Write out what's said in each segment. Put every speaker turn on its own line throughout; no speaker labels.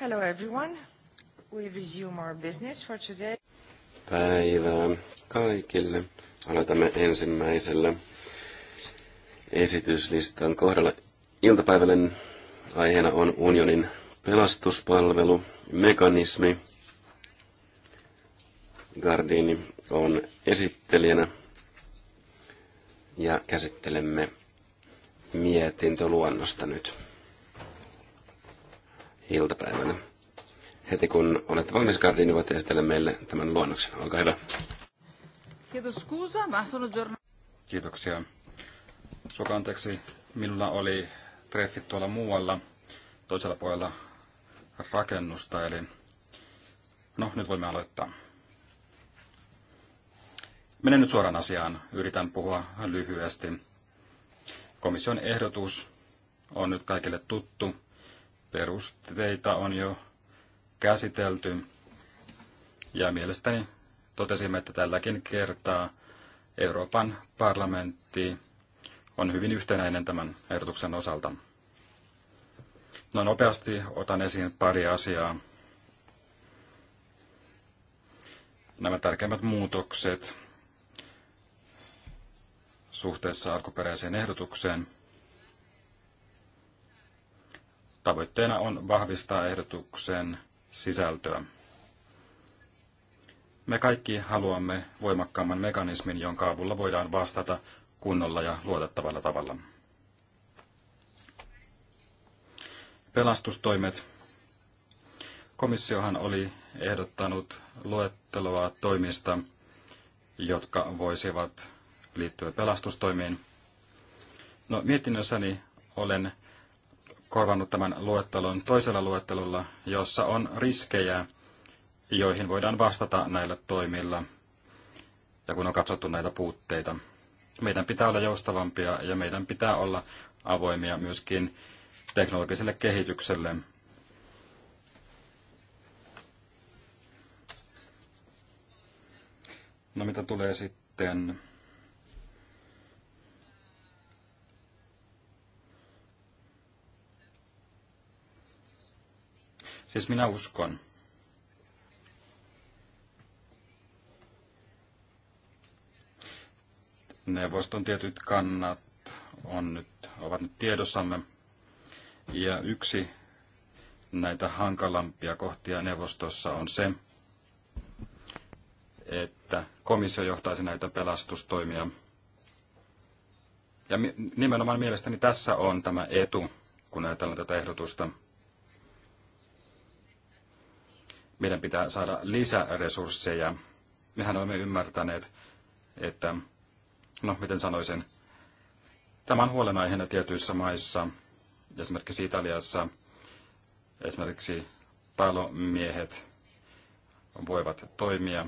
Hello everyone. We resume our business for today.
Päivää kaikille. Aloitamme ensimmäisellä esityslistan kohdalla. Iltapäivällä aiheena on unionin pelastuspalvelu, mekanismi. Gardini on esittelijänä ja käsittelemme mietintöluonnosta nyt iltapäivänä. Heti kun olette valmis, Gardini, niin voitte esitellä meille tämän luonnoksen. Olkaa hyvä.
Kiitoksia. Suoka anteeksi, minulla oli treffit tuolla muualla, toisella puolella rakennusta, eli no nyt voimme aloittaa. Menen nyt suoraan asiaan. Yritän puhua lyhyesti. Komission ehdotus on nyt kaikille tuttu perusteita on jo käsitelty. Ja mielestäni totesimme, että tälläkin kertaa Euroopan parlamentti on hyvin yhtenäinen tämän ehdotuksen osalta. No nopeasti otan esiin pari asiaa. Nämä tärkeimmät muutokset suhteessa alkuperäiseen ehdotukseen – Tavoitteena on vahvistaa ehdotuksen sisältöä. Me kaikki haluamme voimakkaamman mekanismin, jonka avulla voidaan vastata kunnolla ja luotettavalla tavalla. Pelastustoimet. Komissiohan oli ehdottanut luetteloa toimista, jotka voisivat liittyä pelastustoimiin. No, mietinnössäni olen korvannut tämän luettelon toisella luettelolla, jossa on riskejä, joihin voidaan vastata näillä toimilla, ja kun on katsottu näitä puutteita. Meidän pitää olla joustavampia ja meidän pitää olla avoimia myöskin teknologiselle kehitykselle. No mitä tulee sitten Siis minä uskon. Neuvoston tietyt kannat on nyt, ovat nyt tiedossamme. Ja yksi näitä hankalampia kohtia neuvostossa on se, että komissio johtaisi näitä pelastustoimia. Ja nimenomaan mielestäni tässä on tämä etu, kun ajatellaan tätä ehdotusta. meidän pitää saada lisäresursseja. Mehän olemme ymmärtäneet, että, no miten sanoisin, tämä on huolenaiheena tietyissä maissa, esimerkiksi Italiassa, esimerkiksi palomiehet voivat toimia.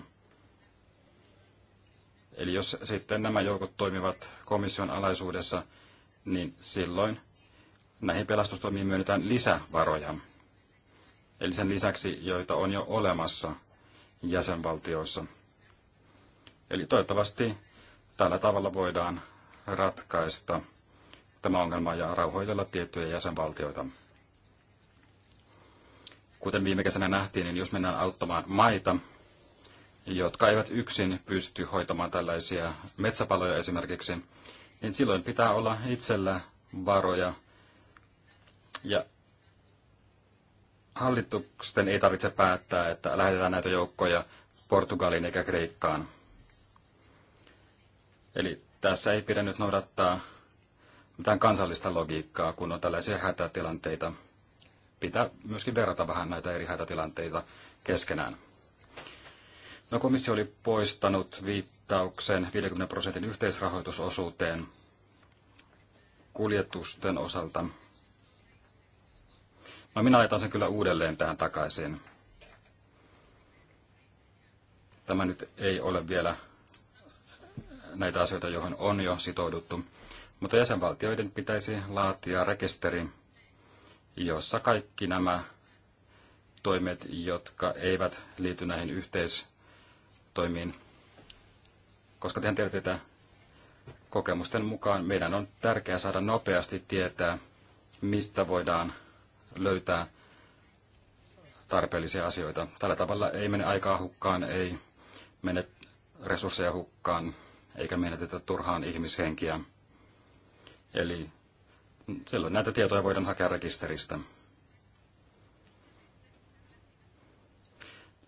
Eli jos sitten nämä joukot toimivat komission alaisuudessa, niin silloin näihin pelastustoimiin myönnetään lisävaroja eli sen lisäksi, joita on jo olemassa jäsenvaltioissa. Eli toivottavasti tällä tavalla voidaan ratkaista tämä ongelma ja rauhoitella tiettyjä jäsenvaltioita. Kuten viime kesänä nähtiin, niin jos mennään auttamaan maita, jotka eivät yksin pysty hoitamaan tällaisia metsäpaloja esimerkiksi, niin silloin pitää olla itsellä varoja ja hallituksen ei tarvitse päättää, että lähetetään näitä joukkoja Portugaliin eikä Kreikkaan. Eli tässä ei pidä nyt noudattaa mitään kansallista logiikkaa, kun on tällaisia hätätilanteita. Pitää myöskin verrata vähän näitä eri hätätilanteita keskenään. No, komissio oli poistanut viittauksen 50 prosentin yhteisrahoitusosuuteen kuljetusten osalta – No minä laitan sen kyllä uudelleen tähän takaisin. Tämä nyt ei ole vielä näitä asioita, johon on jo sitouduttu, mutta jäsenvaltioiden pitäisi laatia rekisteri, jossa kaikki nämä toimet, jotka eivät liity näihin yhteistoimiin, koska tehän tiedätte, kokemusten mukaan meidän on tärkeää saada nopeasti tietää, mistä voidaan löytää tarpeellisia asioita. Tällä tavalla ei mene aikaa hukkaan, ei mene resursseja hukkaan, eikä menetetä turhaan ihmishenkiä. Eli silloin näitä tietoja voidaan hakea rekisteristä.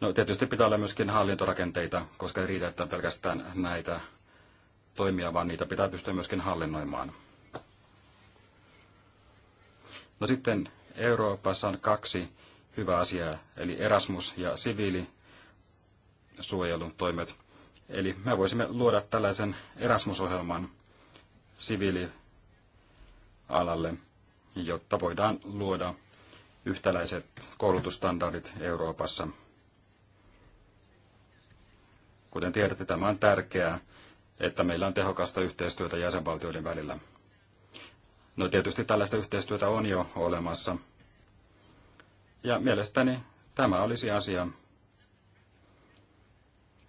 No tietysti pitää olla myöskin hallintorakenteita, koska ei riitä, että pelkästään näitä toimia, vaan niitä pitää pystyä myöskin hallinnoimaan. No sitten Euroopassa on kaksi hyvää asiaa, eli Erasmus ja siviilisuojelun toimet. Eli me voisimme luoda tällaisen Erasmus-ohjelman siviilialalle, jotta voidaan luoda yhtäläiset koulutusstandardit Euroopassa. Kuten tiedätte, tämä on tärkeää, että meillä on tehokasta yhteistyötä jäsenvaltioiden välillä. No tietysti tällaista yhteistyötä on jo olemassa. Ja mielestäni tämä olisi asia,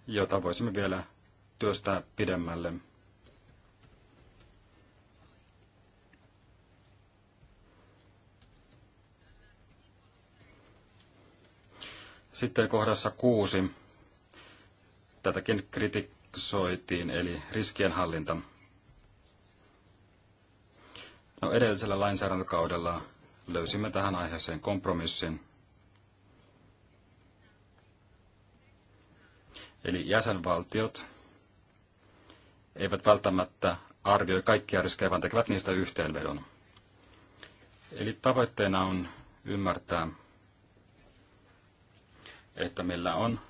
jota voisimme vielä työstää pidemmälle. Sitten kohdassa kuusi. Tätäkin kritisoitiin, eli riskienhallinta. hallinta. No edellisellä lainsäädäntökaudella löysimme tähän aiheeseen kompromissin. Eli jäsenvaltiot eivät välttämättä arvioi kaikkia riskejä, vaan tekevät niistä yhteenvedon. Eli tavoitteena on ymmärtää, että meillä on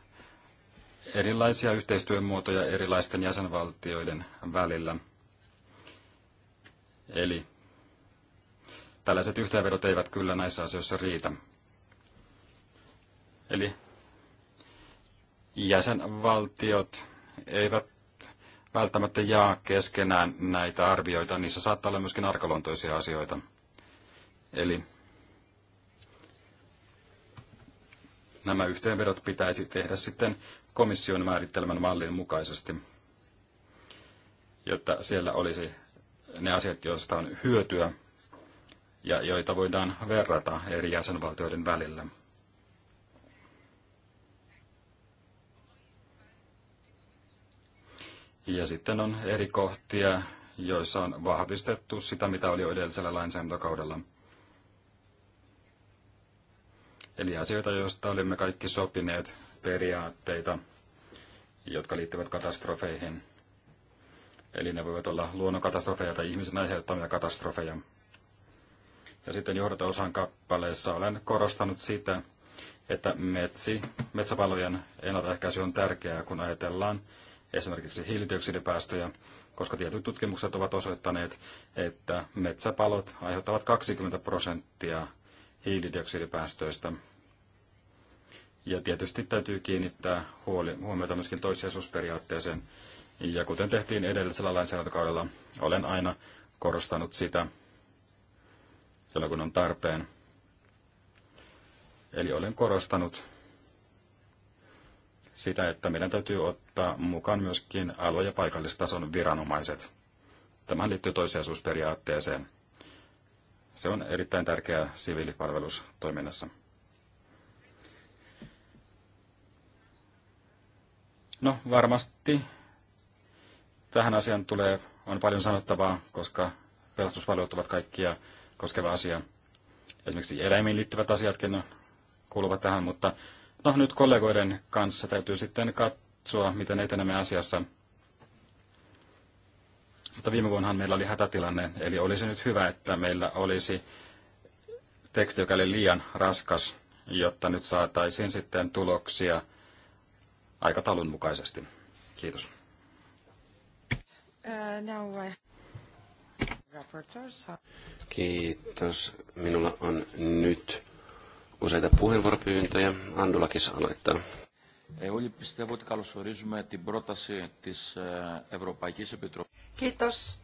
erilaisia yhteistyömuotoja erilaisten jäsenvaltioiden välillä. Eli tällaiset yhteenvedot eivät kyllä näissä asioissa riitä. Eli jäsenvaltiot eivät välttämättä jaa keskenään näitä arvioita. Niissä saattaa olla myöskin arkaluontoisia asioita. Eli nämä yhteenvedot pitäisi tehdä sitten komission määrittelemän mallin mukaisesti, jotta siellä olisi ne asiat, joista on hyötyä ja joita voidaan verrata eri jäsenvaltioiden välillä. Ja sitten on eri kohtia, joissa on vahvistettu sitä, mitä oli jo edellisellä lainsäädäntökaudella. Eli asioita, joista olimme kaikki sopineet, periaatteita, jotka liittyvät katastrofeihin. Eli ne voivat olla luonnonkatastrofeja tai ihmisen aiheuttamia katastrofeja. Ja sitten osan kappaleessa olen korostanut sitä, että metsi, metsäpalojen ennaltaehkäisy on tärkeää, kun ajatellaan esimerkiksi hiilidioksidipäästöjä, koska tietyt tutkimukset ovat osoittaneet, että metsäpalot aiheuttavat 20 prosenttia hiilidioksidipäästöistä. Ja tietysti täytyy kiinnittää huoli, huomiota myöskin toissijaisuusperiaatteeseen. Ja kuten tehtiin edellisellä lainsäädäntökaudella, olen aina korostanut sitä, silloin kun on tarpeen. Eli olen korostanut sitä, että meidän täytyy ottaa mukaan myöskin alue- ja paikallistason viranomaiset. Tämä liittyy toisiasuusperiaatteeseen. Se on erittäin tärkeää siviilipalvelustoiminnassa. No varmasti tähän asiaan tulee, on paljon sanottavaa, koska pelastuspalvelut ovat kaikkia koskeva asia. Esimerkiksi eläimiin liittyvät asiatkin kuuluvat tähän, mutta no, nyt kollegoiden kanssa täytyy sitten katsoa, miten etenemme asiassa. Mutta viime vuonnahan meillä oli hätätilanne, eli olisi nyt hyvä, että meillä olisi teksti, joka oli liian raskas, jotta nyt saataisiin sitten tuloksia aikataulun mukaisesti. Kiitos.
Uh,
Kiitos. Minulla on nyt useita puheenvuoropyyntöjä. Andulakis aloittaa.
Kiitos.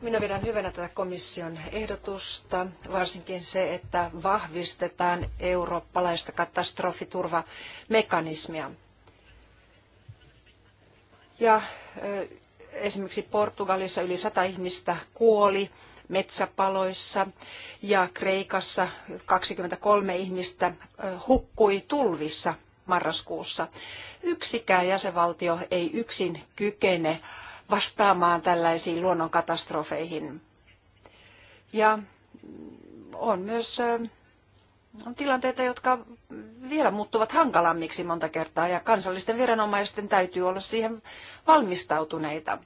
Minä pidän hyvänä tätä komission ehdotusta, varsinkin se, että vahvistetaan eurooppalaista katastrofiturvamekanismia. Ja esimerkiksi Portugalissa yli sata ihmistä kuoli metsäpaloissa ja Kreikassa 23 ihmistä hukkui tulvissa marraskuussa. Yksikään jäsenvaltio ei yksin kykene vastaamaan tällaisiin luonnonkatastrofeihin. Ja on myös on tilanteita, jotka vielä muuttuvat hankalammiksi monta kertaa ja kansallisten viranomaisten täytyy olla siihen valmistautuneita.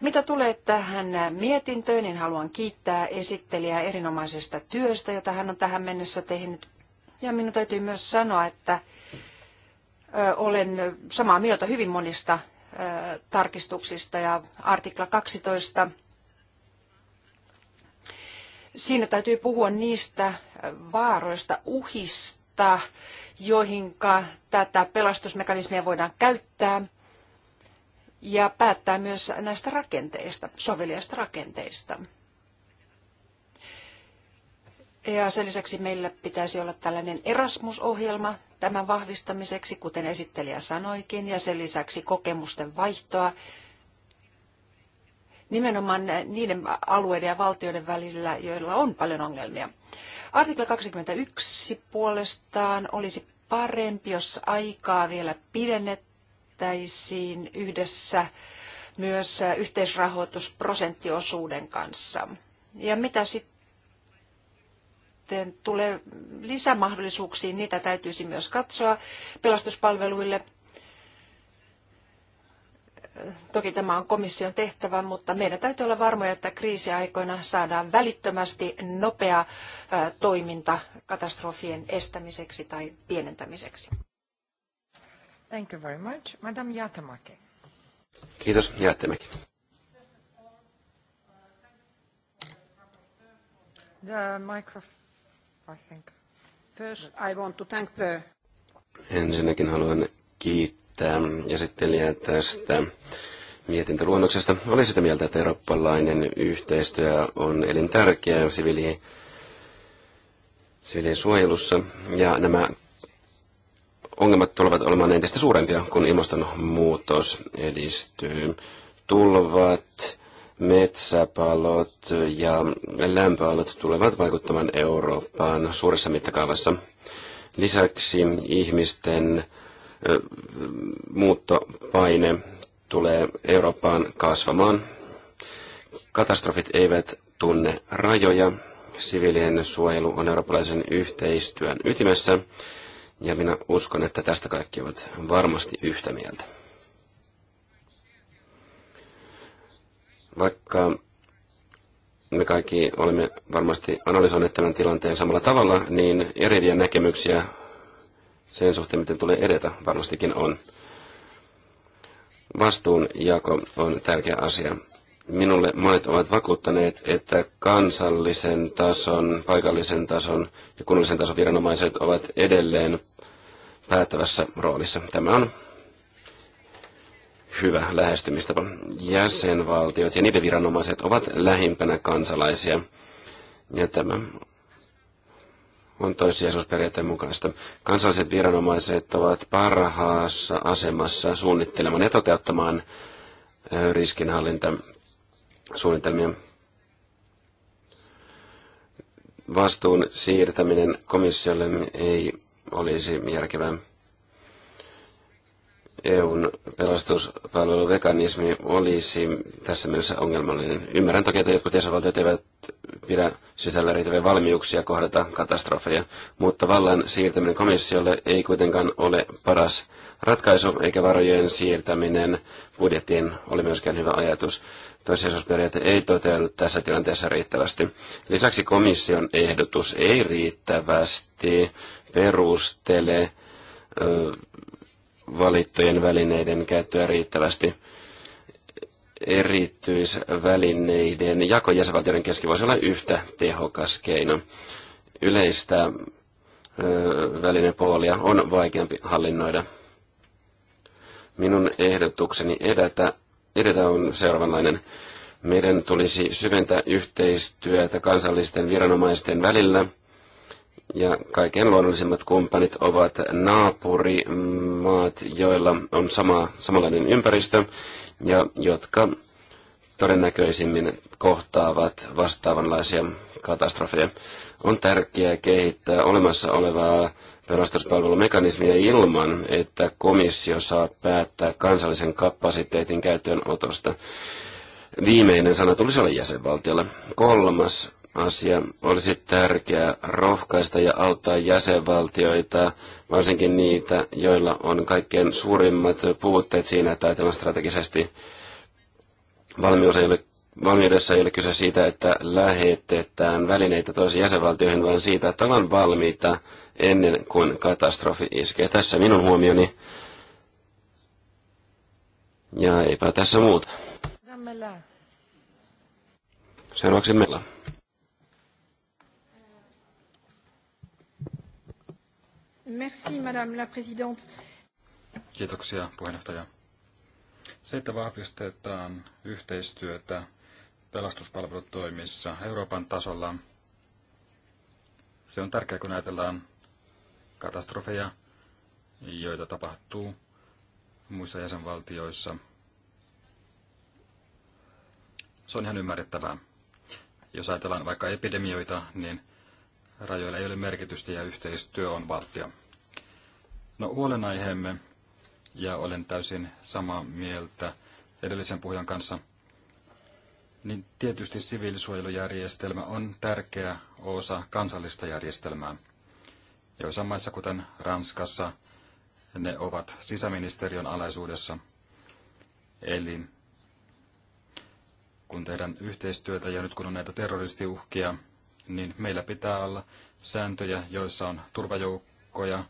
Mitä tulee tähän mietintöön, niin haluan kiittää esittelijää erinomaisesta työstä, jota hän on tähän mennessä tehnyt. Ja minun täytyy myös sanoa, että olen samaa mieltä hyvin monista tarkistuksista ja artikla 12 Siinä täytyy puhua niistä vaaroista, uhista, joihinka tätä pelastusmekanismia voidaan käyttää ja päättää myös näistä rakenteista, soveliasta rakenteista. Ja sen lisäksi meillä pitäisi olla tällainen Erasmus-ohjelma tämän vahvistamiseksi, kuten esittelijä sanoikin, ja sen lisäksi kokemusten vaihtoa nimenomaan niiden alueiden ja valtioiden välillä, joilla on paljon ongelmia. Artikla 21 puolestaan olisi parempi, jos aikaa vielä pidennettäisiin yhdessä myös yhteisrahoitusprosenttiosuuden kanssa. Ja mitä sitten tulee lisämahdollisuuksiin, niitä täytyisi myös katsoa pelastuspalveluille – Toki tämä on komission tehtävä, mutta meidän täytyy olla varmoja, että kriisiaikoina saadaan välittömästi nopea toiminta katastrofien estämiseksi tai pienentämiseksi. Thank you very much. Madame Jätemäki.
Kiitos, Jätemäki.
The microphone, I think. First, I want to thank the...
Ensinnäkin haluan kiittää kiittää ähm, esittelijää tästä mietintöluonnoksesta. oli sitä mieltä, että eurooppalainen yhteistyö on elintärkeä siviili, siviilien suojelussa, ja nämä ongelmat tulevat olemaan entistä suurempia, kun ilmastonmuutos edistyy. Tulvat, metsäpalot ja lämpöalot tulevat vaikuttamaan Eurooppaan suuressa mittakaavassa. Lisäksi ihmisten muuttopaine tulee Eurooppaan kasvamaan. Katastrofit eivät tunne rajoja. Siviilien suojelu on eurooppalaisen yhteistyön ytimessä, ja minä uskon, että tästä kaikki ovat varmasti yhtä mieltä. Vaikka me kaikki olemme varmasti analysoineet tämän tilanteen samalla tavalla, niin eriviä näkemyksiä sen suhteen, miten tulee edetä, varmastikin on. Vastuunjako on tärkeä asia. Minulle monet ovat vakuuttaneet, että kansallisen tason, paikallisen tason ja kunnallisen tason viranomaiset ovat edelleen päättävässä roolissa. Tämä on hyvä lähestymistapa. Jäsenvaltiot ja niiden viranomaiset ovat lähimpänä kansalaisia. Ja tämä on toissijaisuusperiaatteen mukaista. Kansalliset viranomaiset ovat parhaassa asemassa suunnittelemaan ja toteuttamaan riskinhallintasuunnitelmia. Vastuun siirtäminen komissiolle ei olisi järkevää. EUn pelastuspalvelumekanismi olisi tässä mielessä ongelmallinen. Ymmärrän toki, että jotkut jäsenvaltiot eivät pidä sisällä riittäviä valmiuksia kohdata katastrofeja, mutta vallan siirtäminen komissiolle ei kuitenkaan ole paras ratkaisu, eikä varojen siirtäminen budjettiin ole myöskään hyvä ajatus. Toissijaisuusperiaate ei toteudu tässä tilanteessa riittävästi. Lisäksi komission ehdotus ei riittävästi perustele valittujen välineiden käyttöä riittävästi. Erityisvälineiden jako jäsenvaltioiden kesken voisi olla yhtä tehokas keino. Yleistä välinepuolia on vaikeampi hallinnoida. Minun ehdotukseni edetä, edetä on seuraavanlainen. Meidän tulisi syventää yhteistyötä kansallisten viranomaisten välillä – ja kaiken luonnollisimmat kumppanit ovat naapurimaat, joilla on sama, samanlainen ympäristö ja jotka todennäköisimmin kohtaavat vastaavanlaisia katastrofeja. On tärkeää kehittää olemassa olevaa pelastuspalvelumekanismia ilman, että komissio saa päättää kansallisen kapasiteetin käyttöönotosta. Viimeinen sana tulisi olla jäsenvaltiolle. Kolmas asia. Olisi tärkeää rohkaista ja auttaa jäsenvaltioita, varsinkin niitä, joilla on kaikkein suurimmat puutteet siinä, että ajatellaan strategisesti valmius ei ole valmiudessa ei ole kyse siitä, että lähetetään välineitä toisiin jäsenvaltioihin, vaan siitä, että ollaan valmiita ennen kuin katastrofi iskee. Tässä minun huomioni. Ja eipä tässä muuta. Seuraavaksi meillä.
Merci, Madame la Présidente.
Kiitoksia, puheenjohtaja. Se, että vahvistetaan yhteistyötä pelastuspalvelutoimissa Euroopan tasolla, se on tärkeää, kun ajatellaan katastrofeja, joita tapahtuu muissa jäsenvaltioissa. Se on ihan ymmärrettävää. Jos ajatellaan vaikka epidemioita, niin rajoilla ei ole merkitystä ja yhteistyö on valtia. No huolenaiheemme, ja olen täysin samaa mieltä edellisen puhujan kanssa, niin tietysti siviilisuojelujärjestelmä on tärkeä osa kansallista järjestelmää. Joissain maissa, kuten Ranskassa, ne ovat sisäministeriön alaisuudessa. Eli kun tehdään yhteistyötä ja nyt kun on näitä terroristiuhkia, niin meillä pitää olla sääntöjä, joissa on turvajoukkoja,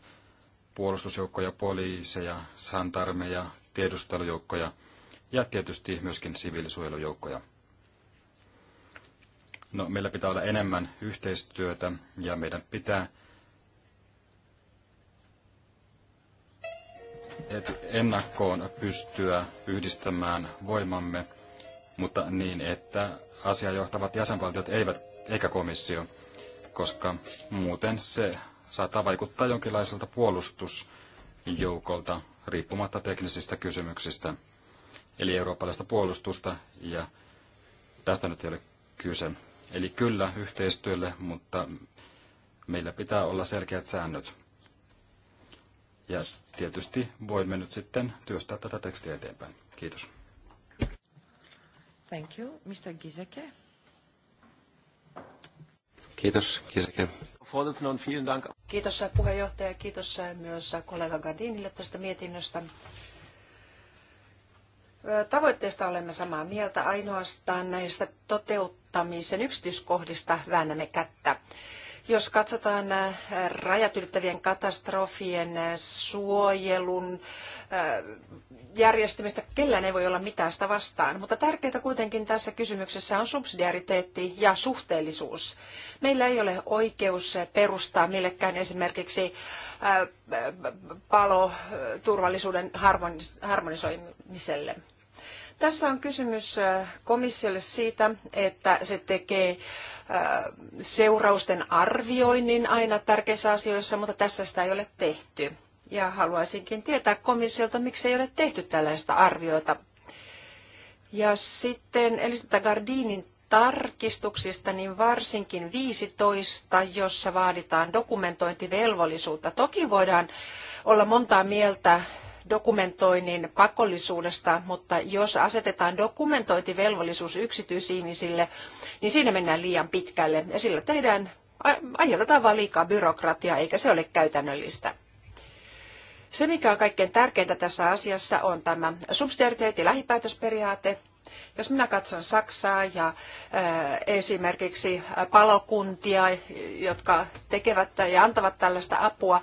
puolustusjoukkoja, poliiseja, santarmeja, tiedustelujoukkoja ja tietysti myöskin siviilisuojelujoukkoja. No, meillä pitää olla enemmän yhteistyötä ja meidän pitää ennakkoon pystyä yhdistämään voimamme, mutta niin, että asiajohtavat johtavat jäsenvaltiot eivät, eikä komissio, koska muuten se saattaa vaikuttaa jonkinlaiselta puolustusjoukolta riippumatta teknisistä kysymyksistä, eli eurooppalaista puolustusta, ja tästä nyt ei ole kyse. Eli kyllä yhteistyölle, mutta meillä pitää olla selkeät säännöt. Ja tietysti voimme nyt sitten työstää tätä tekstiä eteenpäin. Kiitos.
Thank you. Mr. Giseke.
Kiitos, Kisake.
Kiitos puheenjohtaja ja kiitos äh, myös kollega Gardinille tästä mietinnöstä. Tavoitteista olemme samaa mieltä, ainoastaan näistä toteuttamisen yksityiskohdista väännämme kättä. Jos katsotaan äh, rajat ylittävien katastrofien äh, suojelun järjestymistä kellään ei voi olla mitään sitä vastaan, mutta tärkeää kuitenkin tässä kysymyksessä on subsidiariteetti ja suhteellisuus. Meillä ei ole oikeus perustaa millekään esimerkiksi äh, paloturvallisuuden äh, harmonisoimiselle. Tässä on kysymys äh, komissiolle siitä, että se tekee seurausten arvioinnin aina tärkeissä asioissa, mutta tässä sitä ei ole tehty. Ja haluaisinkin tietää komissiolta, miksi ei ole tehty tällaista arviota. Ja sitten Elisabetta Gardinin tarkistuksista, niin varsinkin 15, jossa vaaditaan dokumentointivelvollisuutta. Toki voidaan olla montaa mieltä dokumentoinnin pakollisuudesta, mutta jos asetetaan dokumentointivelvollisuus yksityisihmisille, niin siinä mennään liian pitkälle ja sillä tehdään, aiheutetaan vaan liikaa byrokratiaa, eikä se ole käytännöllistä. Se, mikä on kaikkein tärkeintä tässä asiassa, on tämä subsidiariteetti lähipäätösperiaate. Jos minä katson Saksaa ja äh, esimerkiksi palokuntia, jotka tekevät ja antavat tällaista apua,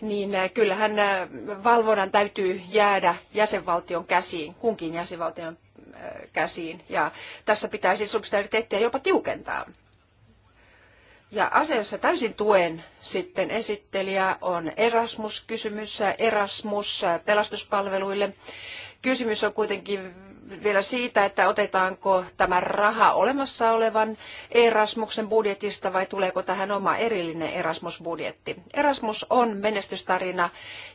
niin äh, kyllähän äh, valvonnan täytyy jäädä jäsenvaltion käsiin, kunkin jäsenvaltion käsiin. Ja tässä pitäisi subsidiariteettia jopa tiukentaa. Ja asiassa täysin tuen sitten esittelijä on Erasmus-kysymys, Erasmus pelastuspalveluille. Kysymys on kuitenkin vielä siitä, että otetaanko tämä raha olemassa olevan Erasmuksen budjetista vai tuleeko tähän oma erillinen Erasmus-budjetti. Erasmus on menestystarina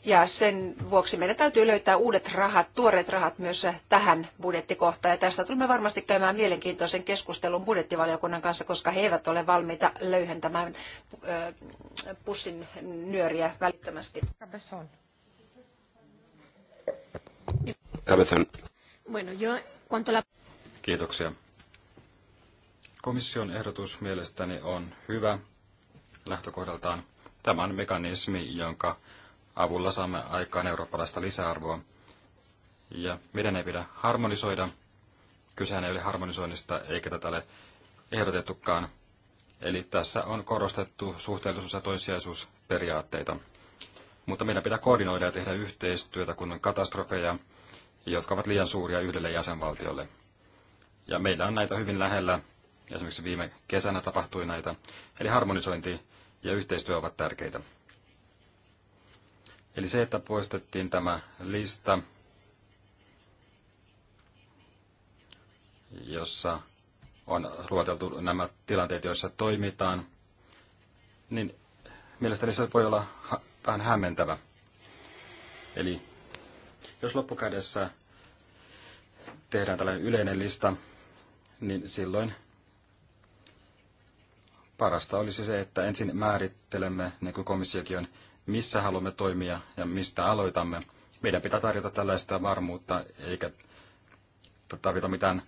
ja sen vuoksi meidän täytyy löytää uudet rahat, tuoreet rahat myös tähän budjettikohtaan. Ja tästä tulemme varmasti käymään mielenkiintoisen keskustelun budjettivaliokunnan kanssa, koska he eivät ole valmiita löyhentämään pussin nyöriä välittömästi. Cabezon. Bueno, yo, cuanto la...
Kiitoksia. Komission ehdotus mielestäni on hyvä lähtökohdaltaan. Tämä on mekanismi, jonka avulla saamme aikaan eurooppalaista lisäarvoa. Ja meidän ei pidä harmonisoida. Kysehän ei ole harmonisoinnista eikä tätä ole ehdotettukaan. Eli tässä on korostettu suhteellisuus- ja toissijaisuusperiaatteita. Mutta meidän pitää koordinoida ja tehdä yhteistyötä, kun on katastrofeja, jotka ovat liian suuria yhdelle jäsenvaltiolle. Ja meillä on näitä hyvin lähellä. Esimerkiksi viime kesänä tapahtui näitä. Eli harmonisointi ja yhteistyö ovat tärkeitä. Eli se, että poistettiin tämä lista, jossa on luoteltu nämä tilanteet, joissa toimitaan, niin mielestäni se voi olla vähän hämmentävä. Eli jos loppukädessä tehdään tällainen yleinen lista, niin silloin parasta olisi se, että ensin määrittelemme, niin kuin komissiokin on, missä haluamme toimia ja mistä aloitamme. Meidän pitää tarjota tällaista varmuutta, eikä tarvita mitään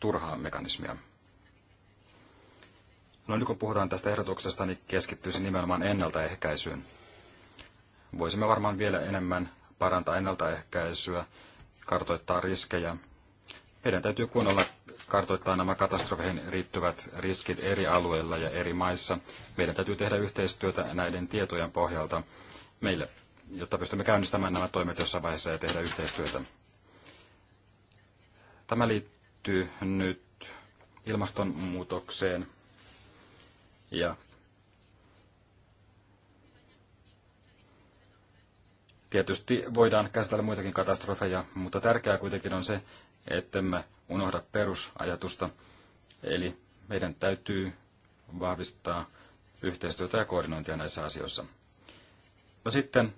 turhaa mekanismia. No nyt kun puhutaan tästä ehdotuksesta, niin keskittyisi nimenomaan ennaltaehkäisyyn. Voisimme varmaan vielä enemmän parantaa ennaltaehkäisyä, kartoittaa riskejä. Meidän täytyy kunnolla kartoittaa nämä katastrofeihin riittyvät riskit eri alueilla ja eri maissa. Meidän täytyy tehdä yhteistyötä näiden tietojen pohjalta meille, jotta pystymme käynnistämään nämä toimet jossain vaiheessa ja tehdä yhteistyötä. Tämä liittyy nyt ilmastonmuutokseen ja Tietysti voidaan käsitellä muitakin katastrofeja, mutta tärkeää kuitenkin on se, ettemme unohda perusajatusta. Eli meidän täytyy vahvistaa yhteistyötä ja koordinointia näissä asioissa. No sitten,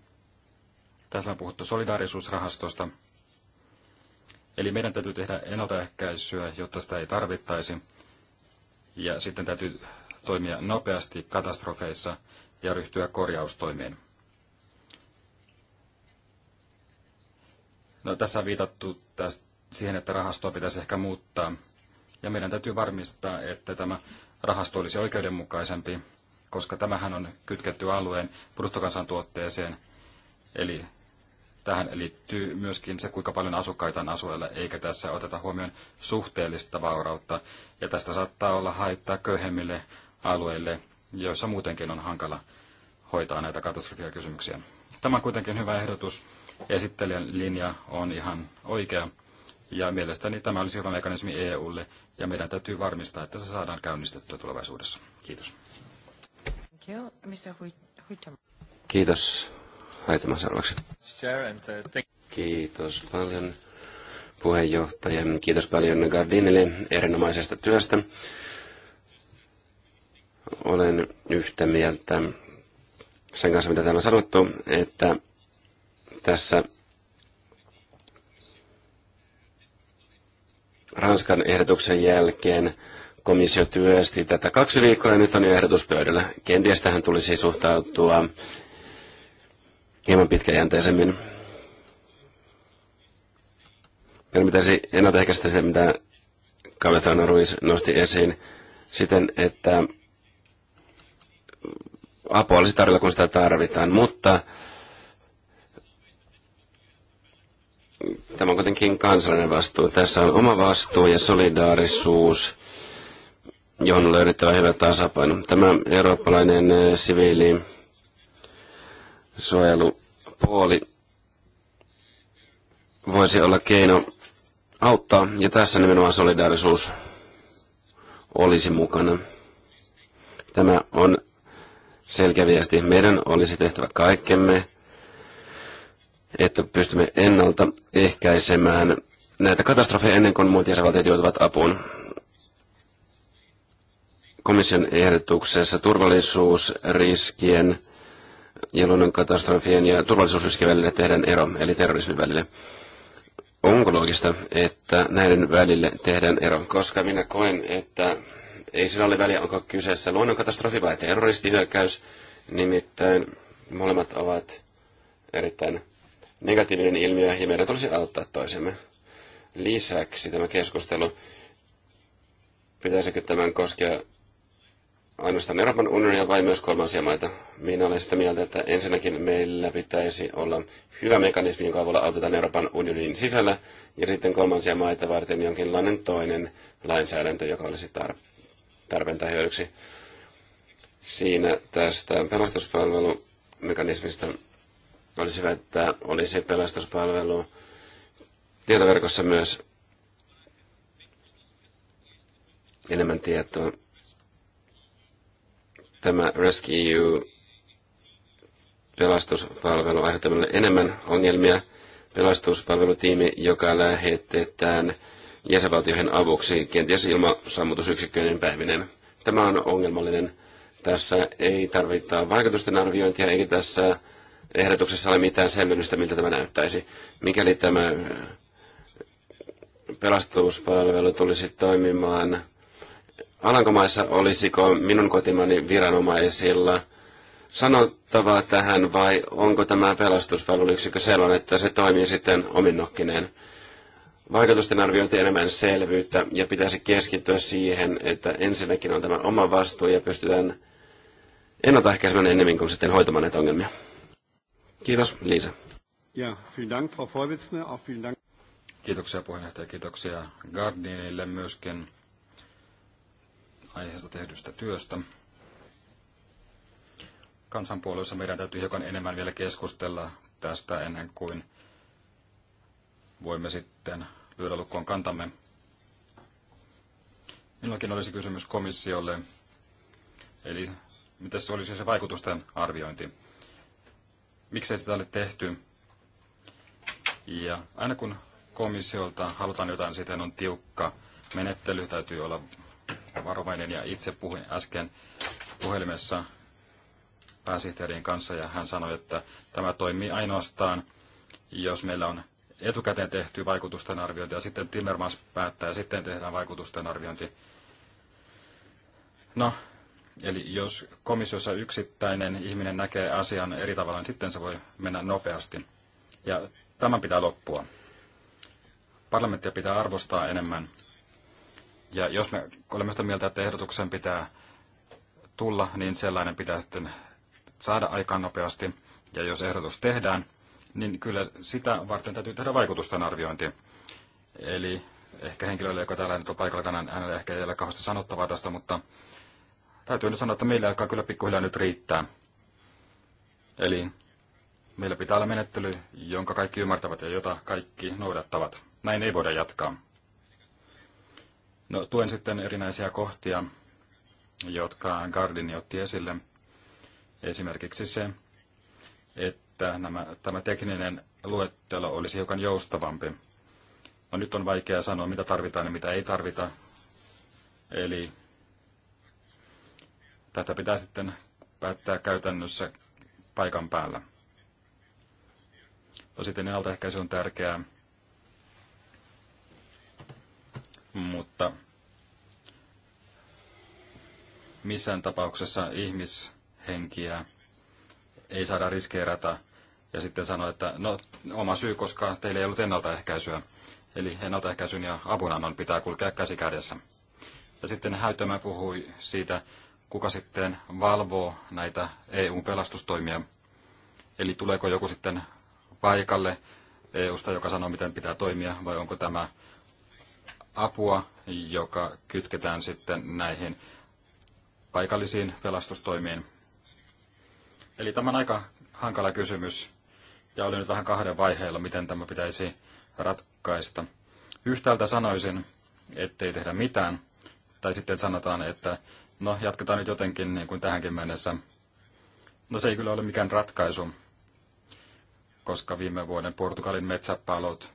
tässä on puhuttu solidaarisuusrahastosta. Eli meidän täytyy tehdä ennaltaehkäisyä, jotta sitä ei tarvittaisi. Ja sitten täytyy toimia nopeasti katastrofeissa ja ryhtyä korjaustoimiin. No, tässä on viitattu tästä, siihen, että rahastoa pitäisi ehkä muuttaa. Ja meidän täytyy varmistaa, että tämä rahasto olisi oikeudenmukaisempi, koska tämähän on kytketty alueen bruttokansantuotteeseen. Eli tähän liittyy myöskin se, kuinka paljon asukkaita on asueella, eikä tässä oteta huomioon suhteellista vaurautta. Ja tästä saattaa olla haittaa köyhemmille alueille, joissa muutenkin on hankala hoitaa näitä katastrofia kysymyksiä. Tämä on kuitenkin hyvä ehdotus esittelijän linja on ihan oikea. Ja mielestäni tämä olisi hyvä mekanismi EUlle, ja meidän täytyy varmistaa, että se saadaan käynnistettyä tulevaisuudessa.
Kiitos.
Kiitos. Haitamaan seuraavaksi.
Uh,
Kiitos paljon puheenjohtaja. Kiitos paljon Gardinille erinomaisesta työstä. Olen yhtä mieltä sen kanssa, mitä täällä on sanottu, että tässä Ranskan ehdotuksen jälkeen komissio työsti tätä kaksi viikkoa ja nyt on jo ehdotus pöydällä. Kenties tähän tulisi suhtautua hieman pitkäjänteisemmin. Meidän pitäisi ennaltaehkäistä se, mitä Cavetano Ruiz nosti esiin, siten, että apua olisi tarjolla, kun sitä tarvitaan, mutta Tämä on kuitenkin kansallinen vastuu. Tässä on oma vastuu ja solidaarisuus, johon on löydettävä hyvä tasapaino. Tämä eurooppalainen eh, siviili suojelupuoli voisi olla keino auttaa, ja tässä nimenomaan solidaarisuus olisi mukana. Tämä on selkeä viesti. Meidän olisi tehtävä kaikkemme, että pystymme ennalta ehkäisemään näitä katastrofeja ennen kuin muut jäsenvaltiot joutuvat apuun. Komission ehdotuksessa turvallisuusriskien, ja katastrofien ja turvallisuusriskien välille tehdään ero, eli terrorismin välille. Onko loogista, että näiden välille tehdään ero? Koska minä koen, että ei sillä ole väliä, onko kyseessä luonnonkatastrofi vai terroristihyökkäys. Nimittäin molemmat ovat erittäin negatiivinen ilmiö ja meidän tulisi auttaa toisemme. Lisäksi tämä keskustelu, pitäisikö tämän koskea ainoastaan Euroopan unionia vai myös kolmansia maita? Minä olen sitä mieltä, että ensinnäkin meillä pitäisi olla hyvä mekanismi, jonka avulla autetaan Euroopan unionin sisällä, ja sitten kolmansia maita varten jonkinlainen toinen lainsäädäntö, joka olisi tar- tarpeen tai hyödyksi. Siinä tästä pelastuspalvelumekanismista olisi hyvä, että olisi pelastuspalvelu tietoverkossa myös enemmän tietoa. Tämä Rescue e pelastuspalvelu aiheuttaa meille enemmän ongelmia. Pelastuspalvelutiimi, joka lähetetään jäsenvaltioihin avuksi, kenties ilmasammutusyksikköinen päivinen. Tämä on ongelmallinen. Tässä ei tarvita vaikutusten arviointia, eikä tässä ehdotuksessa ole mitään selvennystä, miltä tämä näyttäisi. Mikäli tämä eh, pelastuspalvelu tulisi toimimaan Alankomaissa, olisiko minun kotimani viranomaisilla sanottavaa tähän vai onko tämä pelastuspalveluyksikkö sellainen, että se toimii sitten ominnokkineen? Vaikutusten arviointi enemmän selvyyttä ja pitäisi keskittyä siihen, että ensinnäkin on tämä oma vastuu ja pystytään ennaltaehkäisemään enemmän kuin sitten hoitamaan näitä ongelmia. Kiitos,
Liisa. Ja, vielen Dank, Frau Vorsitzende, auch vielen Dank. Kiitoksia puheenjohtaja, kiitoksia Gardinille myöskin aiheesta tehdystä työstä. Kansanpuolueessa meidän täytyy hiukan enemmän vielä keskustella tästä ennen kuin voimme sitten lyödä lukkoon kantamme. Minullakin olisi kysymys komissiolle, eli mitä se olisi se vaikutusten arviointi? miksei sitä ole tehty. Ja aina kun komissiolta halutaan jotain, sitten on tiukka menettely, täytyy olla varovainen. Ja itse puhuin äsken puhelimessa pääsihteerin kanssa ja hän sanoi, että tämä toimii ainoastaan, jos meillä on etukäteen tehty vaikutusten arviointi ja sitten Timmermans päättää ja sitten tehdään vaikutusten arviointi. No, Eli jos komissiossa yksittäinen ihminen näkee asian eri tavalla, niin sitten se voi mennä nopeasti. Ja tämän pitää loppua. Parlamenttia pitää arvostaa enemmän. Ja jos me olemme sitä mieltä, että ehdotuksen pitää tulla, niin sellainen pitää sitten saada aikaan nopeasti. Ja jos ehdotus tehdään, niin kyllä sitä varten täytyy tehdä vaikutusten arviointi. Eli ehkä henkilölle, joka täällä nyt on paikalla tänään, hänelle ehkä ei ole kauheasti sanottavaa tästä, mutta täytyy nyt sanoa, että meillä aikaa kyllä pikkuhiljaa nyt riittää. Eli meillä pitää olla menettely, jonka kaikki ymmärtävät ja jota kaikki noudattavat. Näin ei voida jatkaa. No, tuen sitten erinäisiä kohtia, jotka Gardini otti esille. Esimerkiksi se, että nämä, tämä tekninen luettelo olisi hiukan joustavampi. No nyt on vaikea sanoa, mitä tarvitaan ja mitä ei tarvita. Eli Tästä pitää sitten päättää käytännössä paikan päällä. No sitten ennaltaehkäisy on tärkeää, mutta missään tapauksessa ihmishenkiä ei saada riskeerata ja sitten sanoa, että no oma syy, koska teillä ei ollut ennaltaehkäisyä. Eli ennaltaehkäisyn ja avunannon pitää kulkea käsi kädessä. Ja sitten Häytömä puhui siitä, kuka sitten valvoo näitä EU-pelastustoimia? Eli tuleeko joku sitten paikalle EUsta, joka sanoo, miten pitää toimia, vai onko tämä apua, joka kytketään sitten näihin paikallisiin pelastustoimiin? Eli tämä on aika hankala kysymys, ja olen nyt vähän kahden vaiheella, miten tämä pitäisi ratkaista. Yhtäältä sanoisin, ettei tehdä mitään, tai sitten sanotaan, että no jatketaan nyt jotenkin niin kuin tähänkin mennessä. No se ei kyllä ole mikään ratkaisu, koska viime vuoden Portugalin metsäpalot,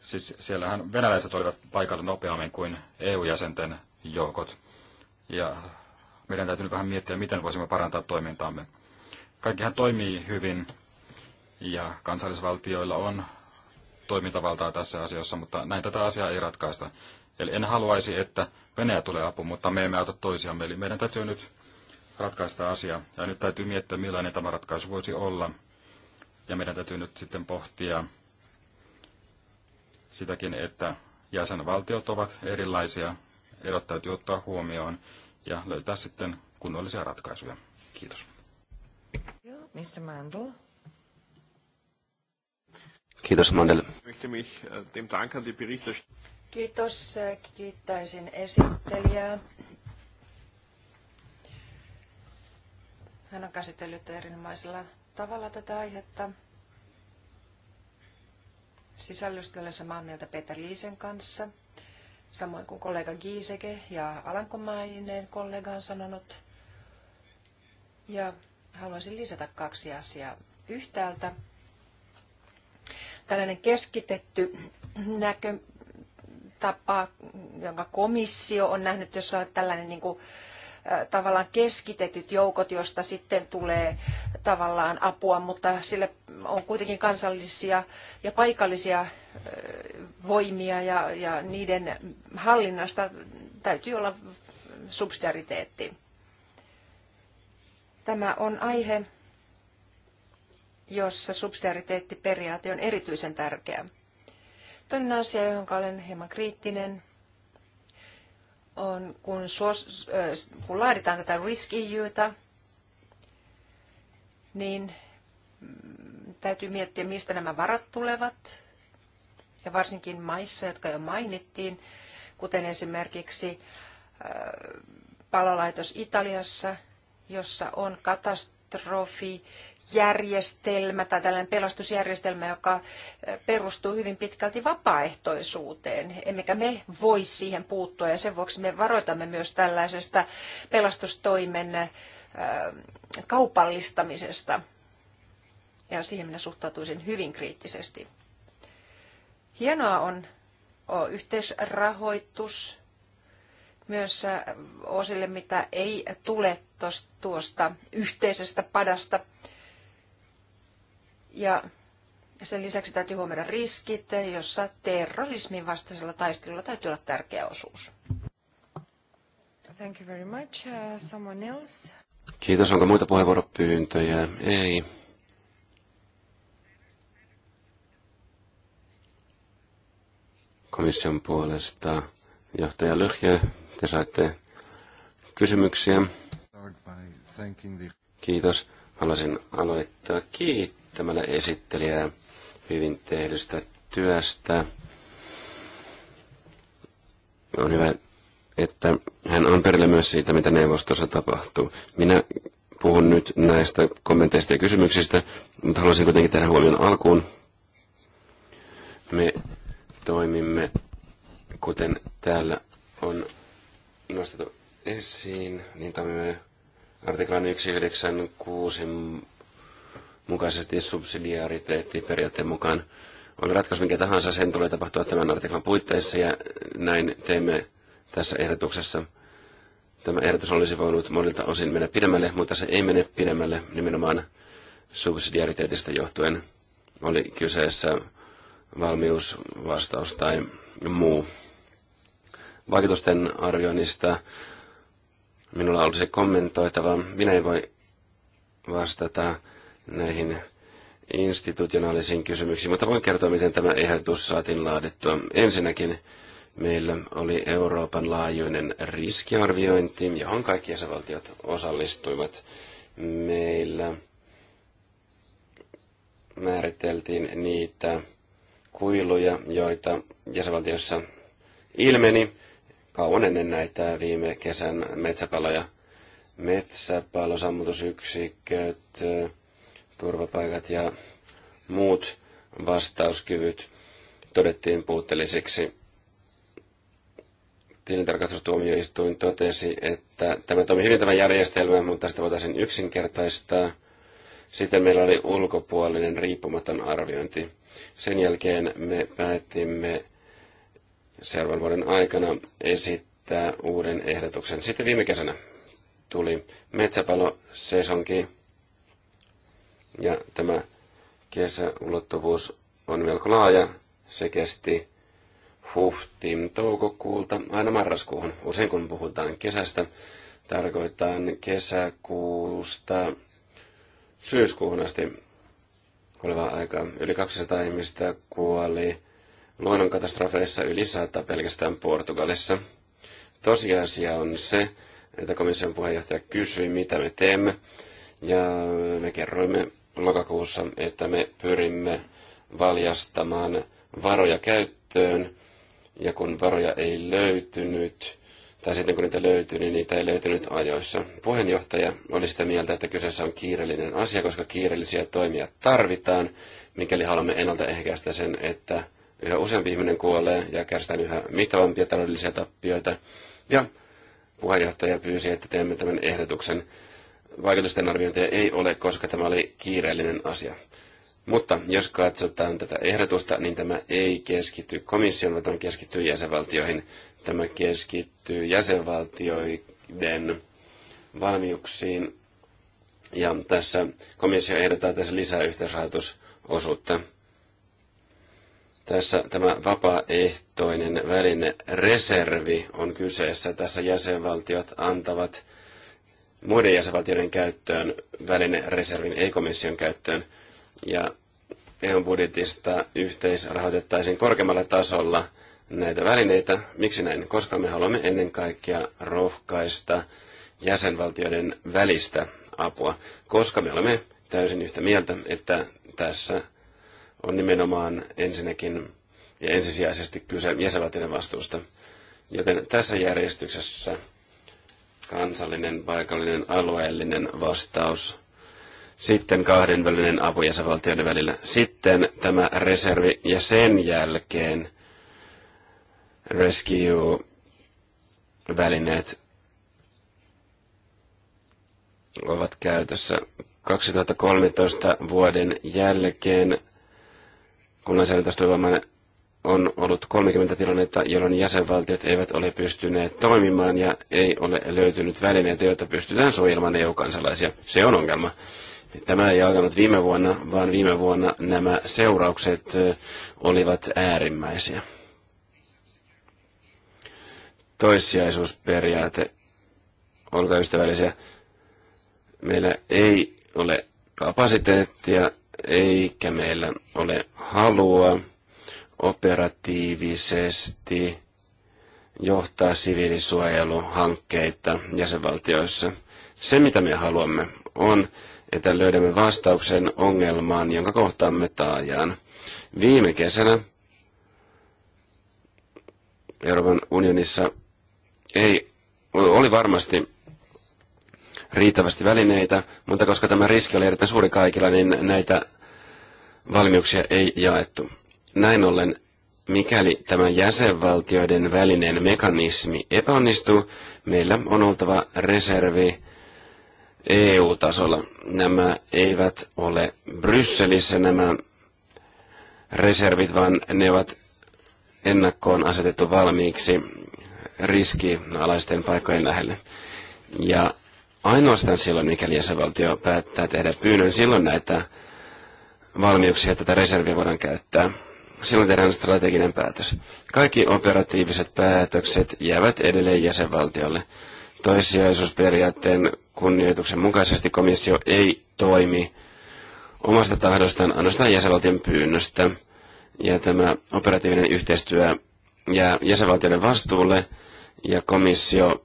siis siellähän venäläiset olivat paikalla nopeammin kuin EU-jäsenten joukot. Ja meidän täytyy nyt vähän miettiä, miten voisimme parantaa toimintaamme. Kaikkihan toimii hyvin ja kansallisvaltioilla on toimintavaltaa tässä asiassa, mutta näin tätä asiaa ei ratkaista. Eli en haluaisi, että Venäjä tulee apu, mutta me emme auta toisiamme. Eli meidän täytyy nyt ratkaista asia. Ja nyt täytyy miettiä, millainen tämä ratkaisu voisi olla. Ja meidän täytyy nyt sitten pohtia sitäkin, että jäsenvaltiot ovat erilaisia. Erot täytyy ottaa huomioon ja löytää sitten kunnollisia ratkaisuja. Kiitos.
Mr. Mandel.
Kiitos Mandel.
Kiitos. Kiittäisin esittelijää. Hän on käsitellyt erinomaisella tavalla tätä aihetta. Sisällöstä olen samaa mieltä Peter Liisen kanssa, samoin kuin kollega Giiseke ja Alankomainen kollega on sanonut. Ja haluaisin lisätä kaksi asiaa. Yhtäältä tällainen keskitetty näkö, tapa, jonka komissio on nähnyt, jossa on tällainen niin kuin, tavallaan keskitetyt joukot, josta sitten tulee tavallaan apua, mutta sille on kuitenkin kansallisia ja paikallisia voimia ja, ja niiden hallinnasta täytyy olla subsidiariteetti. Tämä on aihe, jossa subsidiariteettiperiaate on erityisen tärkeä. Toinen asia, johon olen hieman kriittinen, on, kun, suos, äh, kun laaditaan tätä Risk niin mm, täytyy miettiä, mistä nämä varat tulevat. Ja varsinkin maissa, jotka jo mainittiin, kuten esimerkiksi äh, palolaitos Italiassa, jossa on katastrofi järjestelmä tai tällainen pelastusjärjestelmä, joka perustuu hyvin pitkälti vapaaehtoisuuteen, emmekä me voi siihen puuttua ja sen vuoksi me varoitamme myös tällaisesta pelastustoimen kaupallistamisesta. Ja siihen minä suhtautuisin hyvin kriittisesti. Hienoa on yhteisrahoitus myös osille, mitä ei tule tuosta yhteisestä padasta ja sen lisäksi täytyy huomioida riskit, jossa terrorismin vastaisella taistelulla täytyy olla tärkeä osuus. Thank you very much. Uh, someone else?
Kiitos. Onko muita puheenvuoropyyntöjä? Ei. Komission puolesta johtaja Lyhje, te saitte kysymyksiä. Kiitos. Haluaisin aloittaa kiitos kiittämällä esittelijää hyvin tehdystä työstä. On hyvä, että hän on perille myös siitä, mitä neuvostossa tapahtuu. Minä puhun nyt näistä kommenteista ja kysymyksistä, mutta haluaisin kuitenkin tehdä huomion alkuun. Me toimimme, kuten täällä on nostettu esiin, niin toimimme artiklan 196 mukaisesti subsidiariteettiperiaatteen mukaan. On ratkaisu mikä tahansa, sen tulee tapahtua tämän artiklan puitteissa ja näin teemme tässä ehdotuksessa. Tämä ehdotus olisi voinut monilta osin mennä pidemmälle, mutta se ei mene pidemmälle nimenomaan subsidiariteetista johtuen. Oli kyseessä valmius, tai muu. Vaikutusten arvioinnista minulla olisi kommentoitava. Minä ei voi vastata näihin institutionaalisiin kysymyksiin, mutta voin kertoa, miten tämä ehdotus saatiin laadittua. Ensinnäkin meillä oli Euroopan laajuinen riskiarviointi, johon kaikki jäsenvaltiot osallistuivat. Meillä määriteltiin niitä kuiluja, joita jäsenvaltiossa ilmeni kauan ennen näitä viime kesän metsäpaloja. Metsäpalosammutusyksiköt, turvapaikat ja muut vastauskyvyt todettiin puutteellisiksi. Tilintarkastustuomioistuin totesi, että tämä toimi hyvin tämä järjestelmä, mutta sitä voitaisiin yksinkertaistaa. Sitten meillä oli ulkopuolinen riippumaton arviointi. Sen jälkeen me päätimme seuraavan vuoden aikana esittää uuden ehdotuksen. Sitten viime kesänä tuli metsäpalo sesonki ja tämä kesäulottuvuus on melko laaja. Se kesti huhti toukokuulta aina marraskuuhun. Usein kun puhutaan kesästä, tarkoittaa kesäkuusta syyskuuhun asti olevaa aikaa. Yli 200 ihmistä kuoli luonnonkatastrofeissa, yli 100 pelkästään Portugalissa. Tosiasia on se, että komission puheenjohtaja kysyi, mitä me teemme, ja me kerroimme lokakuussa, että me pyrimme valjastamaan varoja käyttöön, ja kun varoja ei löytynyt, tai sitten kun niitä löytyi, niin niitä ei löytynyt ajoissa. Puheenjohtaja oli sitä mieltä, että kyseessä on kiireellinen asia, koska kiireellisiä toimia tarvitaan, mikäli haluamme ennaltaehkäistä sen, että yhä useampi ihminen kuolee ja kärsitään yhä mitavampia taloudellisia tappioita. Ja puheenjohtaja pyysi, että teemme tämän ehdotuksen vaikutusten arviointia ei ole, koska tämä oli kiireellinen asia. Mutta jos katsotaan tätä ehdotusta, niin tämä ei keskity komission, vaan tämä keskittyy jäsenvaltioihin. Tämä keskittyy jäsenvaltioiden valmiuksiin. Ja tässä komissio ehdottaa tässä lisää yhteisrahoitusosuutta. Tässä tämä vapaaehtoinen väline reservi on kyseessä. Tässä jäsenvaltiot antavat muiden jäsenvaltioiden käyttöön, välinereservin ei komission käyttöön. Ja EUn budjetista yhteisrahoitettaisiin korkeammalla tasolla näitä välineitä. Miksi näin? Koska me haluamme ennen kaikkea rohkaista jäsenvaltioiden välistä apua, koska me olemme täysin yhtä mieltä, että tässä on nimenomaan ensinnäkin ja ensisijaisesti kyse jäsenvaltioiden vastuusta. Joten tässä järjestyksessä kansallinen, paikallinen, alueellinen vastaus. Sitten kahdenvälinen apu jäsenvaltioiden välillä. Sitten tämä reservi ja sen jälkeen rescue-välineet ovat käytössä 2013 vuoden jälkeen, kun lainsäädäntö astui voimaan on ollut 30 tilannetta, jolloin jäsenvaltiot eivät ole pystyneet toimimaan ja ei ole löytynyt välineitä, joita pystytään suojelemaan EU-kansalaisia. Se on ongelma. Tämä ei alkanut viime vuonna, vaan viime vuonna nämä seuraukset olivat äärimmäisiä. Toissijaisuusperiaate. Olkaa ystävällisiä. Meillä ei ole kapasiteettia, eikä meillä ole halua operatiivisesti johtaa siviilisuojeluhankkeita jäsenvaltioissa. Se, mitä me haluamme, on, että löydämme vastauksen ongelmaan, jonka kohtaamme taajaan. Viime kesänä Euroopan unionissa ei oli varmasti riittävästi välineitä, mutta koska tämä riski oli erittäin suuri kaikilla, niin näitä valmiuksia ei jaettu. Näin ollen, mikäli tämä jäsenvaltioiden välinen mekanismi epäonnistuu, meillä on oltava reservi EU-tasolla. Nämä eivät ole Brysselissä nämä reservit, vaan ne ovat ennakkoon asetettu valmiiksi riskialaisten paikkojen lähelle. Ja ainoastaan silloin, mikäli jäsenvaltio päättää tehdä pyynnön, silloin näitä valmiuksia tätä reserviä voidaan käyttää silloin tehdään strateginen päätös. Kaikki operatiiviset päätökset jäävät edelleen jäsenvaltiolle. Toissijaisuusperiaatteen kunnioituksen mukaisesti komissio ei toimi omasta tahdostaan ainoastaan jäsenvaltion pyynnöstä. Ja tämä operatiivinen yhteistyö jää jäsenvaltioiden vastuulle ja komissio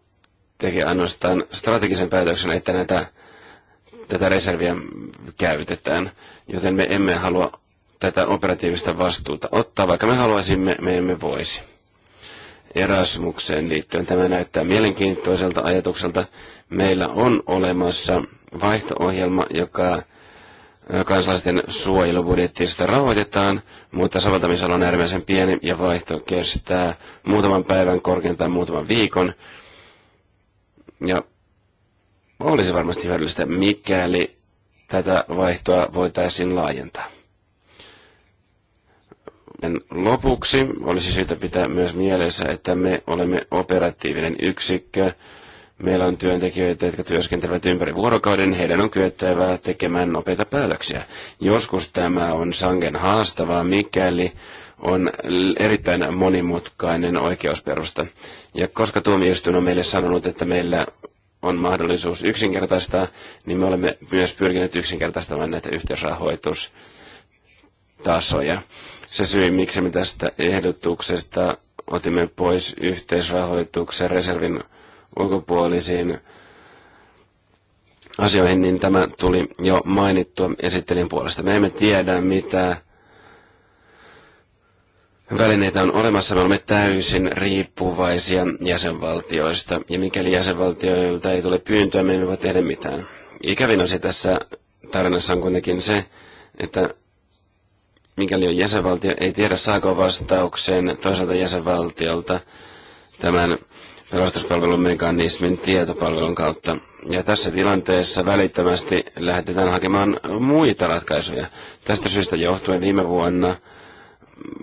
teki ainoastaan strategisen päätöksen, että näitä, tätä reserviä käytetään, joten me emme halua tätä operatiivista vastuuta ottaa, vaikka me haluaisimme, me emme voisi. Erasmukseen liittyen tämä näyttää mielenkiintoiselta ajatukselta. Meillä on olemassa vaihto-ohjelma, joka kansalaisten suojelubudjettista rahoitetaan, mutta soveltamisala on äärimmäisen pieni ja vaihto kestää muutaman päivän korkeintaan muutaman viikon. Ja olisi varmasti hyödyllistä, mikäli tätä vaihtoa voitaisiin laajentaa. Lopuksi olisi syytä pitää myös mielessä, että me olemme operatiivinen yksikkö. Meillä on työntekijöitä, jotka työskentelevät ympäri vuorokauden. Heidän on kyettävä tekemään nopeita päätöksiä. Joskus tämä on sangen haastavaa, mikäli on erittäin monimutkainen oikeusperusta. Ja koska tuomioistuin on meille sanonut, että meillä on mahdollisuus yksinkertaistaa, niin me olemme myös pyrkineet yksinkertaistamaan näitä yhteisrahoitustasoja se syy, miksi me tästä ehdotuksesta otimme pois yhteisrahoituksen reservin ulkopuolisiin asioihin, niin tämä tuli jo mainittua esittelin puolesta. Me emme tiedä, mitä välineitä on olemassa. Me olemme täysin riippuvaisia jäsenvaltioista, ja mikäli jäsenvaltioilta ei tule pyyntöä, me emme voi tehdä mitään. Ikävin asia tässä tarinassa on kuitenkin se, että mikäli jäsenvaltio ei tiedä saako vastauksen toisaalta jäsenvaltiolta tämän pelastuspalvelun mekanismin tietopalvelun kautta. Ja tässä tilanteessa välittömästi lähdetään hakemaan muita ratkaisuja. Tästä syystä johtuen viime vuonna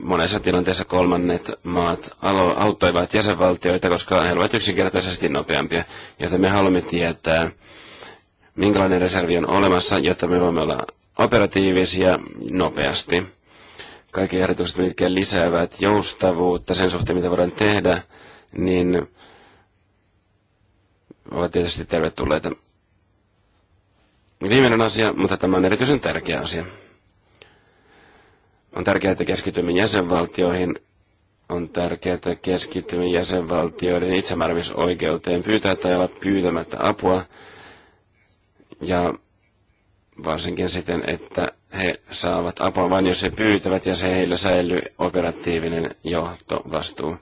monessa tilanteessa kolmannet maat auttoivat jäsenvaltioita, koska he ovat yksinkertaisesti nopeampia. Joten me haluamme tietää, minkälainen reservi on olemassa, jotta me voimme olla operatiivisia nopeasti kaikki ehdotukset, mitkä lisäävät joustavuutta sen suhteen, mitä voidaan tehdä, niin ovat tietysti tervetulleita. Viimeinen asia, mutta tämä on erityisen tärkeä asia. On tärkeää, että keskitymme jäsenvaltioihin. On tärkeää, että keskitymme jäsenvaltioiden itsemääräämisoikeuteen pyytää tai olla pyytämättä apua. Ja varsinkin siten, että he saavat apua vain jos he pyytävät ja se heillä säilyy operatiivinen johtovastuu.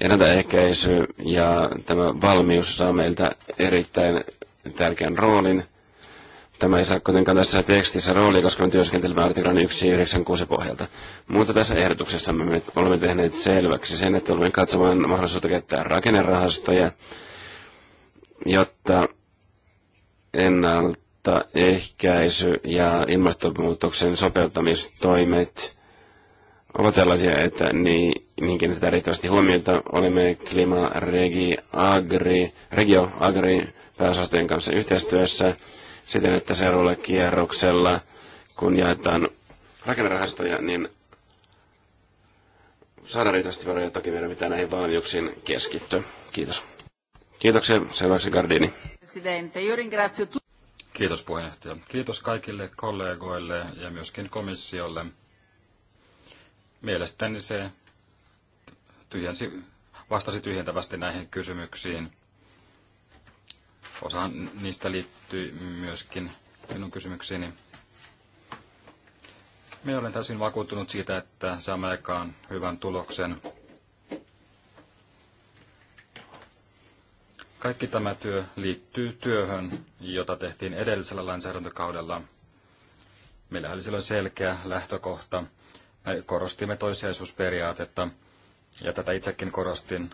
Ennaltaehkäisy ja tämä valmius saa meiltä erittäin tärkeän roolin. Tämä ei saa kuitenkaan tässä tekstissä roolia, koska me työskentelemme artiklan 196 pohjalta. Mutta tässä ehdotuksessa me nyt olemme tehneet selväksi sen, että olemme katsomaan mahdollisuutta käyttää rakennerahastoja, jotta ennalta ehkäisy ja ilmastonmuutoksen sopeuttamistoimet ovat sellaisia, että niin kiinnitetään riittävästi huomiota. Olemme Klima Regi Agri, Regio Agri pääosastojen kanssa yhteistyössä siten, että seuraavalla kierroksella, kun jaetaan rakennerahastoja, niin saadaan riittävästi varoja. Toki meidän pitää näihin valmiuksiin keskittyä. Kiitos. Kiitoksia. Seuraavaksi Gardini.
Presidente, io ringrazio
Kiitos puheenjohtaja. Kiitos kaikille kollegoille ja myöskin komissiolle. Mielestäni se tyhjensi, vastasi tyhjentävästi näihin kysymyksiin. Osa niistä liittyy myöskin minun kysymyksiini. Minä olen täysin vakuuttunut siitä, että saamme aikaan hyvän tuloksen. Kaikki tämä työ liittyy työhön, jota tehtiin edellisellä lainsäädäntökaudella. Meillä oli silloin selkeä lähtökohta. Me korostimme toisiaisuusperiaatetta, ja tätä itsekin korostin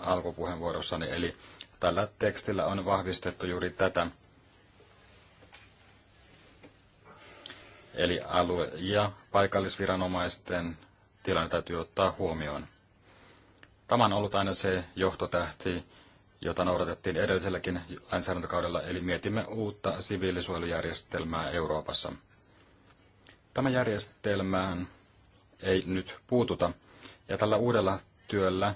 alkupuheenvuorossani, eli tällä tekstillä on vahvistettu juuri tätä. Eli alue- ja paikallisviranomaisten tilanne täytyy ottaa huomioon. Tämä on ollut aina se johtotähti, jota noudatettiin edelliselläkin lainsäädäntökaudella, eli mietimme uutta siviilisuojelujärjestelmää Euroopassa. Tämä järjestelmään ei nyt puututa, ja tällä uudella työllä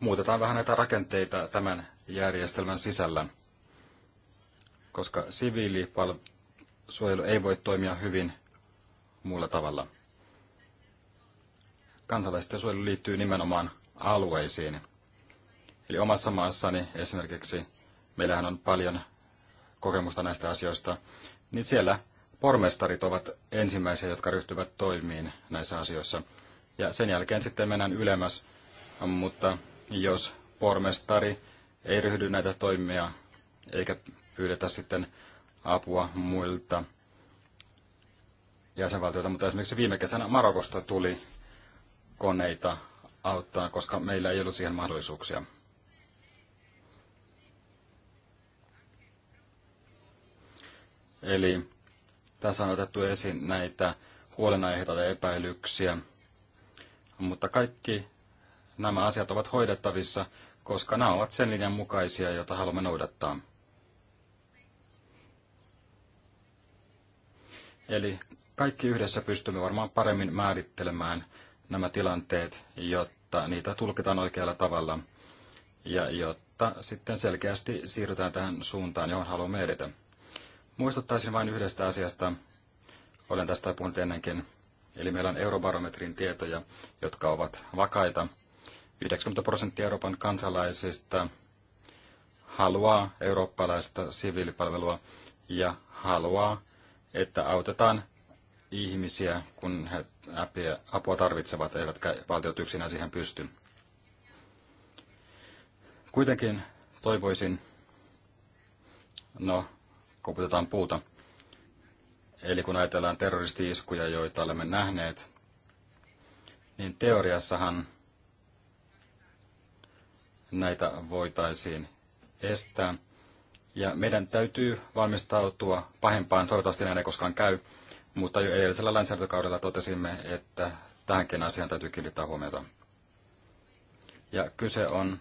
muutetaan vähän näitä rakenteita tämän järjestelmän sisällä, koska siviilisuojelu ei voi toimia hyvin muulla tavalla. Kansalaisten suojelu liittyy nimenomaan alueisiin. Eli omassa maassani esimerkiksi, meillähän on paljon kokemusta näistä asioista, niin siellä pormestarit ovat ensimmäisiä, jotka ryhtyvät toimiin näissä asioissa. Ja sen jälkeen sitten mennään ylemmäs, mutta jos pormestari ei ryhdy näitä toimia eikä pyydetä sitten apua muilta jäsenvaltioita, mutta esimerkiksi viime kesänä Marokosta tuli koneita auttaa, koska meillä ei ollut siihen mahdollisuuksia. Eli tässä on otettu esiin näitä huolenaiheita ja epäilyksiä, mutta kaikki nämä asiat ovat hoidettavissa, koska nämä ovat sen linjan mukaisia, joita haluamme noudattaa. Eli kaikki yhdessä pystymme varmaan paremmin määrittelemään nämä tilanteet, jotta niitä tulkitaan oikealla tavalla ja jotta sitten selkeästi siirrytään tähän suuntaan, johon haluamme edetä. Muistuttaisin vain yhdestä asiasta. Olen tästä puhunut ennenkin. Eli meillä on eurobarometrin tietoja, jotka ovat vakaita. 90 prosenttia Euroopan kansalaisista haluaa eurooppalaista siviilipalvelua ja haluaa, että autetaan ihmisiä, kun he apua tarvitsevat, eivätkä valtiot yksinään siihen pysty. Kuitenkin toivoisin, no, koputetaan puuta. Eli kun ajatellaan terroristi-iskuja, joita olemme nähneet, niin teoriassahan näitä voitaisiin estää. Ja meidän täytyy valmistautua pahempaan, toivottavasti näin ei koskaan käy, mutta jo edellisellä lainsäädäntökaudella totesimme, että tähänkin asiaan täytyy kiinnittää huomiota. Ja kyse on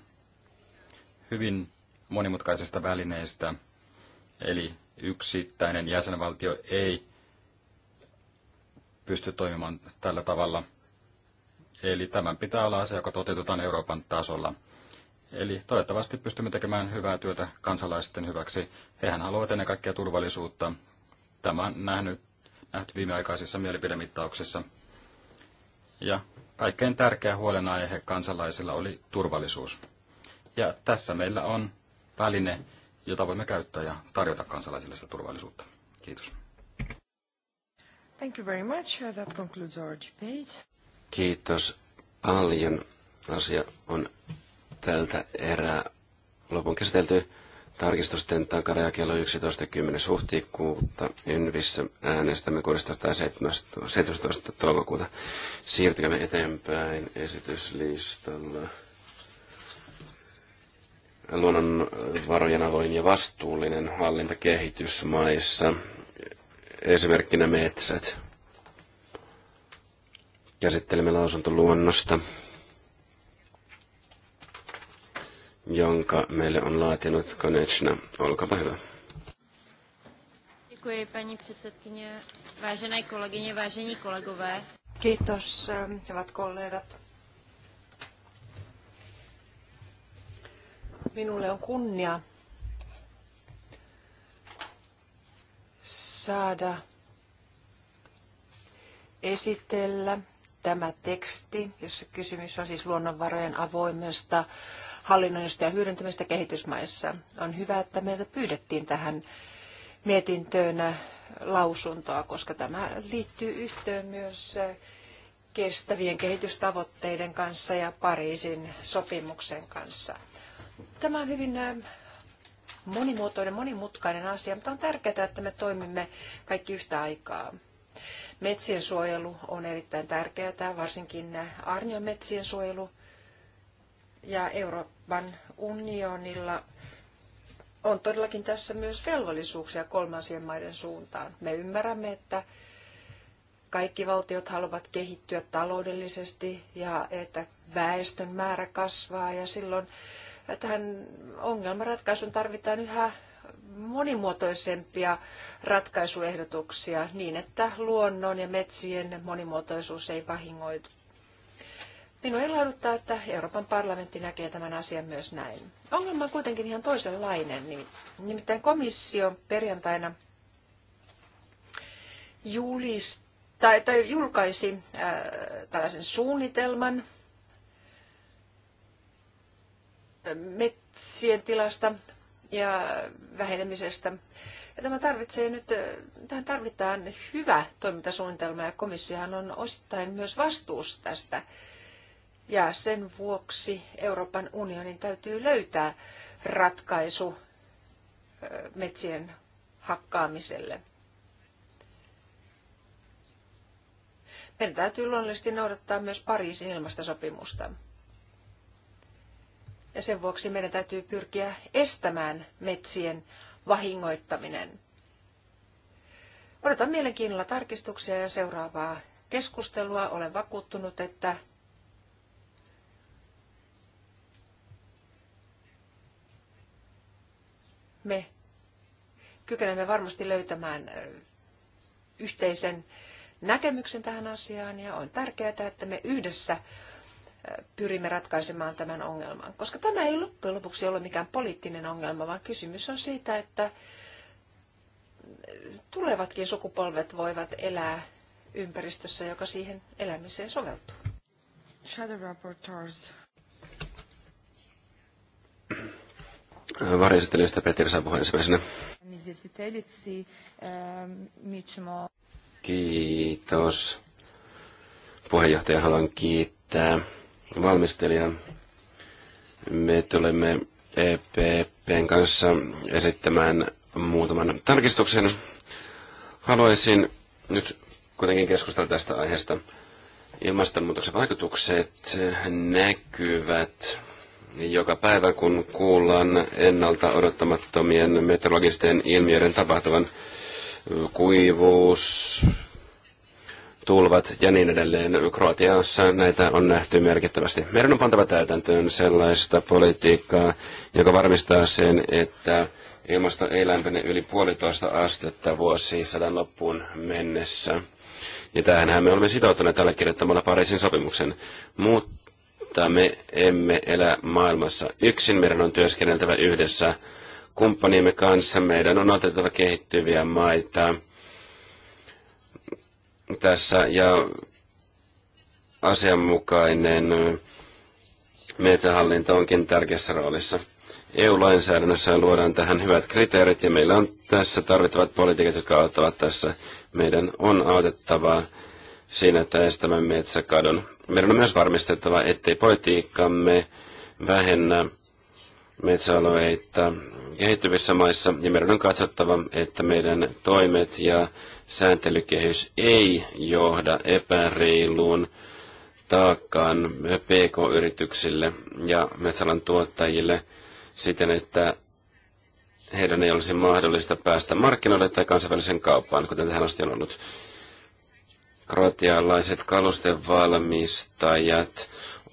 hyvin monimutkaisista välineistä, eli yksittäinen jäsenvaltio ei pysty toimimaan tällä tavalla. Eli tämän pitää olla asia, joka toteutetaan Euroopan tasolla. Eli toivottavasti pystymme tekemään hyvää työtä kansalaisten hyväksi. Hehän haluavat ennen kaikkea turvallisuutta. Tämä on nähnyt nähty viimeaikaisissa mielipidemittauksissa. Ja kaikkein tärkeä huolenaihe kansalaisilla oli turvallisuus. Ja tässä meillä on väline, jota voimme käyttää ja tarjota kansalaisille sitä turvallisuutta. Kiitos.
Thank you very much. That concludes our debate.
Kiitos paljon. Asia on tältä erää lopun käsitelty. Tarkistusten takaraja kello 11.10. huhtikuuta Envissä äänestämme 17. 17. toukokuuta. Siirtykäämme eteenpäin esityslistalla. Luonnonvarojen avoin ja vastuullinen hallinta kehitysmaissa. Esimerkkinä metsät. Käsittelemme lausuntoluonnosta. luonnosta jonka meille on laatinut Konechna. Olkaapa hyvä.
Děkuji, paní předsedkyně, vážené kolegyně, vážení kolegové. Kiitos, eh, hyvät kollegat. Minulle on kunnia saada esitellä tämä teksti, jossa kysymys on siis luonnonvarojen avoimesta hallinnoinnista ja hyödyntämistä kehitysmaissa. On hyvä, että meiltä pyydettiin tähän mietintöön lausuntoa, koska tämä liittyy yhteen myös kestävien kehitystavoitteiden kanssa ja Pariisin sopimuksen kanssa. Tämä on hyvin monimuotoinen, monimutkainen asia, mutta on tärkeää, että me toimimme kaikki yhtä aikaa. Metsien suojelu on erittäin tärkeää, varsinkin Arnion metsien suojelu. Ja Euro- Euroopan unionilla on todellakin tässä myös velvollisuuksia kolmansien maiden suuntaan. Me ymmärrämme, että kaikki valtiot haluavat kehittyä taloudellisesti ja että väestön määrä kasvaa ja silloin tähän ongelmanratkaisuun tarvitaan yhä monimuotoisempia ratkaisuehdotuksia niin, että luonnon ja metsien monimuotoisuus ei vahingoitu Minua ilahduttaa, että Euroopan parlamentti näkee tämän asian myös näin. Ongelma on kuitenkin ihan toisenlainen. Nimittäin komissio perjantaina julist, tai, julkaisi ää, äh, tällaisen suunnitelman metsien tilasta ja vähenemisestä. Ja tämä tarvitsee nyt, äh, tähän tarvitaan hyvä toimintasuunnitelma ja komissiohan on osittain myös vastuussa tästä ja sen vuoksi Euroopan unionin täytyy löytää ratkaisu metsien hakkaamiselle. Meidän täytyy luonnollisesti noudattaa myös Pariisin ilmastosopimusta. Ja sen vuoksi meidän täytyy pyrkiä estämään metsien vahingoittaminen. Odotan mielenkiinnolla tarkistuksia ja seuraavaa keskustelua. Olen vakuuttunut, että me kykenemme varmasti löytämään yhteisen näkemyksen tähän asiaan ja on tärkeää, että me yhdessä pyrimme ratkaisemaan tämän ongelman. Koska tämä ei loppujen lopuksi ole mikään poliittinen ongelma, vaan kysymys on siitä, että tulevatkin sukupolvet voivat elää ympäristössä, joka siihen elämiseen soveltuu. Shadow Rapporteurs.
Varjoesittelijöistä Petri saa ensimmäisenä. Eh, Kiitos. Puheenjohtaja, haluan kiittää valmistelijan. Me tulemme EPPn kanssa esittämään muutaman tarkistuksen. Haluaisin nyt kuitenkin keskustella tästä aiheesta. Ilmastonmuutoksen vaikutukset näkyvät joka päivä, kun kuullaan ennalta odottamattomien meteorologisten ilmiöiden tapahtuvan kuivuus, tulvat ja niin edelleen. Kroatiassa näitä on nähty merkittävästi. Meidän on pantava täytäntöön sellaista politiikkaa, joka varmistaa sen, että ilmasto ei lämpene yli puolitoista astetta vuosisadan loppuun mennessä. Ja tähänhän me olemme sitoutuneet tällä kirjoittamalla Pariisin sopimuksen. Mutta mutta me emme elä maailmassa yksin. Meidän on työskenneltävä yhdessä kumppaniimme kanssa. Meidän on otettava kehittyviä maita tässä ja asianmukainen metsähallinto onkin tärkeässä roolissa. EU-lainsäädännössä luodaan tähän hyvät kriteerit ja meillä on tässä tarvittavat politiikat, jotka auttavat tässä. Meidän on autettava siinä, että estämme metsäkadon. Meidän on myös varmistettava, ettei politiikkamme vähennä metsäalueita kehittyvissä maissa, ja meidän on katsottava, että meidän toimet ja sääntelykehys ei johda epäreiluun taakkaan PK-yrityksille ja metsäalan tuottajille siten, että heidän ei olisi mahdollista päästä markkinoille tai kansainväliseen kauppaan, kuten tähän asti on ollut. Kroatialaiset kalustevalmistajat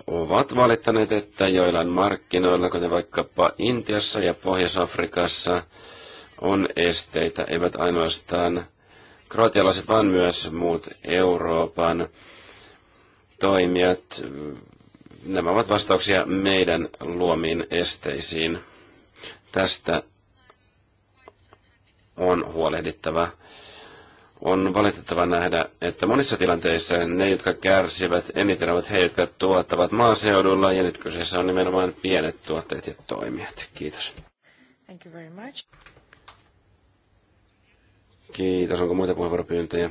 ovat valittaneet, että joillain markkinoilla, kuten vaikkapa Intiassa ja Pohjois-Afrikassa, on esteitä, eivät ainoastaan kroatialaiset, vaan myös muut Euroopan toimijat. Nämä ovat vastauksia meidän luomiin esteisiin. Tästä on huolehdittava. On valitettava nähdä, että monissa tilanteissa ne, jotka kärsivät eniten, ovat he, jotka tuottavat maaseudulla, ja nyt kyseessä on nimenomaan pienet tuotteet ja toimijat. Kiitos.
Thank you very much.
Kiitos. Onko muita puheenvuoropyyntöjä?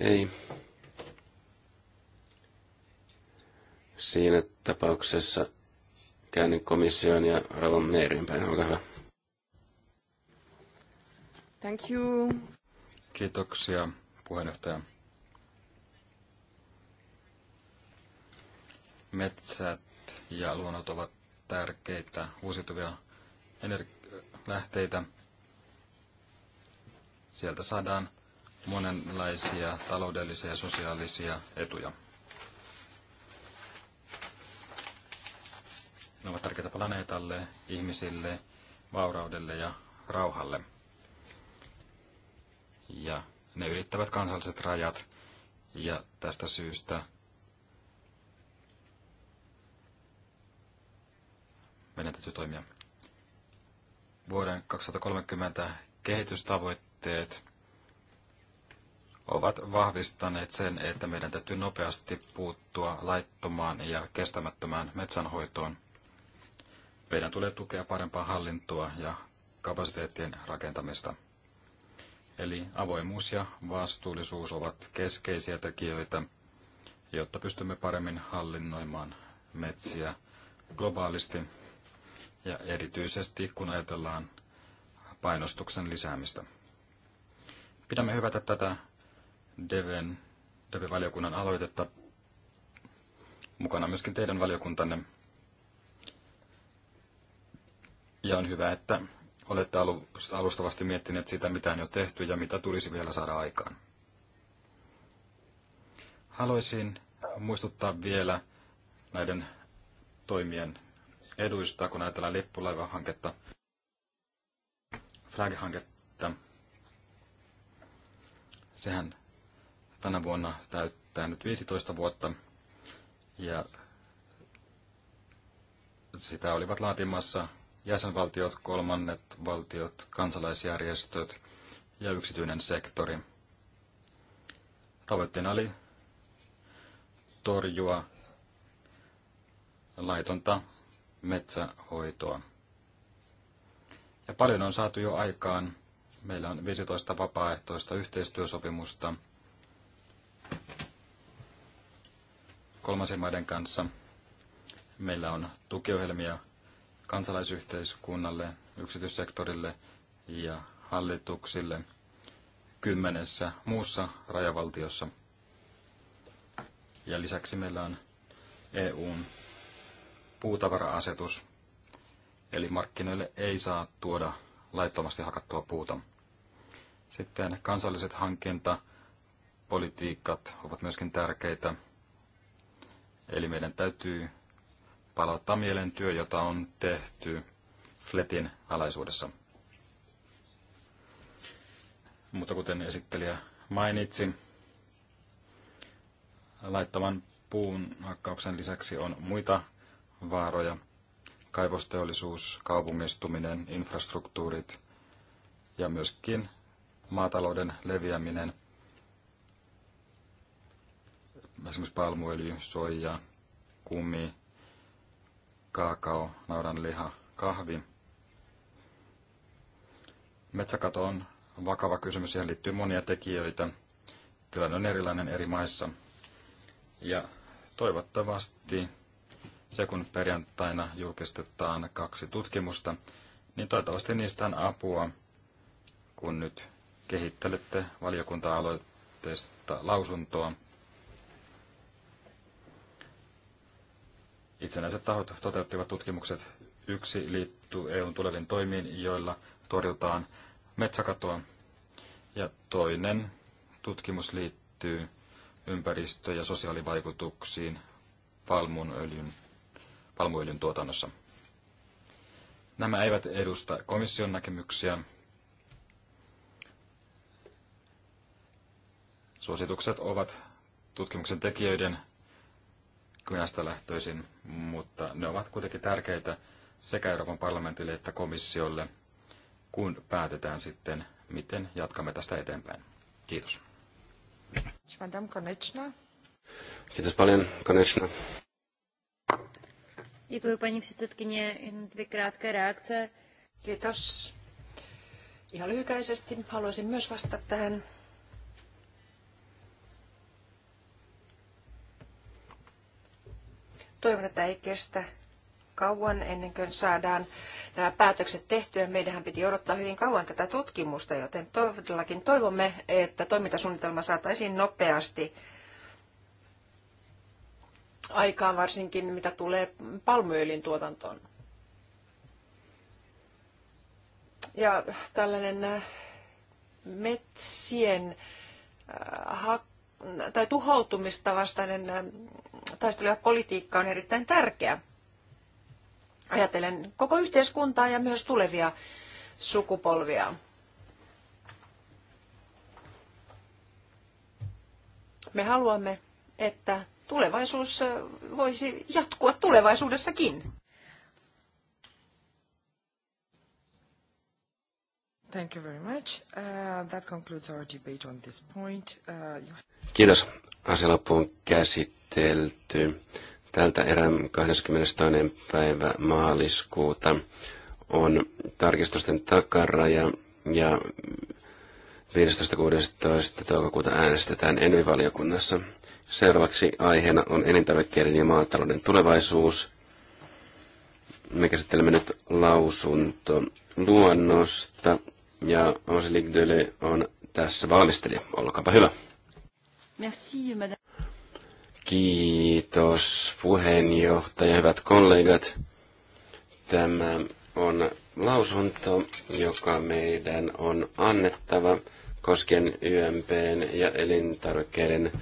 Ei. Siinä tapauksessa käännyn komission
ja Ravon Meerin päin. Olkaa hyvä.
Thank you.
Kiitoksia, puheenjohtaja. Metsät ja luonnot ovat tärkeitä uusiutuvia lähteitä. Sieltä saadaan monenlaisia taloudellisia ja sosiaalisia etuja. Ne ovat tärkeitä planeetalle, ihmisille, vauraudelle ja rauhalle ja ne ylittävät kansalliset rajat ja tästä syystä meidän täytyy toimia. Vuoden 2030 kehitystavoitteet ovat vahvistaneet sen, että meidän täytyy nopeasti puuttua laittomaan ja kestämättömään metsänhoitoon. Meidän tulee tukea parempaa hallintoa ja kapasiteettien rakentamista. Eli avoimuus ja vastuullisuus ovat keskeisiä tekijöitä, jotta pystymme paremmin hallinnoimaan metsiä globaalisti ja erityisesti kun ajatellaan painostuksen lisäämistä. Pidämme hyvätä tätä Deven, Deve-valiokunnan aloitetta, mukana myöskin teidän valiokuntanne. Ja on hyvä, että olette alustavasti miettineet sitä, mitä on jo tehty ja mitä tulisi vielä saada aikaan. Haluaisin muistuttaa vielä näiden toimien eduista, kun ajatellaan lippulaivahanketta, flag-hanketta. Sehän tänä vuonna täyttää nyt 15 vuotta ja sitä olivat laatimassa jäsenvaltiot, kolmannet valtiot, kansalaisjärjestöt ja yksityinen sektori. Tavoitteena oli torjua laitonta metsähoitoa. Ja paljon on saatu jo aikaan. Meillä on 15 vapaaehtoista yhteistyösopimusta kolmansien maiden kanssa. Meillä on tukiohjelmia kansalaisyhteiskunnalle, yksityissektorille ja hallituksille kymmenessä muussa rajavaltiossa. Ja lisäksi meillä on EUn puutavara-asetus, eli markkinoille ei saa tuoda laittomasti hakattua puuta. Sitten kansalliset hankintapolitiikat ovat myöskin tärkeitä, eli meidän täytyy palauttaa mieleen työ, jota on tehty Fletin alaisuudessa. Mutta kuten esittelijä mainitsi, laittoman puun hakkauksen lisäksi on muita vaaroja. Kaivosteollisuus, kaupungistuminen, infrastruktuurit ja myöskin maatalouden leviäminen. Esimerkiksi palmuöljy, soija, kumi, kaakao, naudanliha, kahvi. Metsäkato on vakava kysymys, siihen liittyy monia tekijöitä. Tilanne on erilainen eri maissa. Ja toivottavasti se, kun perjantaina julkistetaan kaksi tutkimusta, niin toivottavasti niistä on apua, kun nyt kehittelette valiokunta-aloitteesta lausuntoa Itsenäiset tahot toteuttivat tutkimukset. Yksi liittyy EUn tuleviin toimiin, joilla torjutaan metsäkatoa. Ja toinen tutkimus liittyy ympäristö- ja sosiaalivaikutuksiin palmuöljyn, palmuöljyn tuotannossa. Nämä eivät edusta komission näkemyksiä. Suositukset ovat tutkimuksen tekijöiden Kylästä lähtöisin, mutta ne ovat kuitenkin tärkeitä sekä Euroopan parlamentille että komissiolle, kun päätetään sitten, miten jatkamme tästä eteenpäin. Kiitos. Kiitos paljon, Konechna.
Kiitos. Ihan lyhykäisesti haluaisin myös vastata tähän Toivon, että ei kestä kauan ennen kuin saadaan nämä päätökset tehtyä. Meidän piti odottaa hyvin kauan tätä tutkimusta, joten todellakin toivomme, että toimintasuunnitelma saataisiin nopeasti aikaan, varsinkin mitä tulee palmuöljyn tuotantoon. Ja tällainen äh, metsien äh, hak tai tuhoutumista vastainen ähm, taisteleva politiikka on erittäin tärkeä. Ajatellen koko yhteiskuntaa ja myös tulevia sukupolvia. Me haluamme, että tulevaisuus äh, voisi jatkua tulevaisuudessakin. Thank you very much. Uh, that concludes our debate on this point. Uh,
Kiitos. Asia loppuun käsitelty. Tältä erää 22. päivä maaliskuuta on tarkistusten takaraja ja 15.16. toukokuuta äänestetään ENVI-valiokunnassa. Seuraavaksi aiheena on elintarvikkeiden ja maatalouden tulevaisuus. Me käsittelemme nyt lausunto luonnosta. Ja Angelique Dele on tässä valmistelija. Olkaapa hyvä.
Merci, madame.
Kiitos puheenjohtaja, hyvät kollegat. Tämä on lausunto, joka meidän on annettava koskien YMPn ja elintarvikkeiden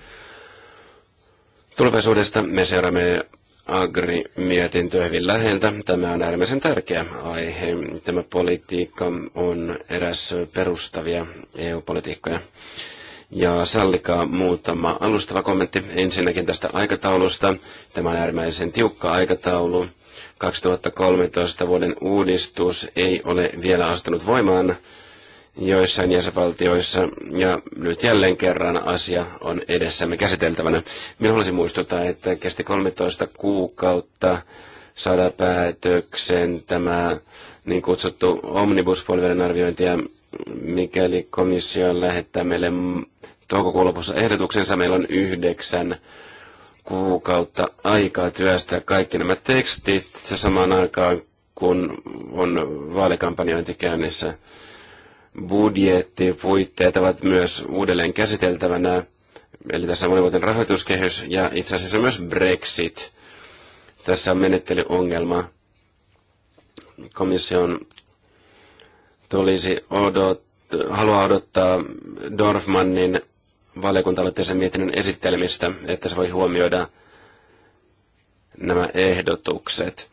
tulevaisuudesta. Me seuraamme Agri-mietintö hyvin läheltä. Tämä on äärimmäisen tärkeä aihe. Tämä politiikka on eräs perustavia EU-politiikkoja. Ja sallikaa muutama alustava kommentti ensinnäkin tästä aikataulusta. Tämä on äärimmäisen tiukka aikataulu. 2013 vuoden uudistus ei ole vielä astunut voimaan joissain jäsenvaltioissa, ja nyt jälleen kerran asia on edessämme käsiteltävänä. Minä haluaisin muistuttaa, että kesti 13 kuukautta saada päätöksen tämä niin kutsuttu omnibus arviointi, ja mikäli komissio lähettää meille toukokuun lopussa ehdotuksensa, meillä on yhdeksän kuukautta aikaa työstää kaikki nämä tekstit samaan aikaan, kun on vaalikampanjointi käynnissä budjettipuitteet ovat myös uudelleen käsiteltävänä, eli tässä on monivuotinen rahoituskehys ja itse asiassa myös Brexit. Tässä on menettelyongelma. Komission tulisi odot, haluaa odottaa Dorfmannin valiokunta mietinnön esittelemistä, että se voi huomioida nämä ehdotukset.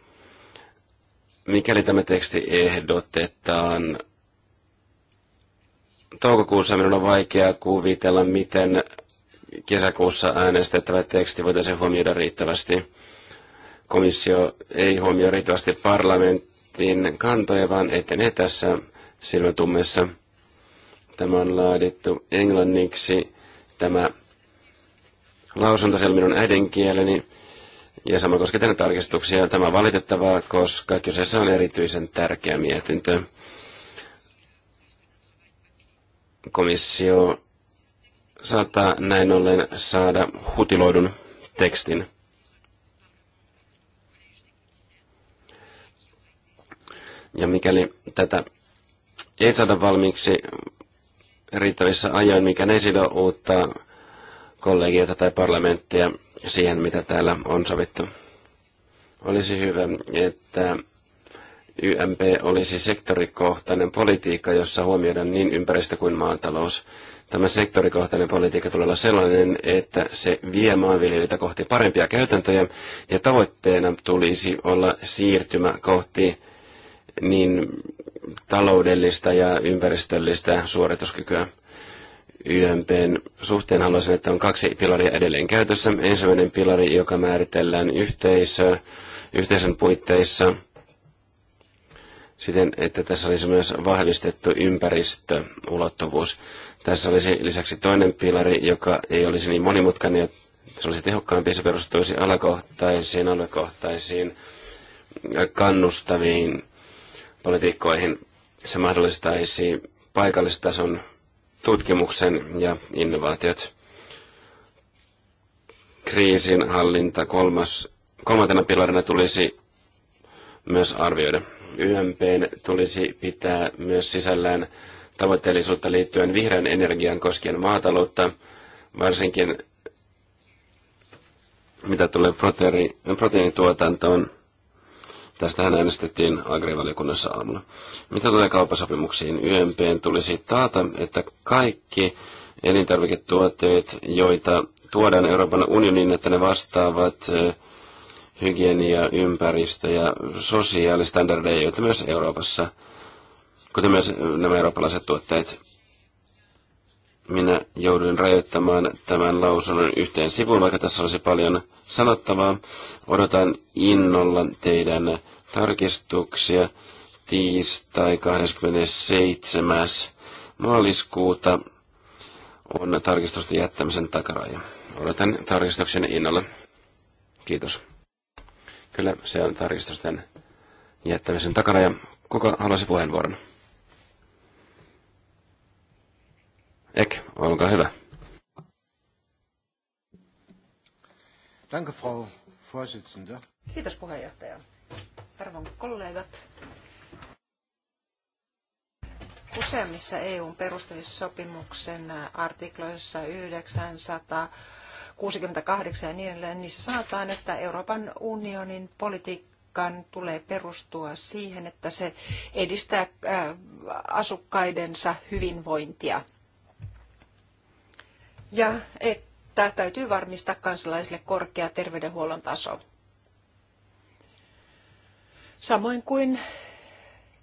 Mikäli tämä teksti ehdotetaan toukokuussa minun on vaikea kuvitella, miten kesäkuussa äänestettävä teksti voitaisiin huomioida riittävästi. Komissio ei huomioi riittävästi parlamentin kantoja, vaan etenee tässä silmätummessa. Tämä on laadittu englanniksi. Tämä lausunto siellä minun äidinkieleni. Ja sama koskee tänne tarkistuksia. Tämä on valitettavaa, koska kyseessä on erityisen tärkeä mietintö. komissio saattaa näin ollen saada hutiloidun tekstin. Ja mikäli tätä ei saada valmiiksi riittävissä ajoin, mikä ne sido uutta kollegiota tai parlamenttia siihen, mitä täällä on sovittu. Olisi hyvä, että YMP olisi sektorikohtainen politiikka, jossa huomioidaan niin ympäristö kuin maatalous. Tämä sektorikohtainen politiikka tulee olla sellainen, että se vie maanviljelijöitä kohti parempia käytäntöjä, ja tavoitteena tulisi olla siirtymä kohti niin taloudellista ja ympäristöllistä suorituskykyä. YMPn suhteen haluaisin, että on kaksi pilaria edelleen käytössä. Ensimmäinen pilari, joka määritellään yhteisö, yhteisön puitteissa – siten, että tässä olisi myös vahvistettu ympäristöulottuvuus. Tässä olisi lisäksi toinen pilari, joka ei olisi niin monimutkainen että se olisi tehokkaampi, se perustuisi alakohtaisiin, alakohtaisiin kannustaviin politiikkoihin. Se mahdollistaisi paikallistason tutkimuksen ja innovaatiot. Kriisin hallinta kolmas, kolmantena pilarina tulisi myös arvioida. YMPn tulisi pitää myös sisällään tavoitteellisuutta liittyen vihreän energian koskien maataloutta, varsinkin mitä tulee proteiinituotantoon. Tästähän äänestettiin agrivaliokunnassa aamulla. Mitä tulee kauppasopimuksiin, YMP tulisi taata, että kaikki elintarviketuotteet, joita tuodaan Euroopan unioniin, että ne vastaavat hygienia, ympäristö ja sosiaalistandardeja, joita myös Euroopassa, kuten myös nämä eurooppalaiset tuotteet. Minä jouduin rajoittamaan tämän lausunnon yhteen sivuun, vaikka tässä olisi paljon sanottavaa. Odotan innolla teidän tarkistuksia tiistai 27. maaliskuuta on tarkistusten jättämisen takaraja. Odotan tarkistuksen innolla. Kiitos. Kyllä se on tarkistusten jättämisen takana. Ja kuka haluaisi puheenvuoron? Ek, olkaa hyvä.
Danke, Frau Vorsitzende.
Kiitos puheenjohtaja. Arvon kollegat. Useimmissa EUn perustamissopimuksen artikloissa 900 68 ja niin edelleen, niissä sanotaan, että Euroopan unionin politiikkaan tulee perustua siihen, että se edistää äh, asukkaidensa hyvinvointia. Ja että täytyy varmistaa kansalaisille korkea terveydenhuollon taso. Samoin kuin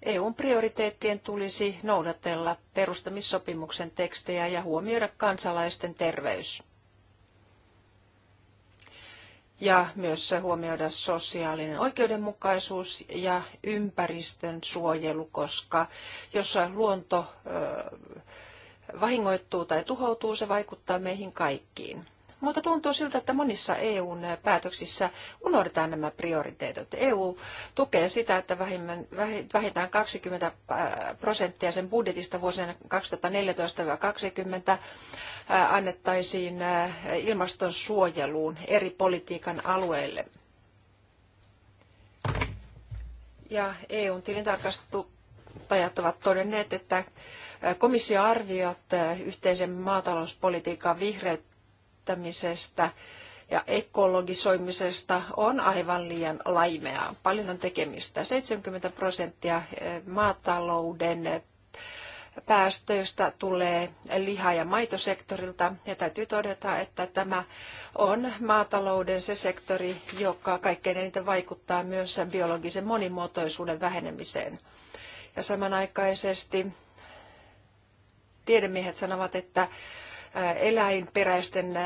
EUn prioriteettien tulisi noudatella perustamissopimuksen tekstejä ja huomioida kansalaisten terveys ja myös huomioida sosiaalinen oikeudenmukaisuus ja ympäristön suojelu, koska jos luonto vahingoittuu tai tuhoutuu, se vaikuttaa meihin kaikkiin. Mutta tuntuu siltä, että monissa EUn päätöksissä unohdetaan nämä prioriteetit. EU tukee sitä, että vähintään 20 prosenttia sen budjetista vuosina 2014-2020 annettaisiin ilmastonsuojeluun eri politiikan alueille. Ja EUn tilintarkastajat ovat todenneet, että komissio arviot yhteisen maatalouspolitiikan vihreyttä kehittämisestä ja ekologisoimisesta on aivan liian laimeaa. Paljon on tekemistä. 70 prosenttia eh, maatalouden eh, päästöistä tulee liha- ja maitosektorilta. Ja täytyy todeta, että tämä on maatalouden se sektori, joka kaikkein eniten vaikuttaa myös biologisen monimuotoisuuden vähenemiseen. Ja samanaikaisesti tiedemiehet sanovat, että eläinperäisten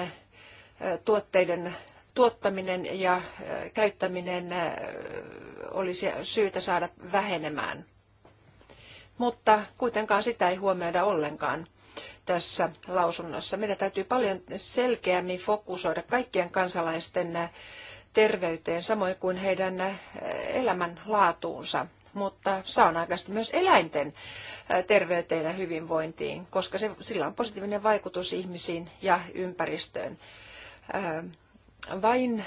tuotteiden tuottaminen ja käyttäminen olisi syytä saada vähenemään. Mutta kuitenkaan sitä ei huomioida ollenkaan tässä lausunnossa. Meidän täytyy paljon selkeämmin fokusoida kaikkien kansalaisten terveyteen, samoin kuin heidän elämänlaatuunsa mutta samanaikaisesti myös eläinten terveyteen ja hyvinvointiin, koska se, sillä on positiivinen vaikutus ihmisiin ja ympäristöön. Vain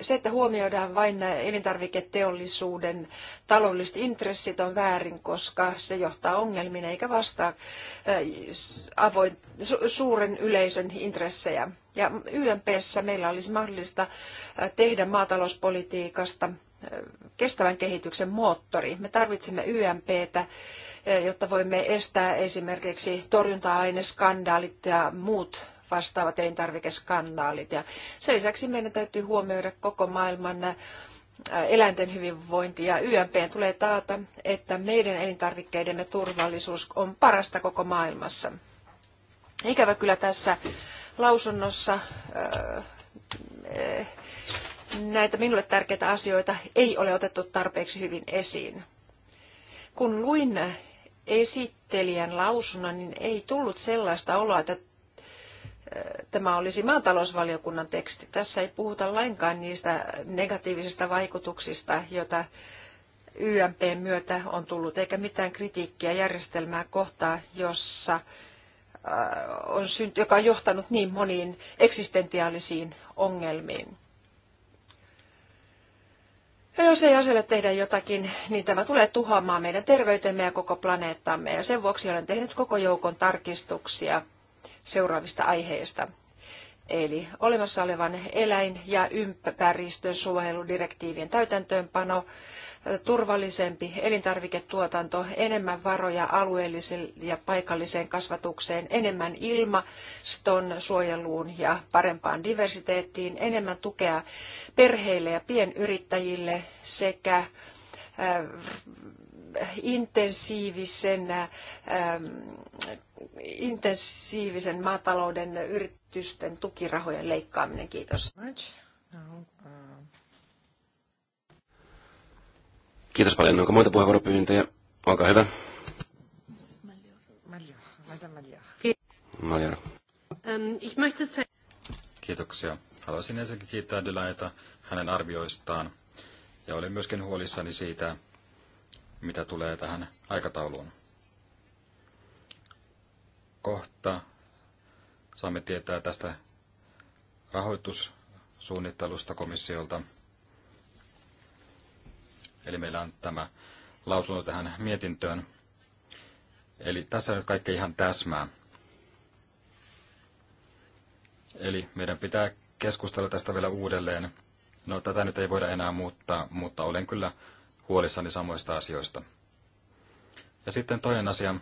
se, että huomioidaan vain elintarviketeollisuuden taloudelliset intressit on väärin, koska se johtaa ongelmiin eikä vastaa avoin, suuren yleisön intressejä. Ja YMPssä meillä olisi mahdollista tehdä maatalouspolitiikasta kestävän kehityksen moottori. Me tarvitsemme YMPtä, eh, jotta voimme estää esimerkiksi torjunta-aineskandaalit ja muut vastaavat elintarvikeskandaalit. Ja sen lisäksi meidän täytyy huomioida koko maailman eh, eläinten hyvinvointi ja YMP tulee taata, että meidän elintarvikkeidemme turvallisuus on parasta koko maailmassa. Ikävä kyllä tässä lausunnossa äh, äh, näitä minulle tärkeitä asioita ei ole otettu tarpeeksi hyvin esiin. Kun luin esittelijän lausunnon, niin ei tullut sellaista oloa, että tämä olisi maatalousvaliokunnan teksti. Tässä ei puhuta lainkaan niistä negatiivisista vaikutuksista, joita n myötä on tullut, eikä mitään kritiikkiä järjestelmää kohtaan, jossa on synty, joka on johtanut niin moniin eksistentiaalisiin ongelmiin. Ja jos ei asialle tehdä jotakin, niin tämä tulee tuhoamaan meidän terveytemme ja koko planeettamme. Ja sen vuoksi olen tehnyt koko joukon tarkistuksia seuraavista aiheista. Eli olemassa olevan eläin- ja ympäristön suojeludirektiivien täytäntöönpano, turvallisempi elintarviketuotanto, enemmän varoja alueelliseen ja paikalliseen kasvatukseen, enemmän ilmaston suojeluun ja parempaan diversiteettiin, enemmän tukea perheille ja pienyrittäjille sekä äh, intensiivisen, äh, intensiivisen maatalouden yritysten tukirahojen leikkaaminen. Kiitos. No,
Kiitos paljon. Onko muita puheenvuoropyyntöjä?
Olkaa hyvä. Maljara. Ähm, Kiitoksia. Haluaisin ensinnäkin kiittää Dylaneta hänen arvioistaan. Ja olen myöskin huolissani siitä, mitä tulee tähän aikatauluun. Kohta saamme tietää tästä rahoitussuunnittelusta komissiolta. Eli meillä on tämä lausunto tähän mietintöön. Eli tässä nyt kaikki ihan täsmää. Eli meidän pitää keskustella tästä vielä uudelleen. No tätä nyt ei voida enää muuttaa, mutta olen kyllä huolissani samoista asioista. Ja sitten toinen asia.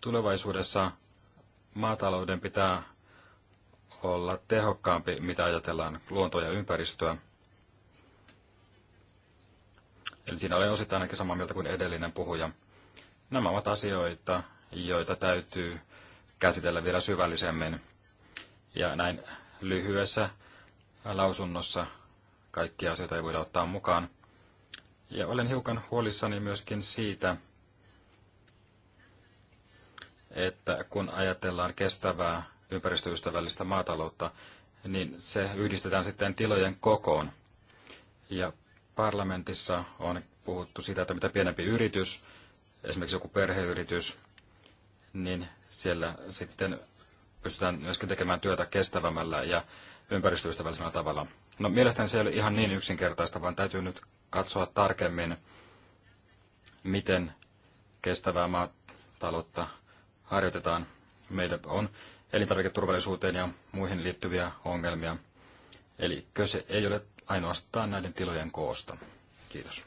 Tulevaisuudessa maatalouden pitää olla tehokkaampi, mitä ajatellaan luontoa ja ympäristöä. Eli siinä olen osittain ainakin samaa mieltä kuin edellinen puhuja. Nämä ovat asioita, joita täytyy käsitellä vielä syvällisemmin. Ja näin lyhyessä lausunnossa kaikkia asioita ei voida ottaa mukaan. Ja olen hiukan huolissani myöskin siitä, että kun ajatellaan kestävää ympäristöystävällistä maataloutta, niin se yhdistetään sitten tilojen kokoon. Ja parlamentissa on puhuttu siitä, että mitä pienempi yritys, esimerkiksi joku perheyritys, niin siellä sitten pystytään myöskin tekemään työtä kestävämmällä ja ympäristöystävällisellä tavalla. No mielestäni se ei ole ihan niin yksinkertaista, vaan täytyy nyt katsoa tarkemmin, miten kestävää maataloutta harjoitetaan. Meillä on elintarviketurvallisuuteen ja muihin liittyviä ongelmia. Eli kyse ei ole ainoastaan näiden tilojen koosta. Kiitos.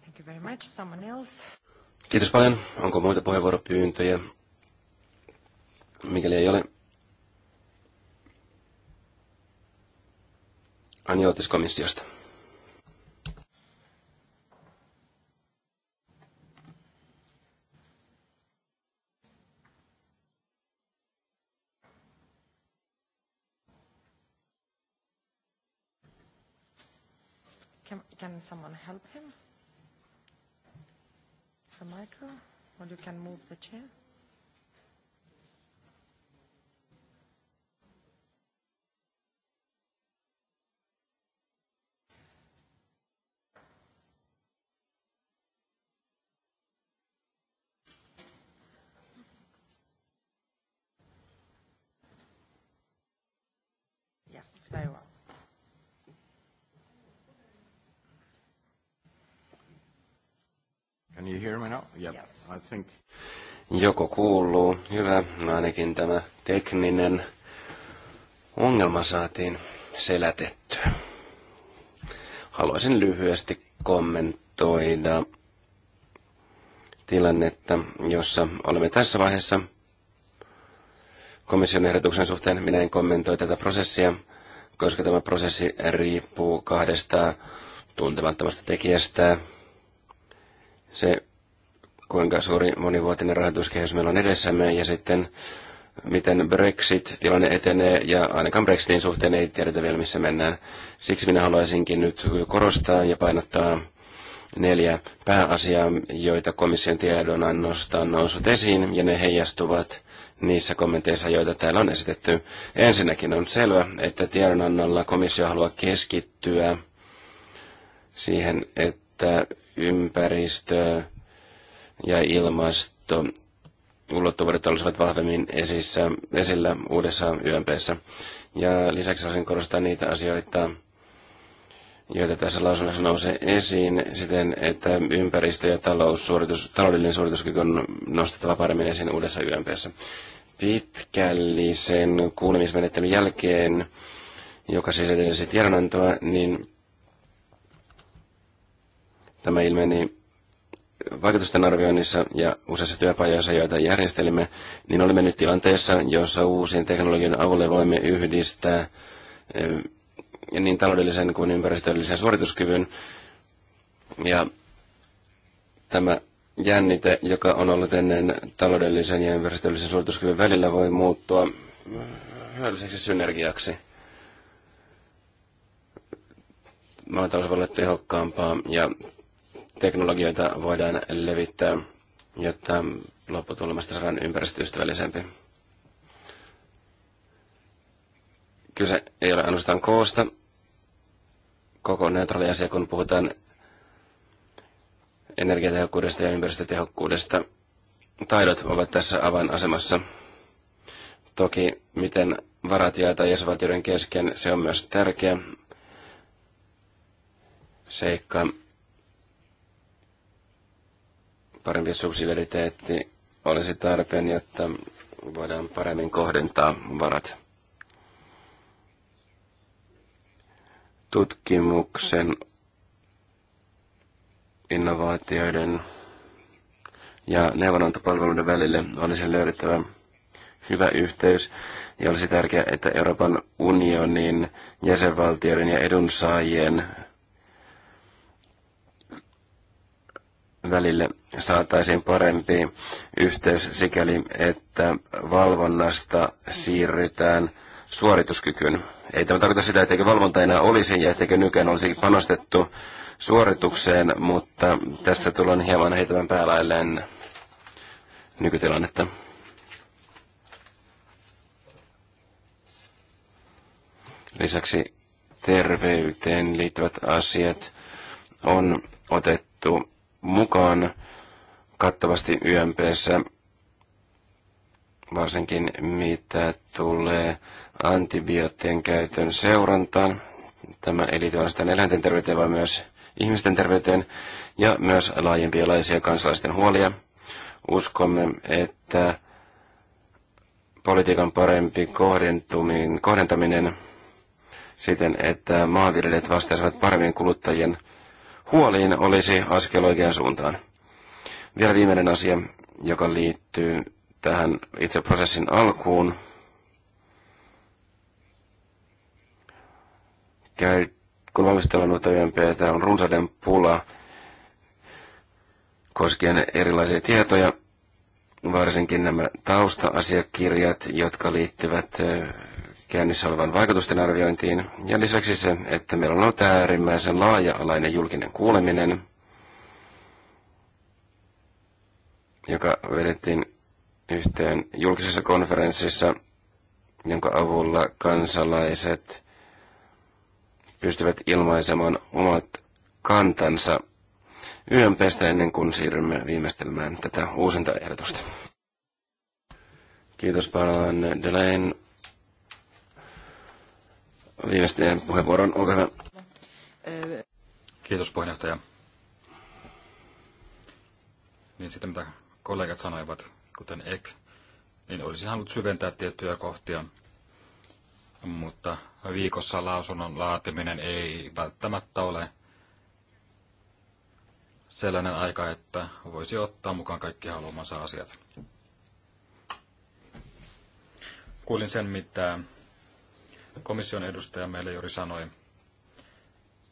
Thank you very much. Someone else?
Kiitos paljon. Onko muita puheenvuoropyyntöjä? Mikäli ei ole, Aniotis komissiosta.
Can someone help him? It's Michael, micro, or you can move the chair. Yes, very well.
Can you hear me now? Yep. yes. I think...
Joko kuuluu. Hyvä. Ainakin tämä tekninen ongelma saatiin selätettyä. Haluaisin lyhyesti kommentoida tilannetta, jossa olemme tässä vaiheessa komission ehdotuksen suhteen. Minä en kommentoi tätä prosessia, koska tämä prosessi riippuu kahdesta tuntemattomasta tekijästä, se, kuinka suuri monivuotinen rahoituskehys meillä on edessämme, ja sitten miten Brexit-tilanne etenee, ja ainakaan Brexitin suhteen ei tiedetä vielä, missä mennään. Siksi minä haluaisinkin nyt korostaa ja painottaa neljä pääasiaa, joita komission tiedonannosta on noussut esiin, ja ne heijastuvat niissä kommenteissa, joita täällä on esitetty. Ensinnäkin on selvä, että tiedonannolla komissio haluaa keskittyä siihen, että ympäristö ja ilmasto ulottuvuudet olisivat vahvemmin esissä, esillä uudessa YMPssä. Ja lisäksi haluaisin korostaa niitä asioita, joita tässä lausunnossa nousee esiin siten, että ympäristö- ja taloussuoritus, taloudellinen suorituskyky on nostettava paremmin esiin uudessa YMPssä. Pitkällisen kuulemismenettelyn jälkeen, joka siis edellisi tiedonantoa, niin Tämä ilmeni vaikutusten arvioinnissa ja useissa työpajoissa, joita järjestelimme, niin olemme nyt tilanteessa, jossa uusien teknologian avulla voimme yhdistää eh, niin taloudellisen kuin ympäristöllisen suorituskyvyn. Ja tämä jännite, joka on ollut ennen taloudellisen ja ympäristöllisen suorituskyvyn välillä, voi muuttua eh, hyödylliseksi synergiaksi. Maatalous voi olla tehokkaampaa ja teknologioita voidaan levittää, jotta lopputulemasta saadaan ympäristöystävällisempi. Kyse ei ole ainoastaan koosta. Koko neutraali asia, kun puhutaan energiatehokkuudesta ja ympäristötehokkuudesta. Taidot ovat tässä avainasemassa. Toki, miten varat jaetaan jäsenvaltioiden kesken, se on myös tärkeä seikka parempi subsidiariteetti olisi tarpeen, jotta voidaan paremmin kohdentaa varat. Tutkimuksen, innovaatioiden ja neuvontapalveluiden välille olisi löydettävä hyvä yhteys ja olisi tärkeää, että Euroopan unionin jäsenvaltioiden ja edunsaajien välille saataisiin parempi yhteys sikäli, että valvonnasta siirrytään suorituskykyyn. Ei tämä tarkoita sitä, etteikö valvonta enää olisi ja etteikö nykään olisi panostettu suoritukseen, mutta tässä tullaan hieman heitämään päälailleen nykytilannetta. Lisäksi terveyteen liittyvät asiat on otettu mukaan kattavasti YMPssä, varsinkin mitä tulee antibioottien käytön seurantaan. Tämä ei liity ainoastaan eläinten terveyteen, vaan myös ihmisten terveyteen ja myös laisia kansalaisten huolia. Uskomme, että politiikan parempi kohdentaminen siten, että maanviljelijät vastaisivat paremmin kuluttajien Kuoliin olisi askel oikeaan suuntaan. Vielä viimeinen asia, joka liittyy tähän itse prosessin alkuun. Käy, kun valmistellaan uutta YMPtä, on runsauden pula koskien erilaisia tietoja, varsinkin nämä tausta-asiakirjat, jotka liittyvät käynnissä olevan vaikutusten arviointiin, ja lisäksi se, että meillä on ollut äärimmäisen laaja-alainen julkinen kuuleminen, joka vedettiin yhteen julkisessa konferenssissa, jonka avulla kansalaiset pystyvät ilmaisemaan omat kantansa YMPstä ennen kuin siirrymme viimeistelmään tätä uusinta ehdotusta. Kiitos paljon Delain viimeisten puheenvuoron. Olkaa hyvä.
Kiitos puheenjohtaja. Niin sitten mitä kollegat sanoivat, kuten Ek, niin olisi halunnut syventää tiettyjä kohtia, mutta viikossa lausunnon laatiminen ei välttämättä ole sellainen aika, että voisi ottaa mukaan kaikki haluamansa asiat. Kuulin sen, mitä komission edustaja meille juuri sanoi,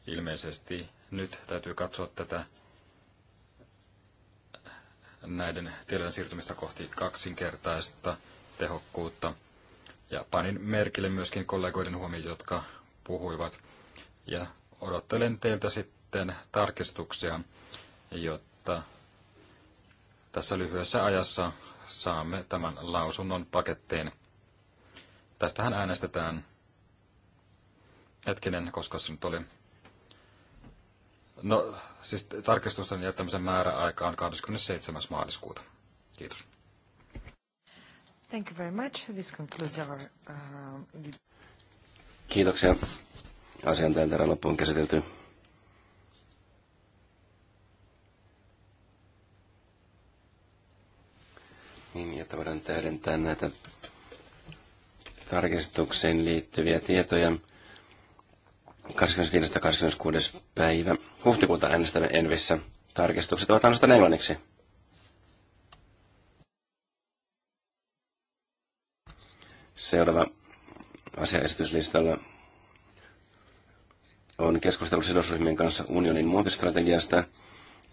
ilmeisesti nyt täytyy katsoa tätä näiden tilojen siirtymistä kohti kaksinkertaista tehokkuutta. Ja panin merkille myöskin kollegoiden huomioon, jotka puhuivat. Ja odottelen teiltä sitten tarkistuksia, jotta tässä lyhyessä ajassa saamme tämän lausunnon pakettiin. Tästähän äänestetään Hetkinen, koska se nyt oli. No, siis tarkistusten jättämisen määräaika on 27. maaliskuuta. Kiitos.
Thank you very much. This concludes our, uh, the...
Kiitoksia. Asian tämän loppuun käsitelty. Niin, jotta voidaan täydentää näitä tarkistukseen liittyviä tietoja. 25.–26. päivä huhtikuuta äänestämme Envissä. Tarkistukset ovat ainoastaan englanniksi. Seuraava asiaesityslistalla on keskustelu sidosryhmien kanssa unionin muotistrategiasta,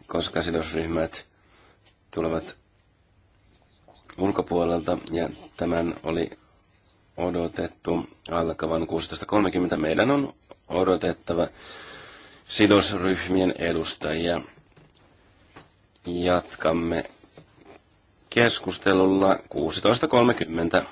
koska sidosryhmät tulevat ulkopuolelta ja tämän oli odotettu alkavan 16.30. Meidän on odotettava sidosryhmien edustajia. Jatkamme keskustelulla 16.30.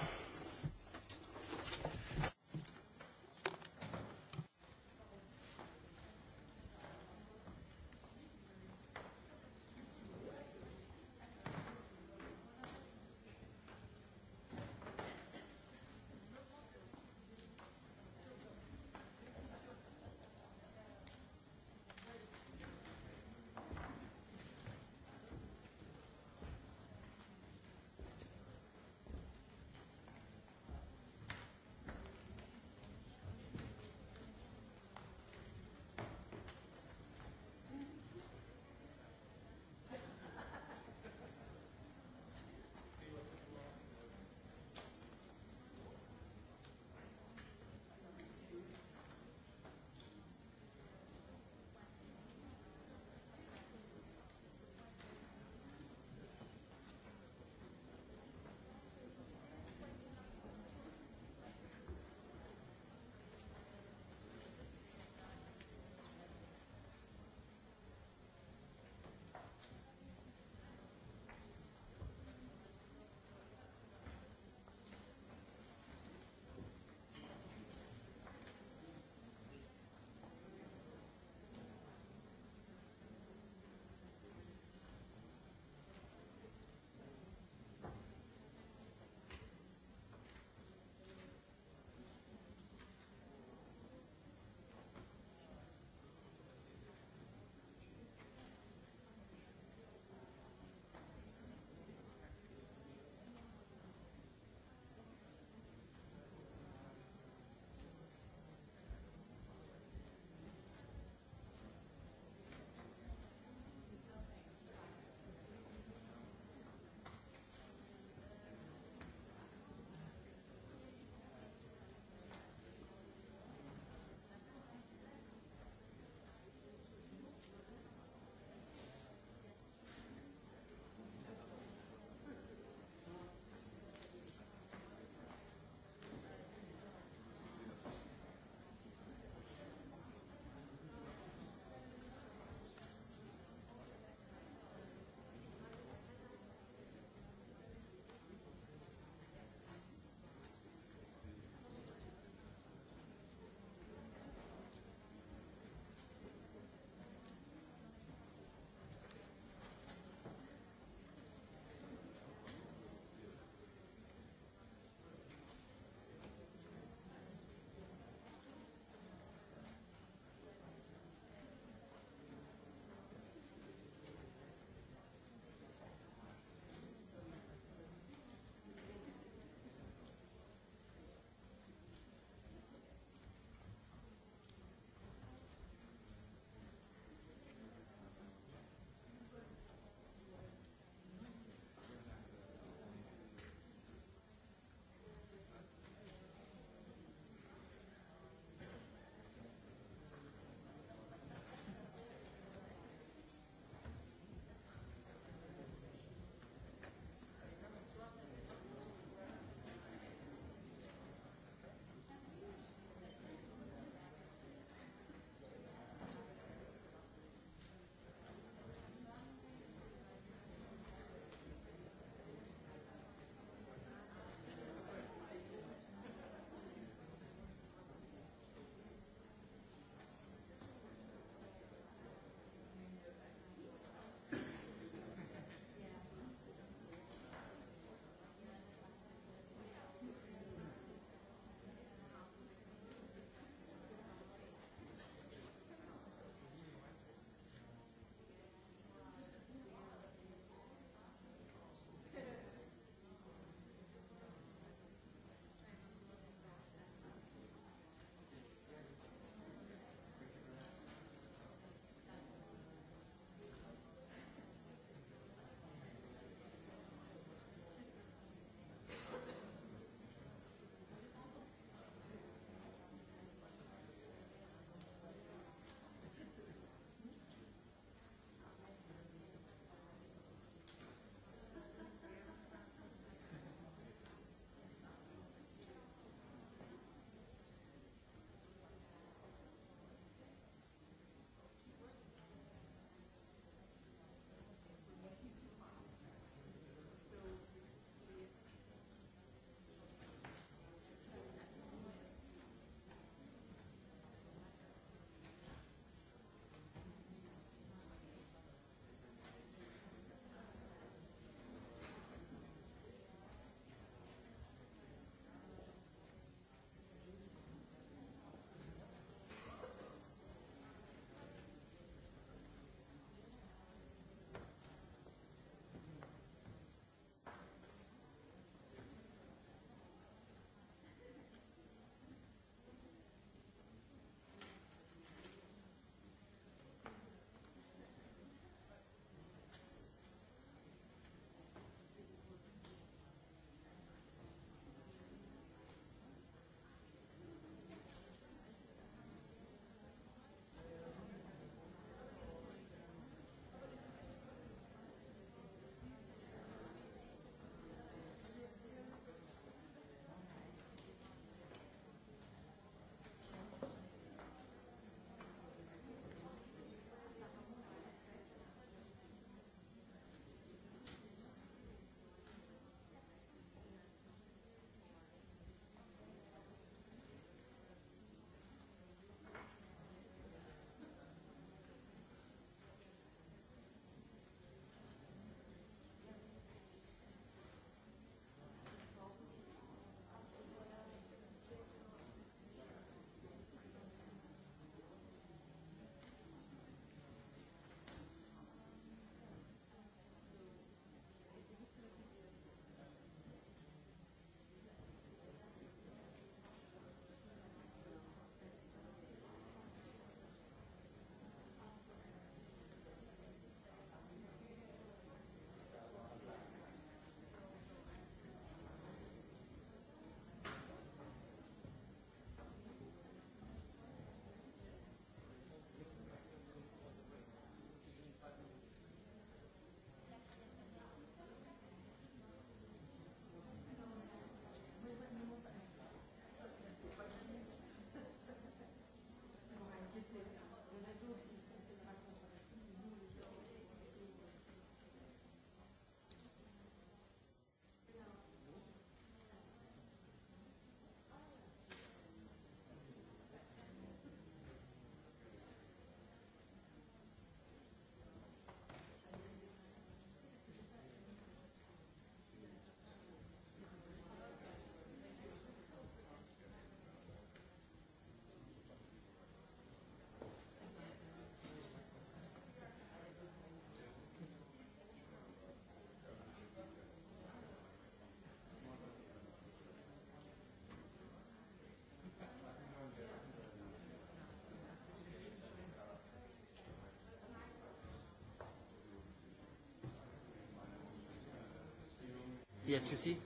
Yes, you see?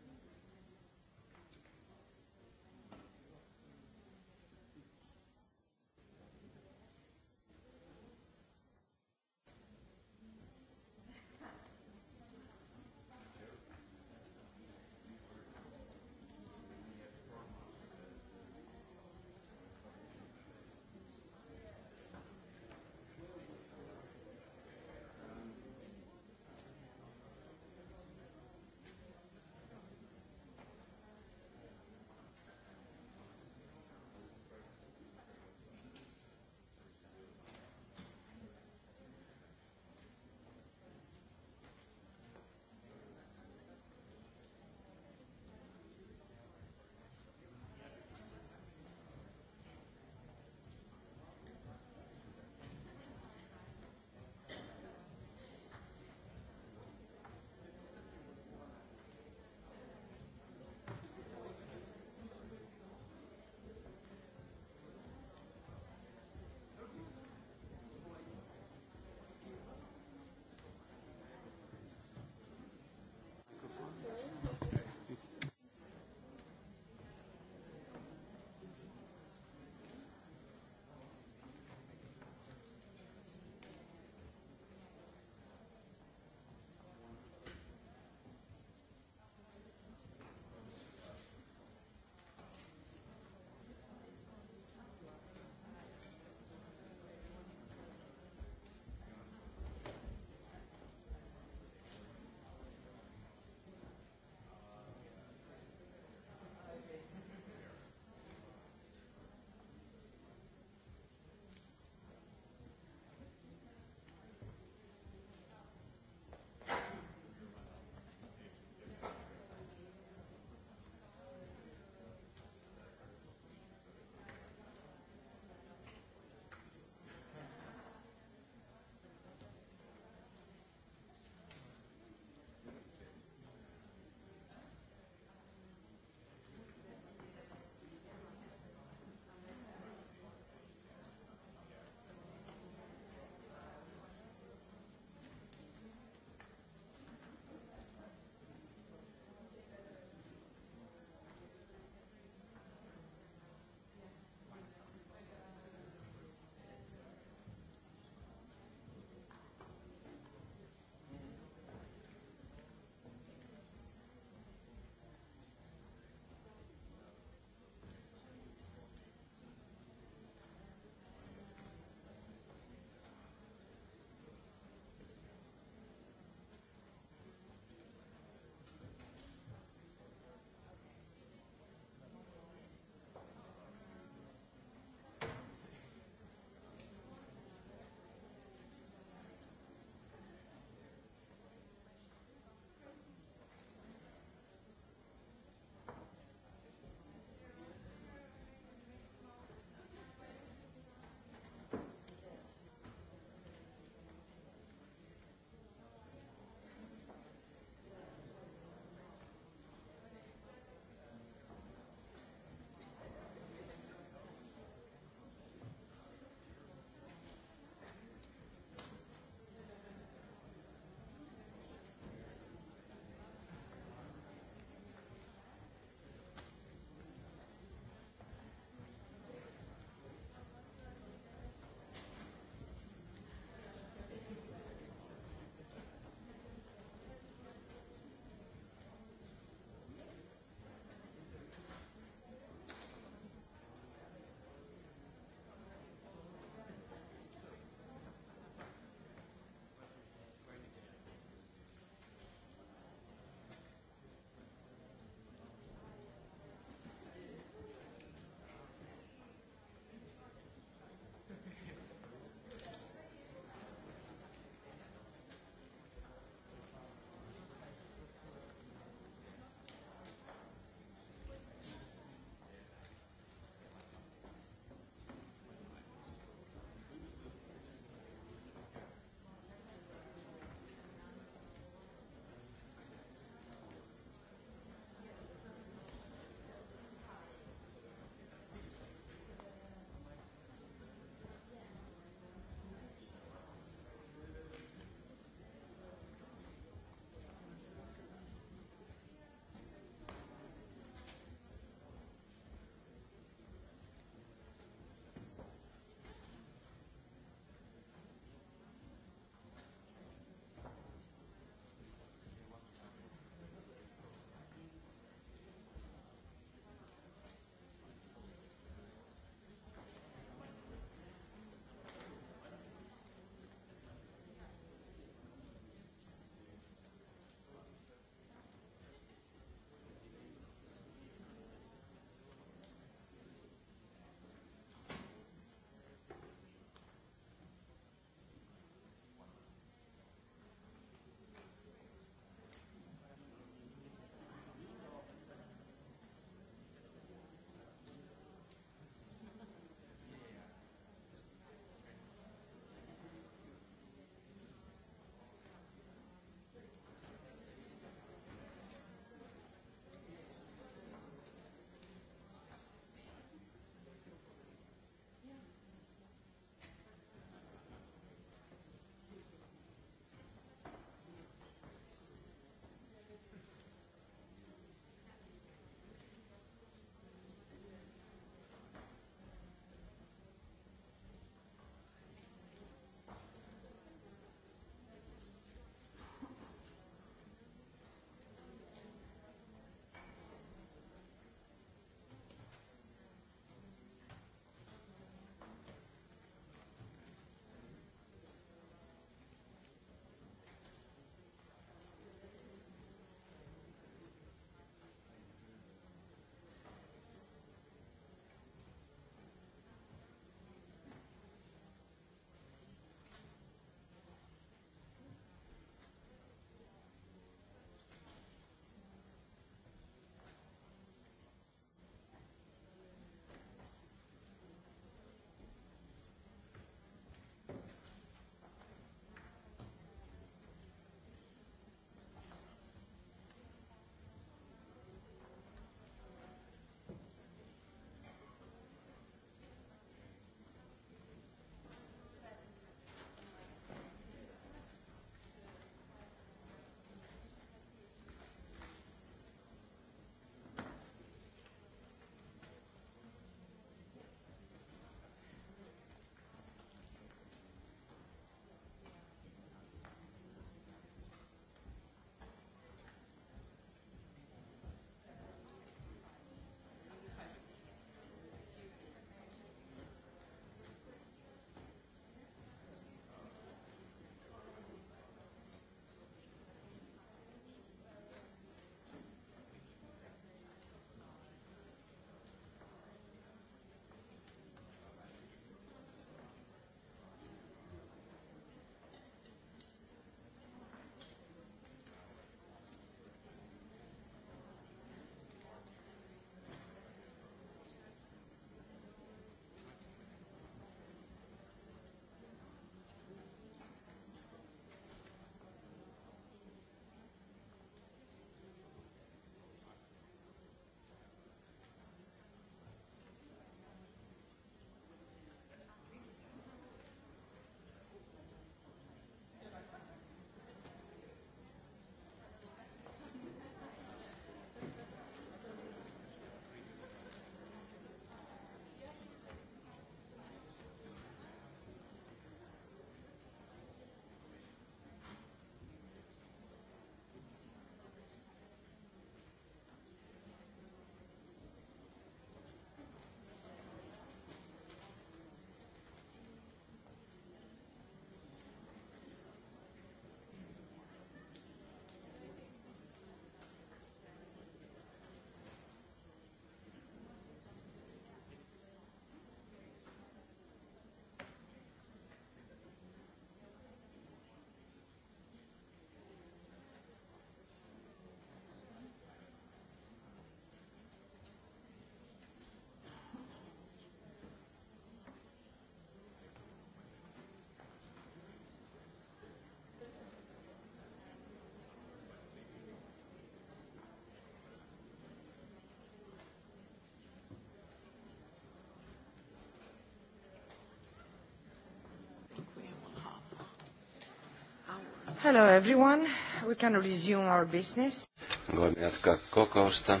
Hello everyone. We can resume our business.
Voimme jatkaa kokousta.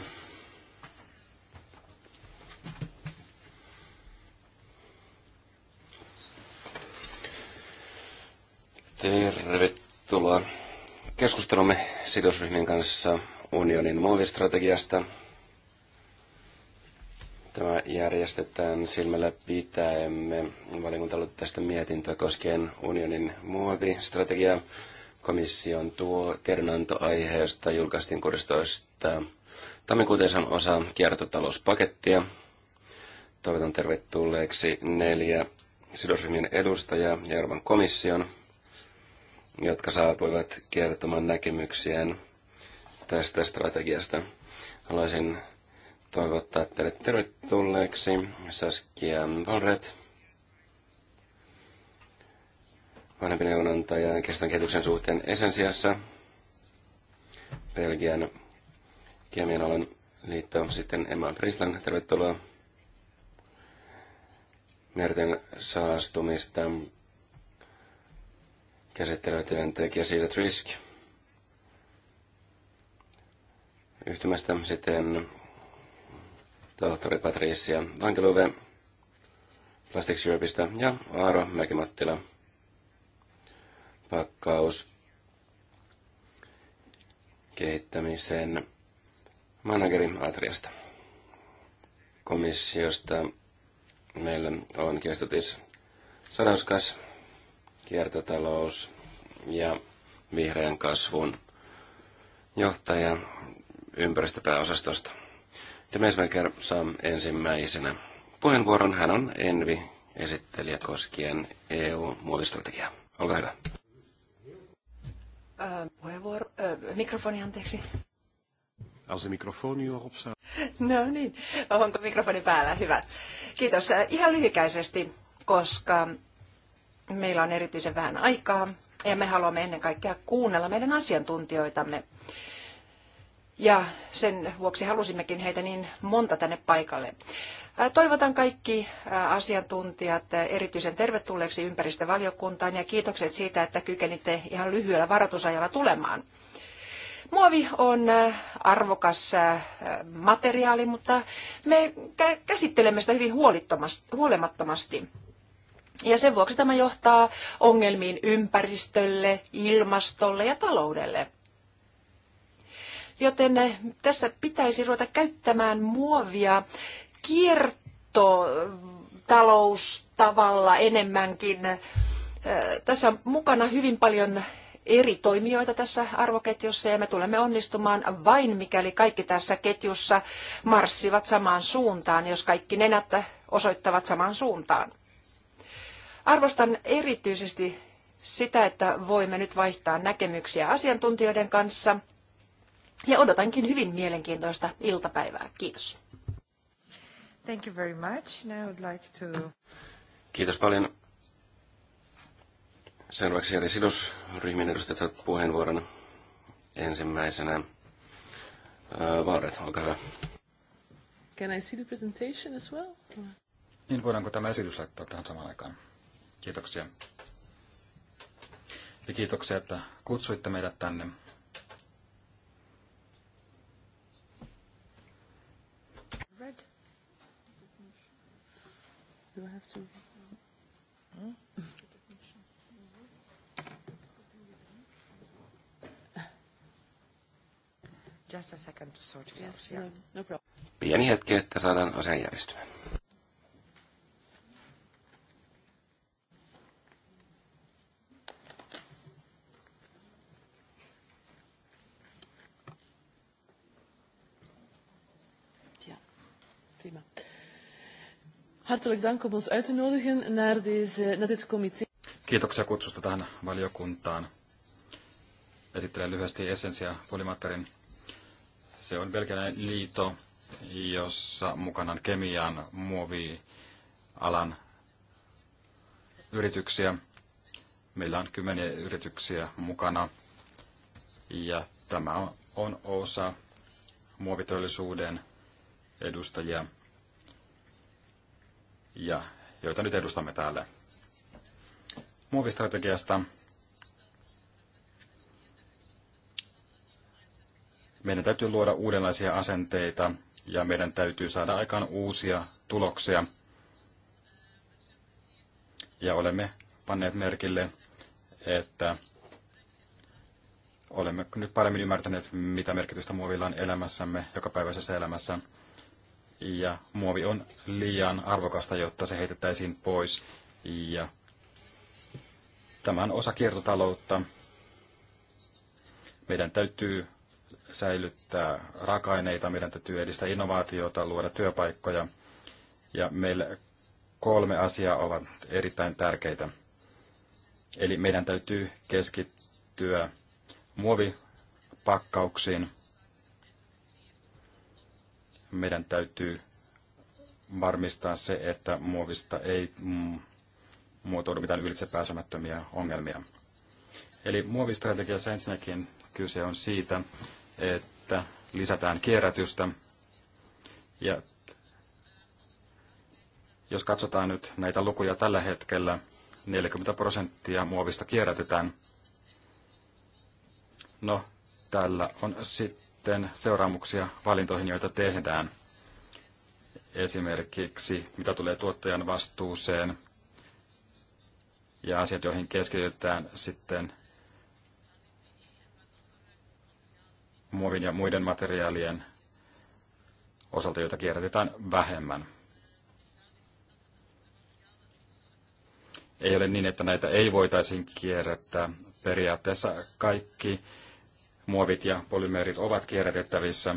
Tervetuloa keskustelumme sidosryhmien kanssa unionin muovistrategiasta. Tämä järjestetään silmällä pitäemme valiokunta tästä mietintöä koskien unionin muovistrategiaa. Komission tuo tiedonanto aiheesta julkaistiin 16. tammikuuta on osa kiertotalouspakettia. Toivotan tervetulleeksi neljä sidosryhmien edustajaa ja Euroopan komission, jotka saapuivat kertomaan näkemyksiään tästä strategiasta. Haluaisin toivottaa teille tervetulleeksi Saskia Valret, vanhempi neuvonantaja kestävän kehityksen suhteen Essensiassa, Belgian kemian alan liitto, sitten Emma Prislan, tervetuloa merten saastumista käsittelevä työntekijä Siiset Risk yhtymästä sitten tohtori Patricia Vankeluve Plastics Europeista ja Aaro Mäkimattila pakkaus kehittämisen manageri Atriasta. Komissiosta meillä on kestotis sadauskas, kiertotalous ja vihreän kasvun johtaja ympäristöpääosastosta. Demesmaker saa ensimmäisenä puheenvuoron. Hän on Envi esittelijä koskien eu muotistrategiaa Olkaa hyvä
puheenvuoro, äh, mikrofoni anteeksi.
Als de microfoon nu nog
No niin, onko mikrofoni päällä? Hyvä. Kiitos. Äh, ihan lyhykäisesti, koska meillä on erityisen vähän aikaa ja me haluamme ennen kaikkea kuunnella meidän asiantuntijoitamme ja sen vuoksi halusimmekin heitä niin monta tänne paikalle. Toivotan kaikki asiantuntijat erityisen tervetulleeksi ympäristövaliokuntaan ja kiitokset siitä, että kykenitte ihan lyhyellä varoitusajalla tulemaan. Muovi on arvokas materiaali, mutta me käsittelemme sitä hyvin huolimattomasti. Ja sen vuoksi tämä johtaa ongelmiin ympäristölle, ilmastolle ja taloudelle. Joten eh, tässä pitäisi ruveta käyttämään muovia kiertotaloustavalla enemmänkin. Eh, tässä on mukana hyvin paljon eri toimijoita tässä arvoketjussa ja me tulemme onnistumaan vain mikäli kaikki tässä ketjussa marssivat samaan suuntaan, jos kaikki nenät osoittavat samaan suuntaan. Arvostan erityisesti sitä, että voimme nyt vaihtaa näkemyksiä asiantuntijoiden kanssa – ja odotankin hyvin mielenkiintoista iltapäivää. Kiitos. Thank you very much. Now I would like to...
Kiitos paljon. Seuraavaksi eri sidosryhmien edustajat puheenvuoron ensimmäisenä. Vaaret, olkaa hyvä. Can I see the presentation as well?
Niin, voidaanko tämä esitys laittaa tähän samaan aikaan? Kiitoksia. Ja kiitoksia, että kutsuitte meidät tänne. Do I have to.
Just a second to sort it yes, out. No, yeah. No, no problem.
Pieni hetki, että saadaan asian järjestymään. Hartelijk dank om ons uit te nodigen naar, deze, naar dit comité.
Kiitoksia kutsusta tähän valiokuntaan. Esittelen lyhyesti Essensia Polymaterin. Se on belgialainen liito, jossa mukana on kemian muovialan yrityksiä. Meillä on kymmeniä yrityksiä mukana ja tämä on osa muovitollisuuden edustajia – ja joita nyt edustamme täällä. Muovistrategiasta. Meidän täytyy luoda uudenlaisia asenteita ja meidän täytyy saada aikaan uusia tuloksia. Ja olemme panneet merkille, että olemme nyt paremmin ymmärtäneet, mitä merkitystä muovilla on elämässämme, jokapäiväisessä elämässä ja muovi on liian arvokasta, jotta se heitettäisiin pois. Ja tämän osa kiertotaloutta. Meidän täytyy säilyttää raaka-aineita, meidän täytyy edistää innovaatiota, luoda työpaikkoja. Ja meillä kolme asiaa ovat erittäin tärkeitä. Eli meidän täytyy keskittyä muovipakkauksiin – meidän täytyy varmistaa se, että muovista ei mm, muotoudu mitään ylitsepääsemättömiä ongelmia. Eli muovistrategiassa ensinnäkin kyse on siitä, että lisätään kierrätystä. Ja jos katsotaan nyt näitä lukuja tällä hetkellä, 40 prosenttia muovista kierrätetään. No, tällä on sitten sitten seuraamuksia valintoihin, joita tehdään. Esimerkiksi mitä tulee tuottajan vastuuseen ja asiat, joihin keskitytään sitten muovin ja muiden materiaalien osalta, joita kierrätetään vähemmän. Ei ole niin, että näitä ei voitaisiin kierrättää. Periaatteessa kaikki muovit ja polymeerit ovat kierrätettävissä.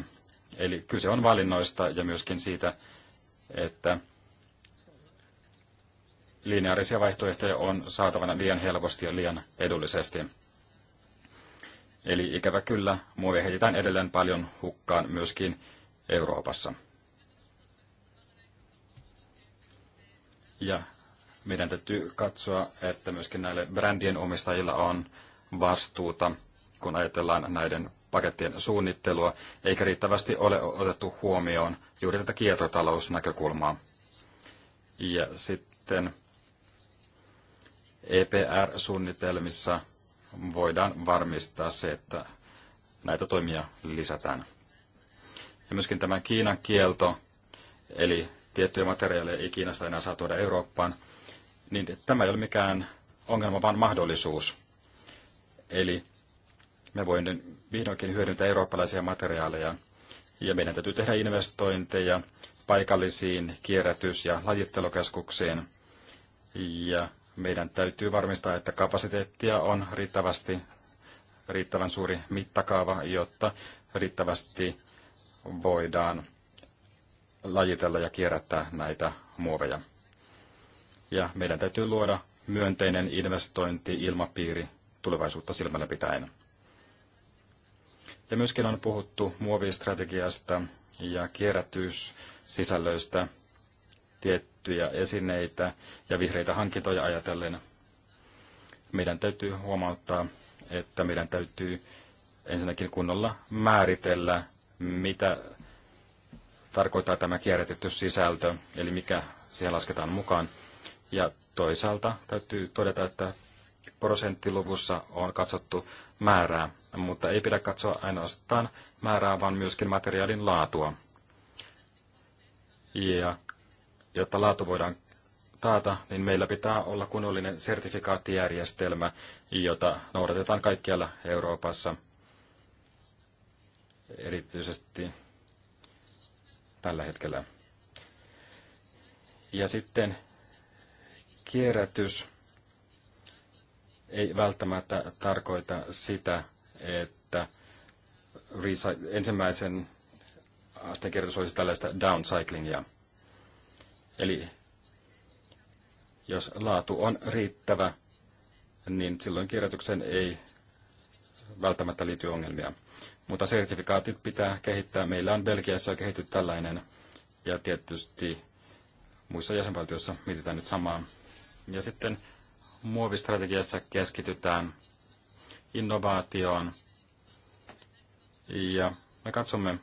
Eli kyse on valinnoista ja myöskin siitä, että lineaarisia vaihtoehtoja on saatavana liian helposti ja liian edullisesti. Eli ikävä kyllä, muovia heitetään edelleen paljon hukkaan myöskin Euroopassa. Ja meidän täytyy katsoa, että myöskin näille brändien omistajilla on vastuuta kun ajatellaan näiden pakettien suunnittelua, eikä riittävästi ole otettu huomioon juuri tätä kiertotalousnäkökulmaa. Ja sitten EPR-suunnitelmissa voidaan varmistaa se, että näitä toimia lisätään. Ja myöskin tämä Kiinan kielto, eli tiettyjä materiaaleja ei Kiinasta enää saa tuoda Eurooppaan, niin tämä ei ole mikään ongelma, vaan mahdollisuus. Eli me voimme vihdoinkin hyödyntää eurooppalaisia materiaaleja. Ja meidän täytyy tehdä investointeja paikallisiin kierrätys- ja lajittelukeskuksiin. Ja meidän täytyy varmistaa, että kapasiteettia on riittävästi, riittävän suuri mittakaava, jotta riittävästi voidaan lajitella ja kierrättää näitä muoveja. Ja meidän täytyy luoda myönteinen investointi ilmapiiri tulevaisuutta silmällä pitäen. Ja myöskin on puhuttu muovistrategiasta ja kierrätyssisällöistä tiettyjä esineitä ja vihreitä hankintoja ajatellen. Meidän täytyy huomauttaa, että meidän täytyy ensinnäkin kunnolla määritellä, mitä tarkoittaa tämä kierrätetty sisältö, eli mikä siihen lasketaan mukaan. Ja toisaalta täytyy todeta, että prosenttiluvussa on katsottu määrää, mutta ei pidä katsoa ainoastaan määrää, vaan myöskin materiaalin laatua. Ja jotta laatu voidaan taata, niin meillä pitää olla kunnollinen sertifikaattijärjestelmä, jota noudatetaan kaikkialla Euroopassa, erityisesti tällä hetkellä. Ja sitten kierrätys ei välttämättä tarkoita sitä, että ensimmäisen asteen kierrätys olisi tällaista downcyclingia. Eli jos laatu on riittävä, niin silloin kierrätyksen ei välttämättä liity ongelmia. Mutta sertifikaatit pitää kehittää. Meillä on Belgiassa kehitetty tällainen, ja tietysti muissa jäsenvaltioissa mietitään nyt samaa. Ja sitten muovistrategiassa keskitytään innovaatioon ja me katsomme,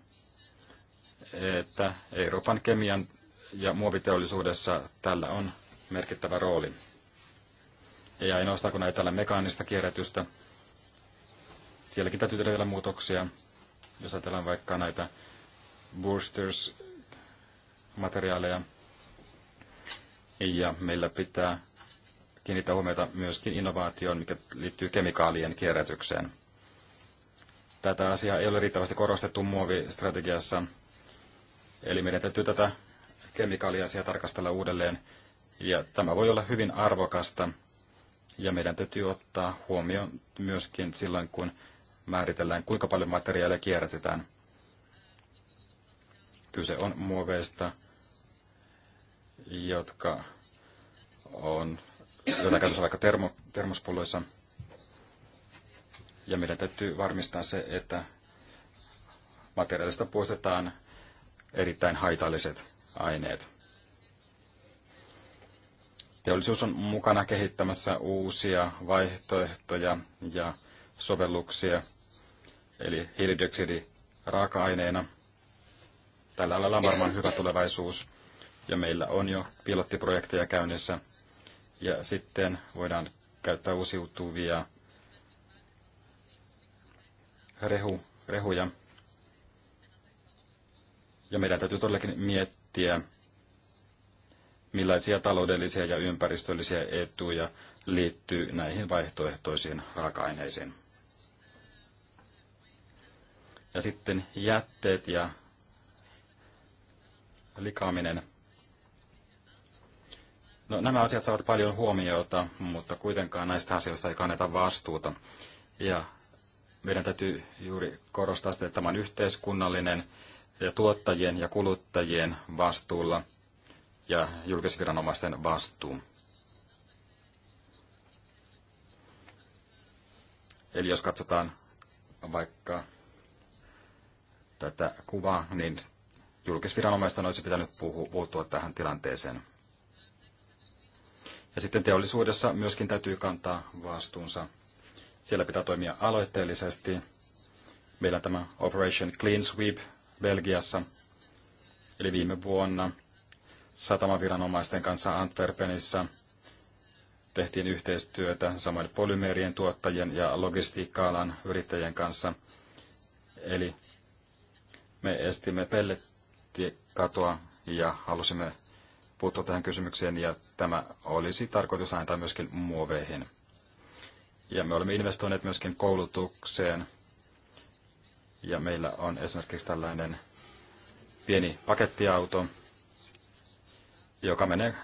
että Euroopan kemian ja muoviteollisuudessa tällä on merkittävä rooli. Ei ainoastaan kun ajatellaan mekaanista kierrätystä, sielläkin täytyy tehdä vielä muutoksia. Jos ajatellaan vaikka näitä boosters-materiaaleja, ja meillä pitää kiinnittää huomiota myöskin innovaatioon, mikä liittyy kemikaalien kierrätykseen. Tätä asiaa ei ole riittävästi korostettu muovistrategiassa, eli meidän täytyy tätä kemikaaliasiaa tarkastella uudelleen, ja tämä voi olla hyvin arvokasta, ja meidän täytyy ottaa huomioon myöskin silloin, kun määritellään, kuinka paljon materiaalia kierrätetään. Kyse on muoveista, jotka on jota käytössä vaikka termo, termospulloissa. Ja meidän täytyy varmistaa se, että materiaalista poistetaan erittäin haitalliset aineet. Teollisuus on mukana kehittämässä uusia vaihtoehtoja ja sovelluksia, eli hiilidioksidi raaka-aineena. Tällä alalla on varmaan hyvä tulevaisuus, ja meillä on jo pilottiprojekteja käynnissä, ja sitten voidaan käyttää uusiutuvia rehu, rehuja. Ja meidän täytyy todellakin miettiä, millaisia taloudellisia ja ympäristöllisiä etuja liittyy näihin vaihtoehtoisiin raaka-aineisiin. Ja sitten jätteet ja likaaminen. No, nämä asiat saavat paljon huomiota, mutta kuitenkaan näistä asioista ei kanneta vastuuta. Ja meidän täytyy juuri korostaa sitä, että tämä on yhteiskunnallinen ja tuottajien ja kuluttajien vastuulla ja julkisviranomaisten vastuu. Eli jos katsotaan vaikka tätä kuvaa, niin julkisviranomaisten olisi pitänyt puhua, puuttua tähän tilanteeseen. Ja sitten teollisuudessa myöskin täytyy kantaa vastuunsa. Siellä pitää toimia aloitteellisesti. Meillä on tämä Operation Clean Sweep Belgiassa. Eli viime vuonna satamaviranomaisten kanssa Antwerpenissa tehtiin yhteistyötä samoin polymeerien tuottajien ja logistiikka-alan yrittäjien kanssa. Eli me estimme pellettikatoa ja halusimme puuttua tähän kysymykseen ja tämä olisi tarkoitus antaa myöskin muoveihin. Ja me olemme investoineet myöskin koulutukseen ja meillä on esimerkiksi tällainen pieni pakettiauto, joka menee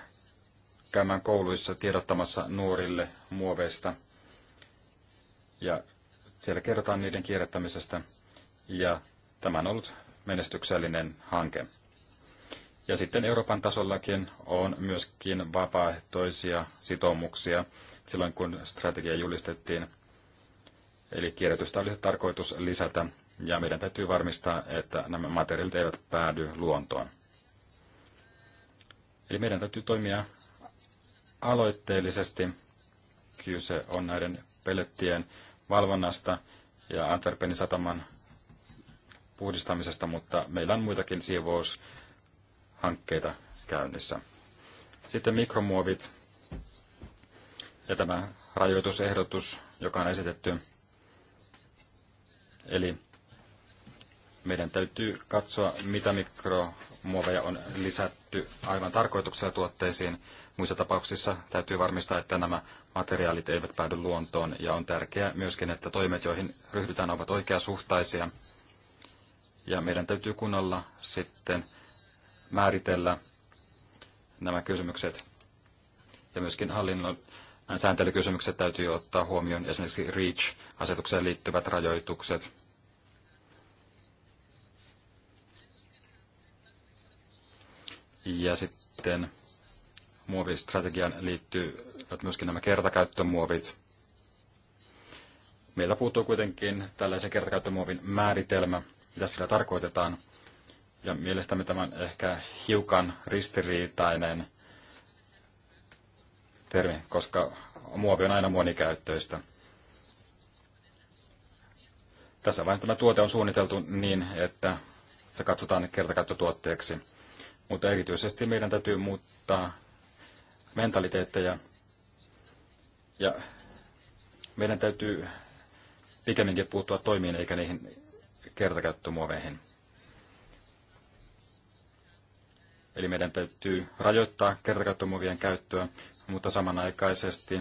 käymään kouluissa tiedottamassa nuorille muoveista. Ja siellä kerrotaan niiden kierrättämisestä ja tämä on ollut menestyksellinen hanke. Ja sitten Euroopan tasollakin on myöskin vapaaehtoisia sitoumuksia silloin, kun strategia julistettiin. Eli kierrätystä olisi tarkoitus lisätä ja meidän täytyy varmistaa, että nämä materiaalit eivät päädy luontoon. Eli meidän täytyy toimia aloitteellisesti. Kyse on näiden pelettien valvonnasta ja Antwerpenin sataman puhdistamisesta, mutta meillä on muitakin siivous- hankkeita käynnissä. Sitten mikromuovit ja tämä rajoitusehdotus, joka on esitetty. Eli meidän täytyy katsoa, mitä mikromuoveja on lisätty aivan tarkoituksella tuotteisiin. Muissa tapauksissa täytyy varmistaa, että nämä materiaalit eivät päädy luontoon ja on tärkeää myöskin, että toimet, joihin ryhdytään, ovat oikeasuhtaisia. Ja meidän täytyy kunnolla sitten määritellä nämä kysymykset. Ja myöskin hallinnon sääntelykysymykset täytyy ottaa huomioon, esimerkiksi REACH-asetukseen liittyvät rajoitukset. Ja sitten muovistrategiaan liittyy myöskin nämä kertakäyttömuovit. Meillä puuttuu kuitenkin tällaisen kertakäyttömuovin määritelmä, mitä sillä tarkoitetaan, ja mielestämme tämä on ehkä hiukan ristiriitainen termi, koska muovi on aina monikäyttöistä. Tässä vain tämä tuote on suunniteltu niin, että se katsotaan kertakäyttötuotteeksi. Mutta erityisesti meidän täytyy muuttaa mentaliteetteja ja meidän täytyy pikemminkin puuttua toimiin eikä niihin kertakäyttömuoveihin. Eli meidän täytyy rajoittaa kertakäyttömuovien käyttöä, mutta samanaikaisesti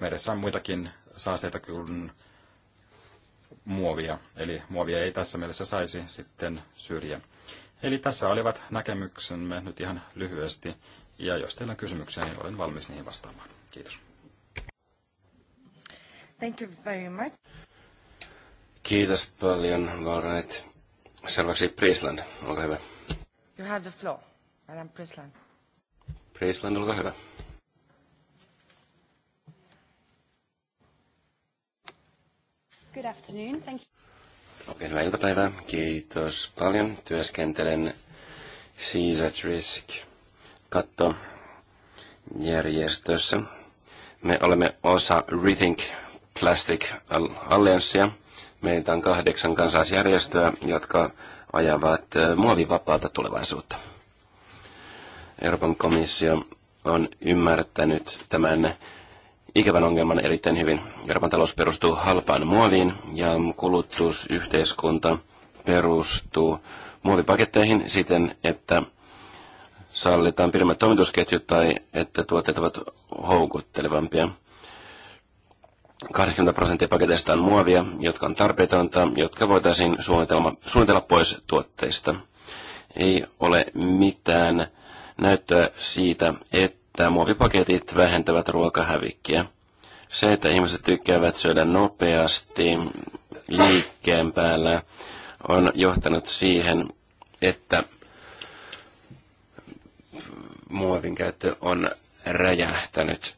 meressä on muitakin saasteita kuin muovia. Eli muovia ei tässä mielessä saisi sitten syrjä. Eli tässä olivat näkemyksemme nyt ihan lyhyesti. Ja jos teillä on kysymyksiä, niin olen valmis niihin vastaamaan. Kiitos.
Thank you very much.
Kiitos paljon,
Laurent. Selväksi Prisland, olkaa hyvä.
You have the floor, Madam Prisland.
Prisland, olkaa hyvä.
Good afternoon. Thank you.
Okei, hyvää iltapäivää. Kiitos paljon. Työskentelen Seas at Risk kattojärjestössä. Me olemme osa Rethink Plastic Alliancea. Meitä on kahdeksan kansalaisjärjestöä, jotka ajavat muovivapaata tulevaisuutta. Euroopan komissio on ymmärtänyt tämän ikävän ongelman erittäin hyvin. Euroopan talous perustuu halpaan muoviin ja kulutusyhteiskunta perustuu muovipaketteihin siten, että sallitaan pidemmät toimitusketjut tai että tuotteet ovat houkuttelevampia. 80 prosenttia paketeista on muovia, jotka on tarpeetonta, jotka voitaisiin suunnitella, suunnitella pois tuotteista. Ei ole mitään näyttöä siitä, että muovipaketit vähentävät ruokahävikkiä. Se, että ihmiset tykkäävät syödä nopeasti liikkeen päällä, on johtanut siihen, että muovin käyttö on räjähtänyt.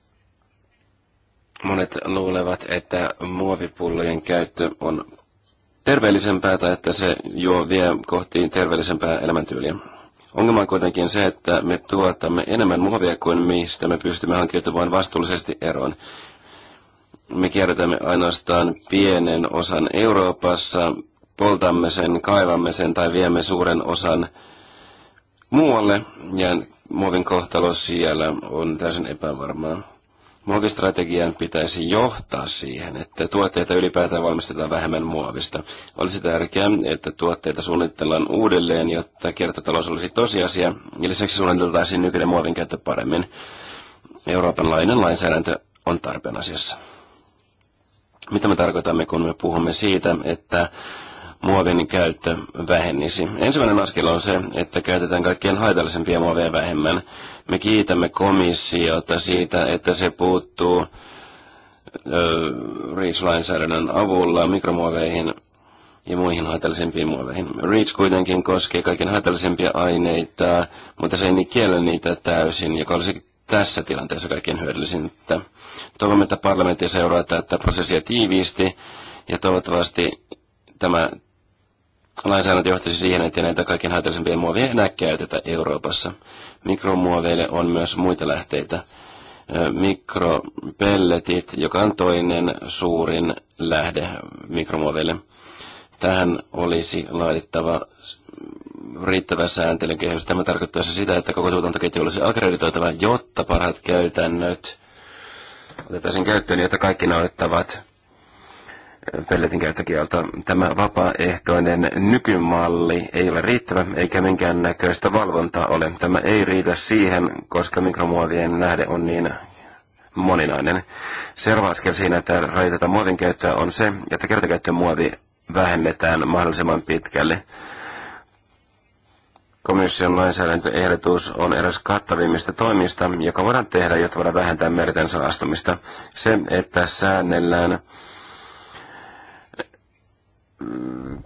Monet luulevat, että muovipullojen käyttö on terveellisempää tai että se juo vie kohti terveellisempää elämäntyyliä. Ongelma on kuitenkin se, että me tuotamme enemmän muovia kuin mistä me pystymme hankkiutumaan vastuullisesti eroon. Me kierrätämme ainoastaan pienen osan Euroopassa, poltamme sen, kaivamme sen tai viemme suuren osan muualle ja muovin kohtalo siellä on täysin epävarmaa. Muovistrategian pitäisi johtaa siihen, että tuotteita ylipäätään valmistetaan vähemmän muovista. Olisi tärkeää, että tuotteita suunnitellaan uudelleen, jotta kiertotalous olisi tosiasia, ja lisäksi suunniteltaisiin nykyinen muovin käyttö paremmin. Euroopan lainen lainsäädäntö on tarpeen asiassa. Mitä me tarkoitamme, kun me puhumme siitä, että muovin käyttö vähenisi. Ensimmäinen askel on se, että käytetään kaikkien haitallisempia muoveja vähemmän. Me kiitämme komissiota siitä, että se puuttuu REACH-lainsäädännön avulla mikromuoveihin ja muihin haitallisempiin muoveihin. REACH kuitenkin koskee kaiken haitallisempia aineita, mutta se ei niin kiellä niitä täysin, joka olisi tässä tilanteessa kaikkein hyödyllisintä. Toivomme, että parlamentti seuraa tätä prosessia tiiviisti ja toivottavasti tämä lainsäädäntö johtaisi siihen, että näitä kaikkein haitallisempia muoveja enää käytetä Euroopassa. Mikromuoveille on myös muita lähteitä. Mikropelletit, joka on toinen suurin lähde mikromuoveille. Tähän olisi laadittava riittävä sääntelykehys. Tämä tarkoittaisi sitä, että koko tuotantoketju olisi akkreditoitava, jotta parhaat käytännöt otettaisiin käyttöön, jotta kaikki noudattavat pelletin käyttökieltä Tämä vapaaehtoinen nykymalli ei ole riittävä, eikä näköistä valvontaa ole. Tämä ei riitä siihen, koska mikromuovien nähde on niin moninainen. Seuraava askel siinä, että rajoitetaan muovin käyttöä, on se, että kertakäyttömuovi vähennetään mahdollisimman pitkälle. Komission lainsäädäntöehdotus on eräs kattavimmista toimista, joka voidaan tehdä, jotta voidaan vähentää merten saastumista. Se, että säännellään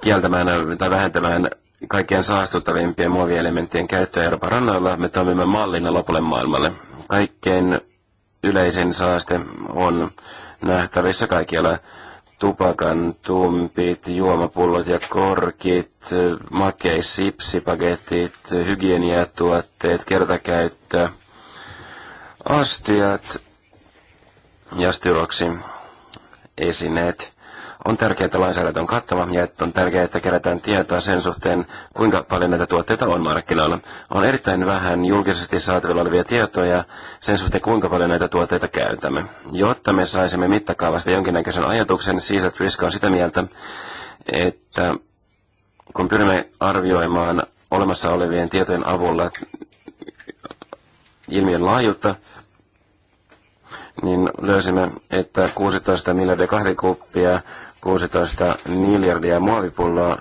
kieltämään tai vähentämään kaikkien saastuttavimpien muovielementtien käyttöä Euroopan rannoilla, me toimimme mallina lopulle maailmalle. Kaikkein yleisin saaste on nähtävissä kaikkialla tupakan tumpit, juomapullot ja korkit, makeis, sipsipaketit, hygieniatuotteet, kertakäyttö, astiat ja styroksi esineet. On tärkeää, että lainsäädäntö on kattava ja että on tärkeää, että kerätään tietoa sen suhteen, kuinka paljon näitä tuotteita on markkinoilla. On erittäin vähän julkisesti saatavilla olevia tietoja sen suhteen, kuinka paljon näitä tuotteita käytämme. Jotta me saisimme mittakaavasta jonkinnäköisen ajatuksen, siis Riska on sitä mieltä, että kun pyrimme arvioimaan olemassa olevien tietojen avulla ilmiön laajuutta, niin löysimme, että 16 miljardia kahvikuppia 16 miljardia muovipulloa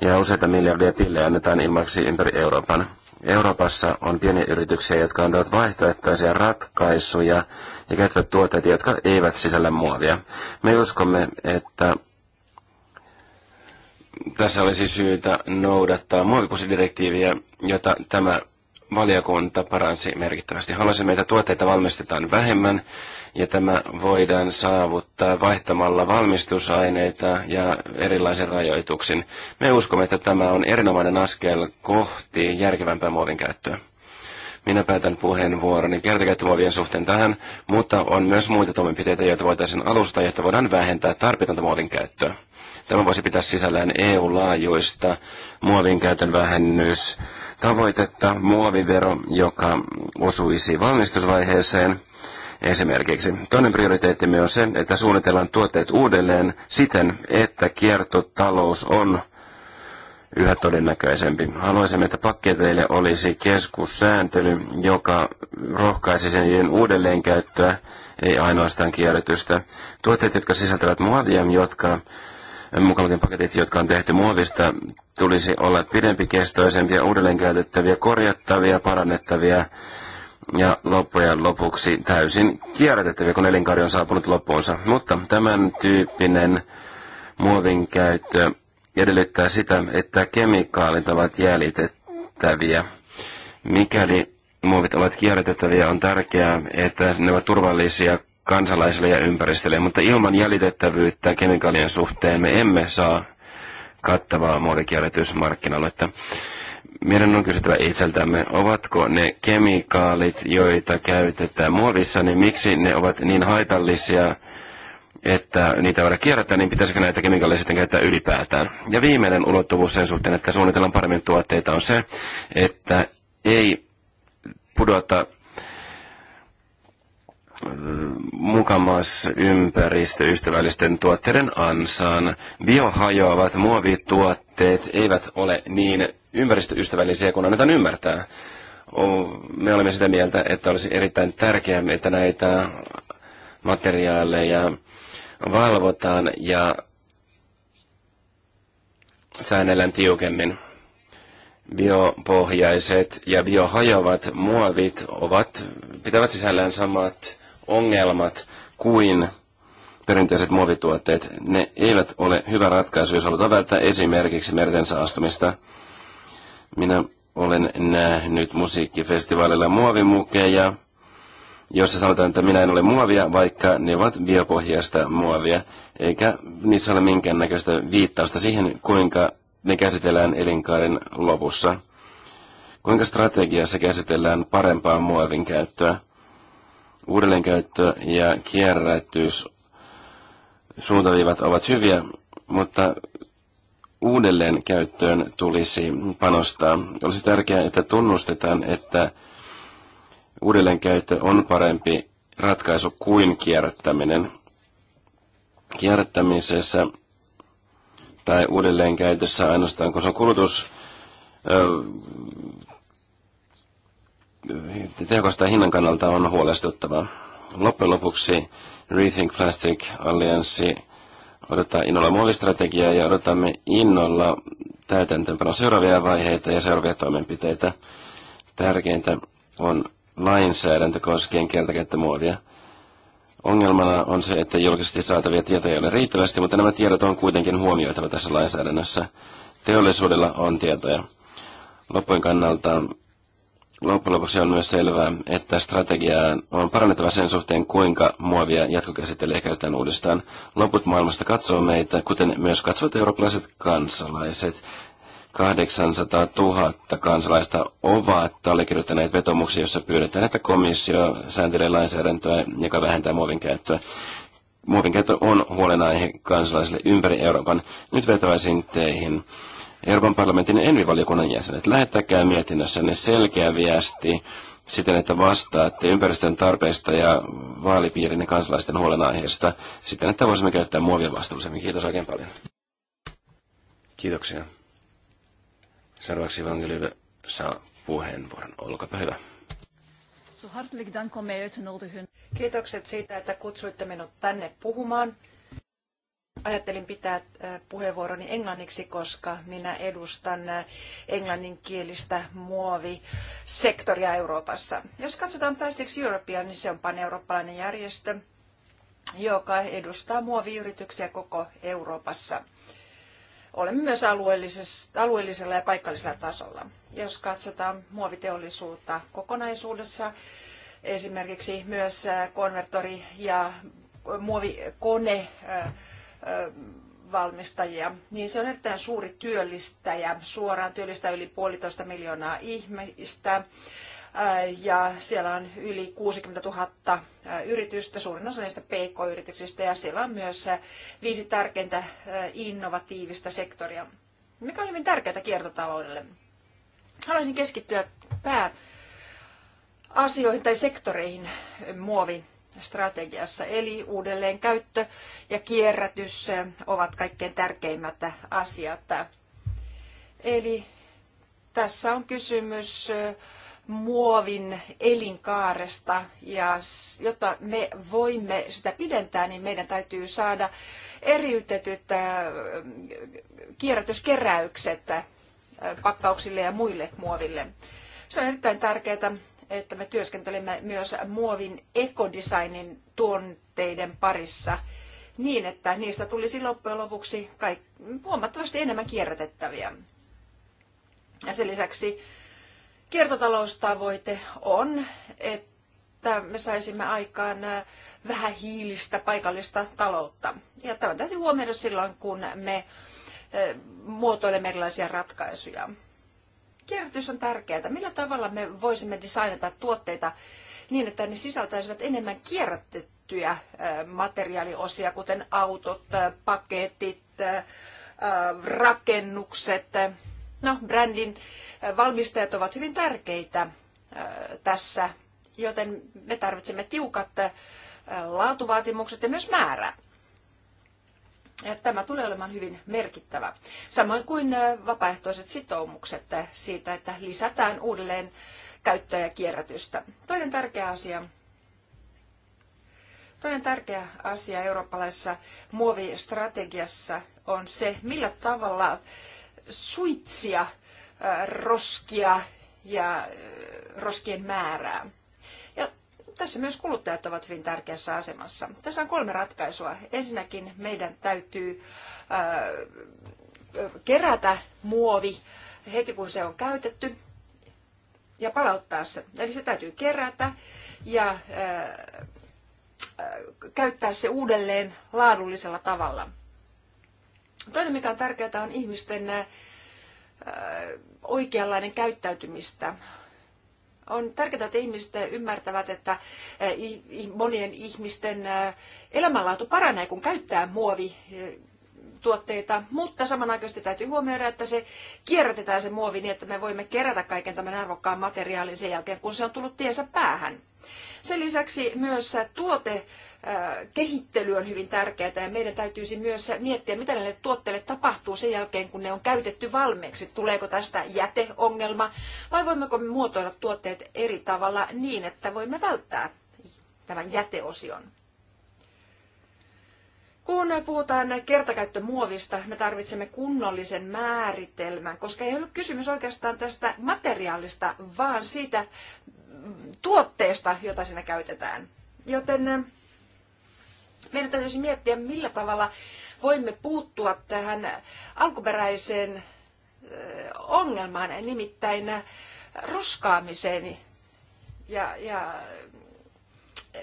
ja useita miljardia pillejä annetaan ilmaksi ympäri Euroopan. Euroopassa on pieniä yrityksiä, jotka antavat vaihtoehtoisia ratkaisuja ja käyttävät tuotteita, jotka eivät sisällä muovia. Me uskomme, että tässä olisi syytä noudattaa muovipusidirektiiviä, jota tämä valiokunta paransi merkittävästi. Haluaisin, että tuotteita valmistetaan vähemmän ja tämä voidaan saavuttaa vaihtamalla valmistusaineita ja erilaisen rajoituksen. Me uskomme, että tämä on erinomainen askel kohti järkevämpää muovin käyttöä. Minä päätän puheenvuoroni kertakäyttömuovien suhteen tähän, mutta on myös muita toimenpiteitä, joita voitaisiin alustaa, jotta voidaan vähentää tarpeetonta muovin käyttöä. Tämä voisi pitää sisällään EU-laajuista muovin käytön vähennys, tavoitetta, muovivero, joka osuisi valmistusvaiheeseen esimerkiksi. Toinen prioriteettimme on se, että suunnitellaan tuotteet uudelleen siten, että kiertotalous on yhä todennäköisempi. Haluaisimme, että paketeille olisi keskussääntely, joka rohkaisisi niiden uudelleenkäyttöä, ei ainoastaan kierrätystä. Tuotteet, jotka sisältävät muovia, jotka mukavuuden paketit, jotka on tehty muovista, tulisi olla pidempikestoisempia, uudelleenkäytettäviä, korjattavia, parannettavia ja loppujen lopuksi täysin kierrätettäviä, kun elinkaari on saapunut loppuunsa. Mutta tämän tyyppinen muovin käyttö edellyttää sitä, että kemikaalit ovat jäljitettäviä. Mikäli muovit ovat kierrätettäviä, on tärkeää, että ne ovat turvallisia kansalaisille ja ympäristölle, mutta ilman jäljitettävyyttä kemikaalien suhteen me emme saa kattavaa muovikierrätysmarkkinoilletta. Meidän on kysyttävä itseltämme, ovatko ne kemikaalit, joita käytetään muovissa, niin miksi ne ovat niin haitallisia että niitä voidaan kierrättää, niin pitäisikö näitä kemikaaleja sitten käyttää ylipäätään. Ja viimeinen ulottuvuus sen suhteen, että suunnitellaan paremmin tuotteita, on se, että ei pudota äh, mukamas ympäristöystävällisten tuotteiden ansaan. Biohajoavat muovituotteet eivät ole niin ympäristöystävällisiä kuin annetaan ymmärtää. Me olemme sitä mieltä, että olisi erittäin tärkeää, että näitä materiaaleja valvotaan ja säännellään tiukemmin. Biopohjaiset ja biohajoavat muovit ovat, pitävät sisällään samat ongelmat kuin perinteiset muovituotteet. Ne eivät ole hyvä ratkaisu, jos halutaan välttää esimerkiksi merten saastumista. Minä olen nähnyt musiikkifestivaalilla muovimukeja, jossa sanotaan, että minä en ole muovia, vaikka ne ovat biopohjaista muovia, eikä niissä ole minkäännäköistä viittausta siihen, kuinka ne käsitellään elinkaaren lopussa. Kuinka strategiassa käsitellään parempaa muovin käyttöä? Uudelleenkäyttö ja kierrätys suuntaviivat ovat hyviä, mutta uudelleen käyttöön tulisi panostaa. Olisi tärkeää, että tunnustetaan, että uudelleenkäyttö on parempi ratkaisu kuin kierrättäminen. Kierrättämisessä tai uudelleenkäytössä ainoastaan, kun se on kulutus tehokasta hinnan kannalta on huolestuttava. Loppujen lopuksi Rethink Plastic Alliance odottaa innolla muovistrategiaa ja odotamme innolla täytäntöönpanon seuraavia vaiheita ja seuraavia toimenpiteitä. Tärkeintä on lainsäädäntö koskien muovia Ongelmana on se, että julkisesti saatavia tietoja ei ole riittävästi, mutta nämä tiedot on kuitenkin huomioitava tässä lainsäädännössä. Teollisuudella on tietoja. Loppujen kannalta loppujen lopuksi on myös selvää, että strategiaa on parannettava sen suhteen, kuinka muovia jatkokäsittelee käytetään uudestaan. Loput maailmasta katsoo meitä, kuten myös katsovat eurooppalaiset kansalaiset. 800 000 kansalaista ovat allekirjoittaneet vetomuksia, jossa pyydetään, että komissio sääntelee lainsäädäntöä, joka vähentää muovin käyttöä. Muovin käyttö on huolenaihe kansalaisille ympäri Euroopan. Nyt vetäisin teihin. Euroopan parlamentin envivaliokunnan jäsenet, lähettäkää mietinnössänne selkeä viesti siten, että vastaatte ympäristön tarpeista ja vaalipiirin ja kansalaisten huolenaiheesta siten, että voisimme käyttää muovia vastuullisemmin. Kiitos oikein paljon. Kiitoksia. Seuraavaksi Vangelyve saa puheenvuoron. Olkaa hyvä.
Kiitokset siitä, että kutsuitte minut tänne puhumaan. Ajattelin pitää äh, puheenvuoroni englanniksi, koska minä edustan äh, englanninkielistä muovisektoria Euroopassa. Jos katsotaan Plastics Europea, niin se on pan-eurooppalainen järjestö, joka edustaa muoviyrityksiä koko Euroopassa – olemme myös alueellisella ja paikallisella tasolla. Jos katsotaan muoviteollisuutta kokonaisuudessa, esimerkiksi myös konvertori- ja muovikonevalmistajia, niin se on erittäin suuri työllistäjä, suoraan työllistää yli puolitoista miljoonaa ihmistä ja siellä on yli 60 000 yritystä, suurin osa niistä PK-yrityksistä ja siellä on myös viisi tärkeintä innovatiivista sektoria, mikä on hyvin tärkeää kiertotaloudelle. Haluaisin keskittyä pääasioihin tai sektoreihin muovi strategiassa. Eli uudelleenkäyttö ja kierrätys ovat kaikkein tärkeimmät asiat. Eli tässä on kysymys äh, muovin elinkaaresta ja jotta me voimme sitä pidentää, niin meidän täytyy saada eriytetyt äh, kierrätyskeräykset äh, pakkauksille ja muille muoville. Se on erittäin tärkeää, että me työskentelemme myös muovin ekodesignin tuonteiden parissa niin, että niistä tulisi loppujen lopuksi kaik- huomattavasti enemmän kierrätettäviä. Ja sen lisäksi Kiertotaloustavoite on, että me saisimme aikaan äh, vähän hiilistä paikallista taloutta. Ja tämä täytyy huomioida silloin, kun me äh, muotoilemme erilaisia ratkaisuja. Kierrätys on tärkeää. Millä tavalla me voisimme designata tuotteita niin, että ne sisältäisivät enemmän kierrätettyjä äh, materiaaliosia, kuten autot, paketit, rakennukset No, brändin valmistajat ovat hyvin tärkeitä tässä, joten me tarvitsemme tiukat laatuvaatimukset ja myös määrä. Tämä tulee olemaan hyvin merkittävä. Samoin kuin vapaaehtoiset sitoumukset siitä, että lisätään uudelleen käyttöä ja kierrätystä. Toinen tärkeä asia Toinen tärkeä asia eurooppalaisessa muovistrategiassa on se, millä tavalla suitsia roskia ja roskien määrää. Ja tässä myös kuluttajat ovat hyvin tärkeässä asemassa. Tässä on kolme ratkaisua. Ensinnäkin meidän täytyy kerätä muovi heti kun se on käytetty ja palauttaa se. Eli se täytyy kerätä ja käyttää se uudelleen laadullisella tavalla. Toinen, mikä on tärkeää, on ihmisten äh, oikeanlainen käyttäytymistä. On tärkeää, että ihmiset ymmärtävät, että äh, monien ihmisten äh, elämänlaatu paranee, kun käyttää muovi tuotteita, mutta samanaikaisesti täytyy huomioida, että se kierrätetään se muovi niin, että me voimme kerätä kaiken tämän arvokkaan materiaalin sen jälkeen, kun se on tullut tiensä päähän. Sen lisäksi myös tuotekehittely äh, on hyvin tärkeää ja meidän täytyisi myös miettiä, mitä näille tuotteille tapahtuu sen jälkeen, kun ne on käytetty valmiiksi. Tuleeko tästä jäteongelma vai voimmeko me muotoilla tuotteet eri tavalla niin, että voimme välttää tämän jäteosion? Kun puhutaan kertakäyttömuovista, me tarvitsemme kunnollisen määritelmän, koska ei ole kysymys oikeastaan tästä materiaalista, vaan siitä tuotteesta, jota siinä käytetään. Joten eh, meidän täytyisi miettiä, millä tavalla voimme puuttua tähän alkuperäiseen eh, ongelmaan, nimittäin roskaamiseen ja, ja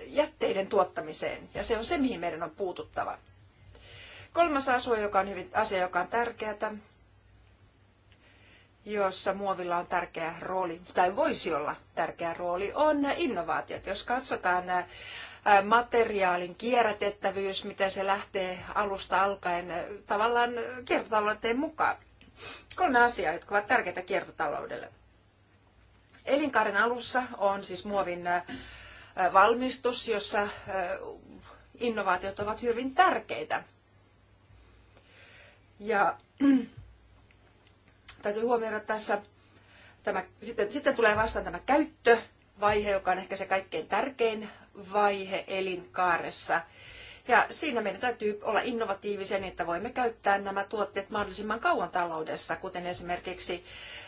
jätteiden tuottamiseen. Ja se on se, mihin meidän on puututtava. Kolmas asia, joka on hyvin, asia, joka on tärkeää, jossa muovilla on tärkeä rooli, tai voisi olla tärkeä rooli, on innovaatiot. Jos katsotaan äh, materiaalin kierrätettävyys, miten se lähtee alusta alkaen äh, tavallaan kiertotalouteen mukaan. Kolme asiaa, jotka ovat tärkeitä kiertotaloudelle. Elinkaaren alussa on siis muovin äh, valmistus, jossa innovaatiot ovat hyvin tärkeitä. Ja täytyy huomioida tässä, tämä, sitten, sitten tulee vastaan tämä käyttövaihe, joka on ehkä se kaikkein tärkein vaihe elinkaaressa. Ja siinä meidän täytyy olla innovatiivisia niin, että voimme käyttää nämä tuotteet mahdollisimman kauan taloudessa, kuten esimerkiksi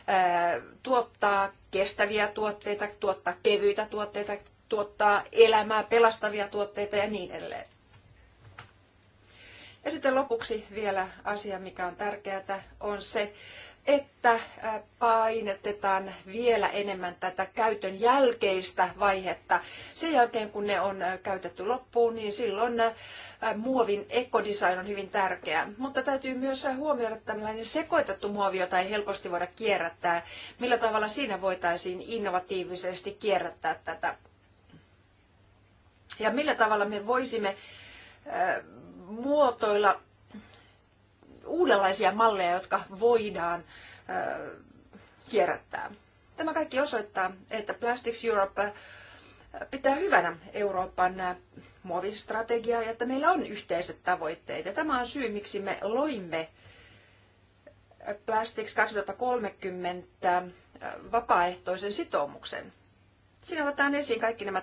ää, tuottaa kestäviä tuotteita, tuottaa kevyitä tuotteita, tuottaa elämää pelastavia tuotteita ja niin edelleen. Ja sitten lopuksi vielä asia, mikä on tärkeää, on se, että painetetaan vielä enemmän tätä käytön jälkeistä vaihetta. Sen jälkeen, kun ne on käytetty loppuun, niin silloin muovin ekodesign on hyvin tärkeä. Mutta täytyy myös huomioida tällainen sekoitettu muovi, jota ei helposti voida kierrättää. Millä tavalla siinä voitaisiin innovatiivisesti kierrättää tätä? Ja millä tavalla me voisimme muotoilla uudenlaisia malleja, jotka voidaan kierrättää. Tämä kaikki osoittaa, että Plastics Europe pitää hyvänä Euroopan muovistrategiaa ja että meillä on yhteiset tavoitteet. Ja tämä on syy, miksi me loimme Plastics 2030 vapaaehtoisen sitoumuksen. Siinä otetaan esiin kaikki nämä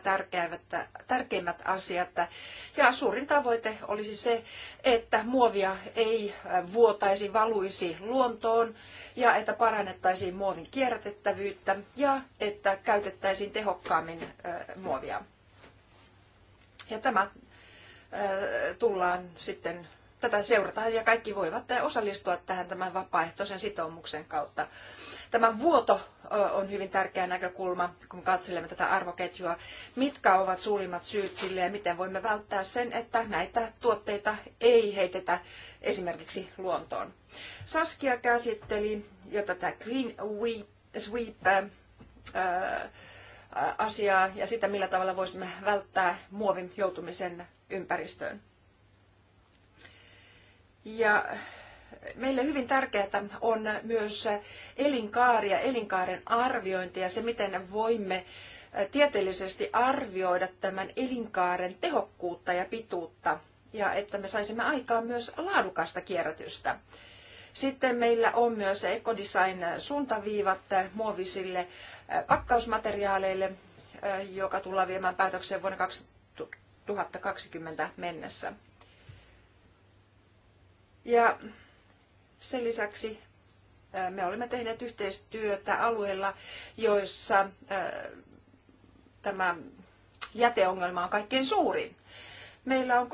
tärkeimmät asiat. Ja suurin tavoite olisi se, että muovia ei vuotaisi, valuisi luontoon ja että parannettaisiin muovin kierrätettävyyttä ja että käytettäisiin tehokkaammin muovia. Ja tämä tullaan sitten tätä seurataan ja kaikki voivat osallistua tähän tämän vapaaehtoisen sitoumuksen kautta. Tämä vuoto on hyvin tärkeä näkökulma, kun katselemme tätä arvoketjua. Mitkä ovat suurimmat syyt sille ja miten voimme välttää sen, että näitä tuotteita ei heitetä esimerkiksi luontoon. Saskia käsitteli jo tätä Green Sweep asiaa ja sitä, millä tavalla voisimme välttää muovin joutumisen ympäristöön. Ja meille hyvin tärkeää on myös elinkaari ja elinkaaren arviointi ja se, miten voimme tieteellisesti arvioida tämän elinkaaren tehokkuutta ja pituutta ja että me saisimme aikaan myös laadukasta kierrätystä. Sitten meillä on myös ekodesign suuntaviivat muovisille pakkausmateriaaleille, joka tullaan viemään päätökseen vuonna 2020 mennessä. Ja sen lisäksi me olemme tehneet yhteistyötä alueilla, joissa tämä jäteongelma on kaikkein suurin. Meillä on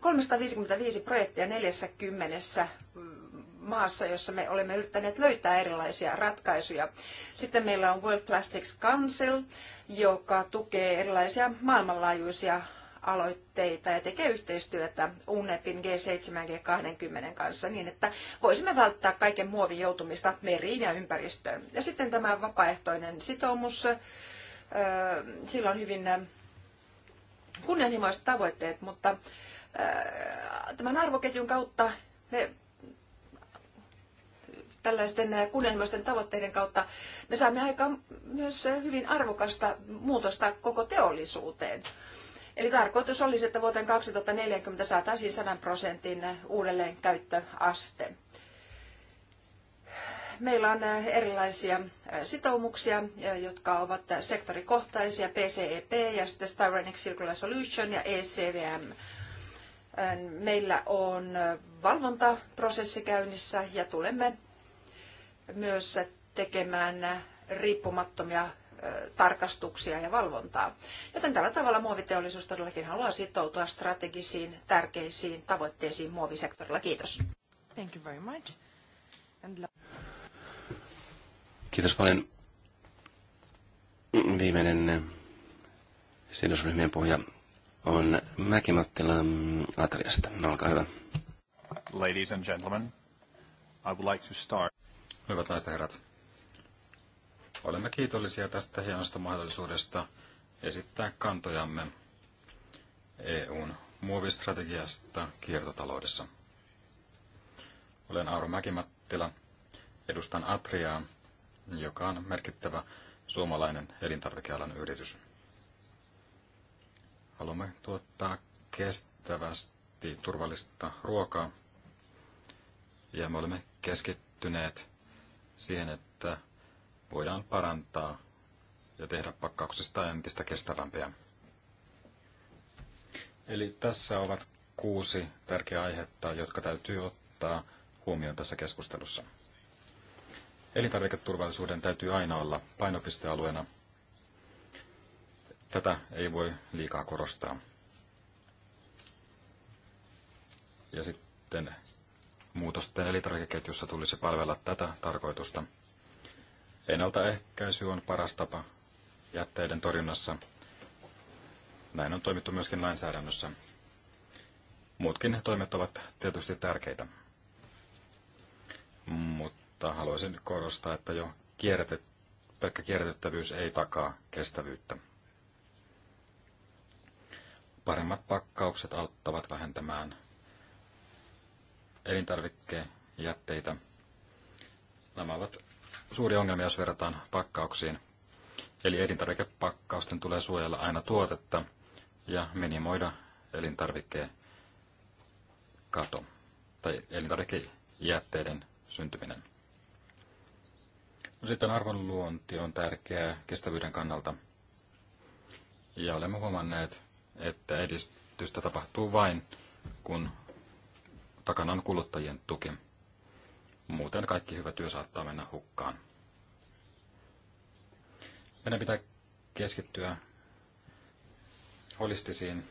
355 projektia 40 mm, maassa, jossa me olemme yrittäneet löytää erilaisia ratkaisuja. Sitten meillä on World Plastics Council, joka tukee erilaisia maailmanlaajuisia aloitteita ja tekee yhteistyötä UNEPin G7 G20 kanssa niin, että voisimme välttää kaiken muovin joutumista meriin ja ympäristöön. Ja sitten tämä vapaaehtoinen sitoumus, sillä on hyvin kunnianhimoiset tavoitteet, mutta tämän arvoketjun kautta me tällaisten kunnianhimoisten tavoitteiden kautta me saamme aikaan myös hyvin arvokasta muutosta koko teollisuuteen. Eli tarkoitus olisi, että vuoteen 2040 saataisiin 100 prosentin uudelleenkäyttöaste. Meillä on erilaisia sitoumuksia, jotka ovat sektorikohtaisia, PCEP e ja sitten Styrenic Circular Solution ja ECVM. Meillä on valvontaprosessi käynnissä ja tulemme myös tekemään riippumattomia tarkastuksia ja valvontaa. Joten tällä tavalla muoviteollisuus todellakin haluaa sitoutua strategisiin, tärkeisiin tavoitteisiin muovisektorilla. Kiitos. Thank you very much. And...
Kiitos paljon. Viimeinen sidosryhmien puhuja on Mäkimattila mm, Atriasta. Olkaa hyvä.
Ladies and gentlemen, I would like to start. Hyvät naiset ja herrat, Olemme kiitollisia tästä hienosta mahdollisuudesta esittää kantojamme EUn muovistrategiasta kiertotaloudessa. Olen Auro Mäkimattila, edustan Atriaa, joka on merkittävä suomalainen elintarvikealan yritys. Haluamme tuottaa kestävästi turvallista ruokaa ja me olemme keskittyneet siihen, että voidaan parantaa ja tehdä pakkauksesta entistä kestävämpiä. Eli tässä ovat kuusi tärkeää aihetta, jotka täytyy ottaa huomioon tässä keskustelussa. Elintarviketurvallisuuden täytyy aina olla painopistealueena. Tätä ei voi liikaa korostaa. Ja sitten muutosten elintarvikeketjussa tulisi palvella tätä tarkoitusta – Ennaltaehkäisy on paras tapa jätteiden torjunnassa. Näin on toimittu myöskin lainsäädännössä. Muutkin toimet ovat tietysti tärkeitä. Mutta haluaisin korostaa, että jo kierrätet, pelkkä kierrätettävyys ei takaa kestävyyttä. Paremmat pakkaukset auttavat vähentämään elintarvikkejätteitä. Nämä ovat Suuri ongelma, jos verrataan pakkauksiin. Eli elintarvikepakkausten tulee suojella aina tuotetta ja minimoida elintarvikkeen kato tai elintarvikejätteiden syntyminen. No sitten arvonluonti on tärkeää kestävyyden kannalta. Ja olemme huomanneet, että edistystä tapahtuu vain, kun takana on kuluttajien tuki. Muuten kaikki hyvä työ saattaa mennä hukkaan. Meidän pitää keskittyä holistisiin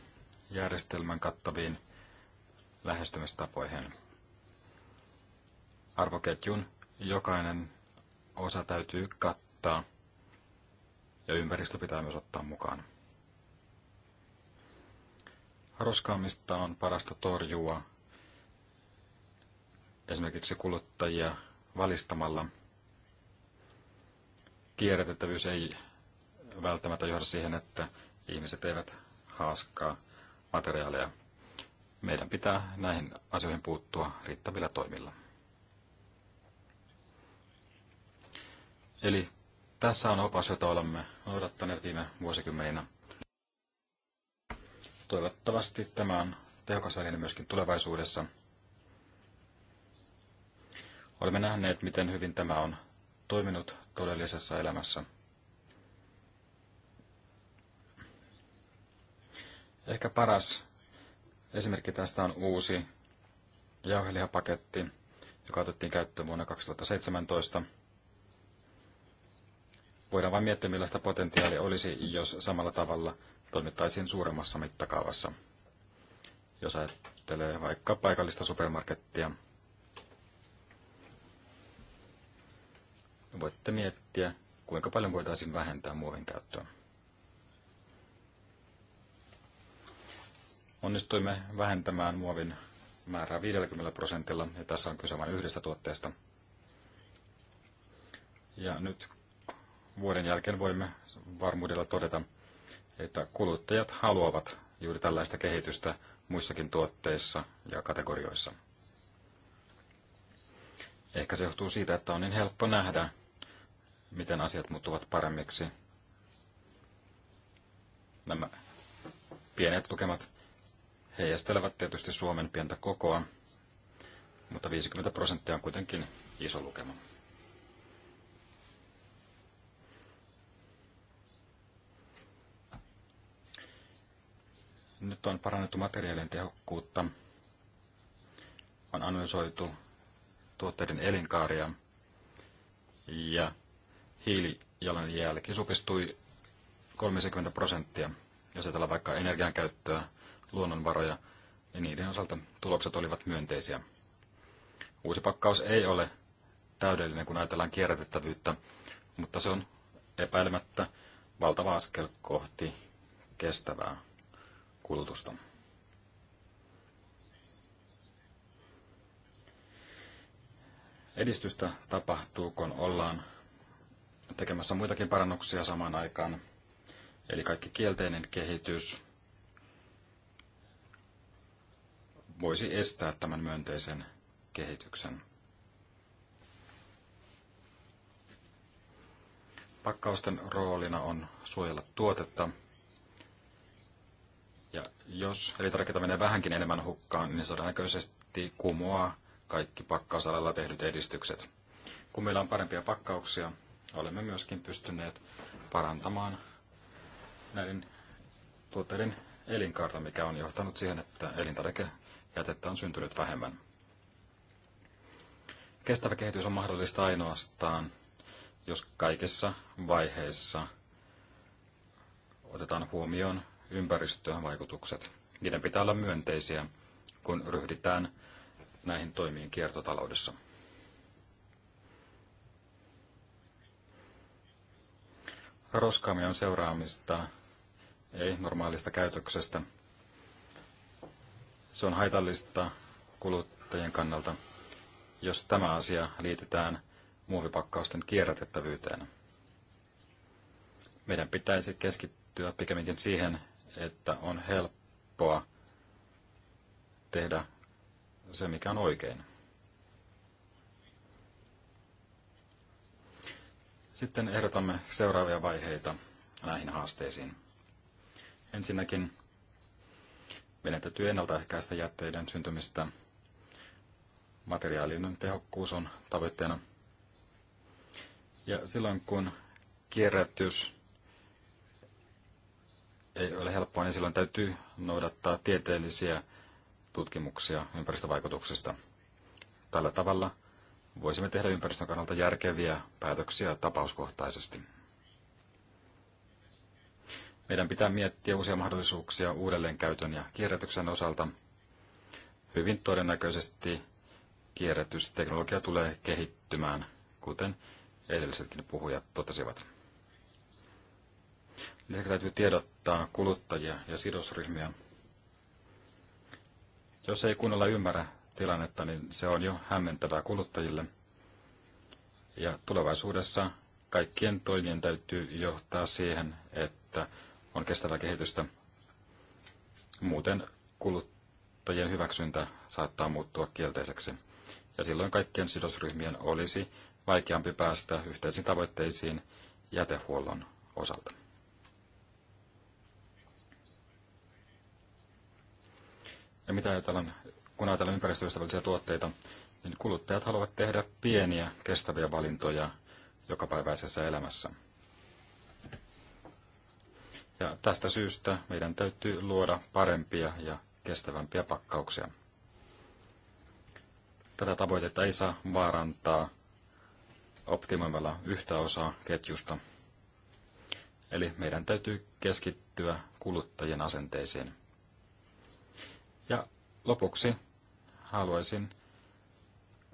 järjestelmän kattaviin lähestymistapoihin. Arvoketjun jokainen osa täytyy kattaa ja ympäristö pitää myös ottaa mukaan. Roskaamista on parasta torjua esimerkiksi kuluttajia valistamalla. Kierrätettävyys ei välttämättä johda siihen, että ihmiset eivät haaskaa materiaaleja. Meidän pitää näihin asioihin puuttua riittävillä toimilla. Eli tässä on opas, jota olemme noudattaneet viime vuosikymmeninä. Toivottavasti tämä on tehokas väline myöskin tulevaisuudessa – Olemme nähneet, miten hyvin tämä on toiminut todellisessa elämässä. Ehkä paras esimerkki tästä on uusi jauhelihapaketti, joka otettiin käyttöön vuonna 2017. Voidaan vain miettiä, millaista potentiaalia olisi, jos samalla tavalla toimittaisiin suuremmassa mittakaavassa. Jos ajattelee vaikka paikallista supermarkettia, voitte miettiä, kuinka paljon voitaisiin vähentää muovin käyttöä. Onnistuimme vähentämään muovin määrää 50 prosentilla, ja tässä on kyse vain yhdestä tuotteesta. Ja nyt vuoden jälkeen voimme varmuudella todeta, että kuluttajat haluavat juuri tällaista kehitystä muissakin tuotteissa ja kategorioissa. Ehkä se johtuu siitä, että on niin helppo nähdä, miten asiat muuttuvat paremmiksi. Nämä pienet lukemat heijastelevat tietysti Suomen pientä kokoa, mutta 50 prosenttia on kuitenkin iso lukema. Nyt on parannettu materiaalien tehokkuutta, on analysoitu tuotteiden elinkaaria ja hiilijalanjälki supistui 30 prosenttia. Jos ajatellaan vaikka energian käyttöä, luonnonvaroja, niin niiden osalta tulokset olivat myönteisiä. Uusi pakkaus ei ole täydellinen, kun ajatellaan kierrätettävyyttä, mutta se on epäilemättä valtava askel kohti kestävää kulutusta. Edistystä tapahtuu, kun ollaan tekemässä muitakin parannuksia samaan aikaan. Eli kaikki kielteinen kehitys voisi estää tämän myönteisen kehityksen. Pakkausten roolina on suojella tuotetta. Ja jos elintarvikkeita menee vähänkin enemmän hukkaan, niin se todennäköisesti kumoaa kaikki pakkausalalla tehdyt edistykset. Kun meillä on parempia pakkauksia, olemme myöskin pystyneet parantamaan näiden tuotteiden elinkaarta, mikä on johtanut siihen, että elintarvikejätettä on syntynyt vähemmän. Kestävä kehitys on mahdollista ainoastaan, jos kaikissa vaiheissa otetaan huomioon ympäristövaikutukset. Niiden pitää olla myönteisiä, kun ryhdytään näihin toimiin kiertotaloudessa. roskaamion on seuraamista, ei normaalista käytöksestä. Se on haitallista kuluttajien kannalta, jos tämä asia liitetään muovipakkausten kierrätettävyyteen. Meidän pitäisi keskittyä pikemminkin siihen, että on helppoa tehdä se, mikä on oikein. Sitten ehdotamme seuraavia vaiheita näihin haasteisiin. Ensinnäkin meidän täytyy ennaltaehkäistä jätteiden syntymistä. Materiaalinen tehokkuus on tavoitteena. Ja silloin kun kierrätys ei ole helppoa, niin silloin täytyy noudattaa tieteellisiä tutkimuksia ympäristövaikutuksista. Tällä tavalla – voisimme tehdä ympäristön kannalta järkeviä päätöksiä tapauskohtaisesti. Meidän pitää miettiä uusia mahdollisuuksia uudelleenkäytön ja kierrätyksen osalta. Hyvin todennäköisesti kierrätysteknologia tulee kehittymään, kuten edellisetkin puhujat totesivat. Lisäksi täytyy tiedottaa kuluttajia ja sidosryhmiä. Jos ei kunnolla ymmärrä tilannetta, niin se on jo hämmentävää kuluttajille. Ja tulevaisuudessa kaikkien toimien täytyy johtaa siihen, että on kestävää kehitystä. Muuten kuluttajien hyväksyntä saattaa muuttua kielteiseksi. Ja silloin kaikkien sidosryhmien olisi vaikeampi päästä yhteisiin tavoitteisiin jätehuollon osalta. Ja mitä ajatellaan kun ajatellaan ympäristöystävällisiä tuotteita, niin kuluttajat haluavat tehdä pieniä kestäviä valintoja jokapäiväisessä elämässä. Ja tästä syystä meidän täytyy luoda parempia ja kestävämpiä pakkauksia. Tätä tavoitetta ei saa vaarantaa optimoimalla yhtä osaa ketjusta. Eli meidän täytyy keskittyä kuluttajien asenteisiin. Ja lopuksi haluaisin,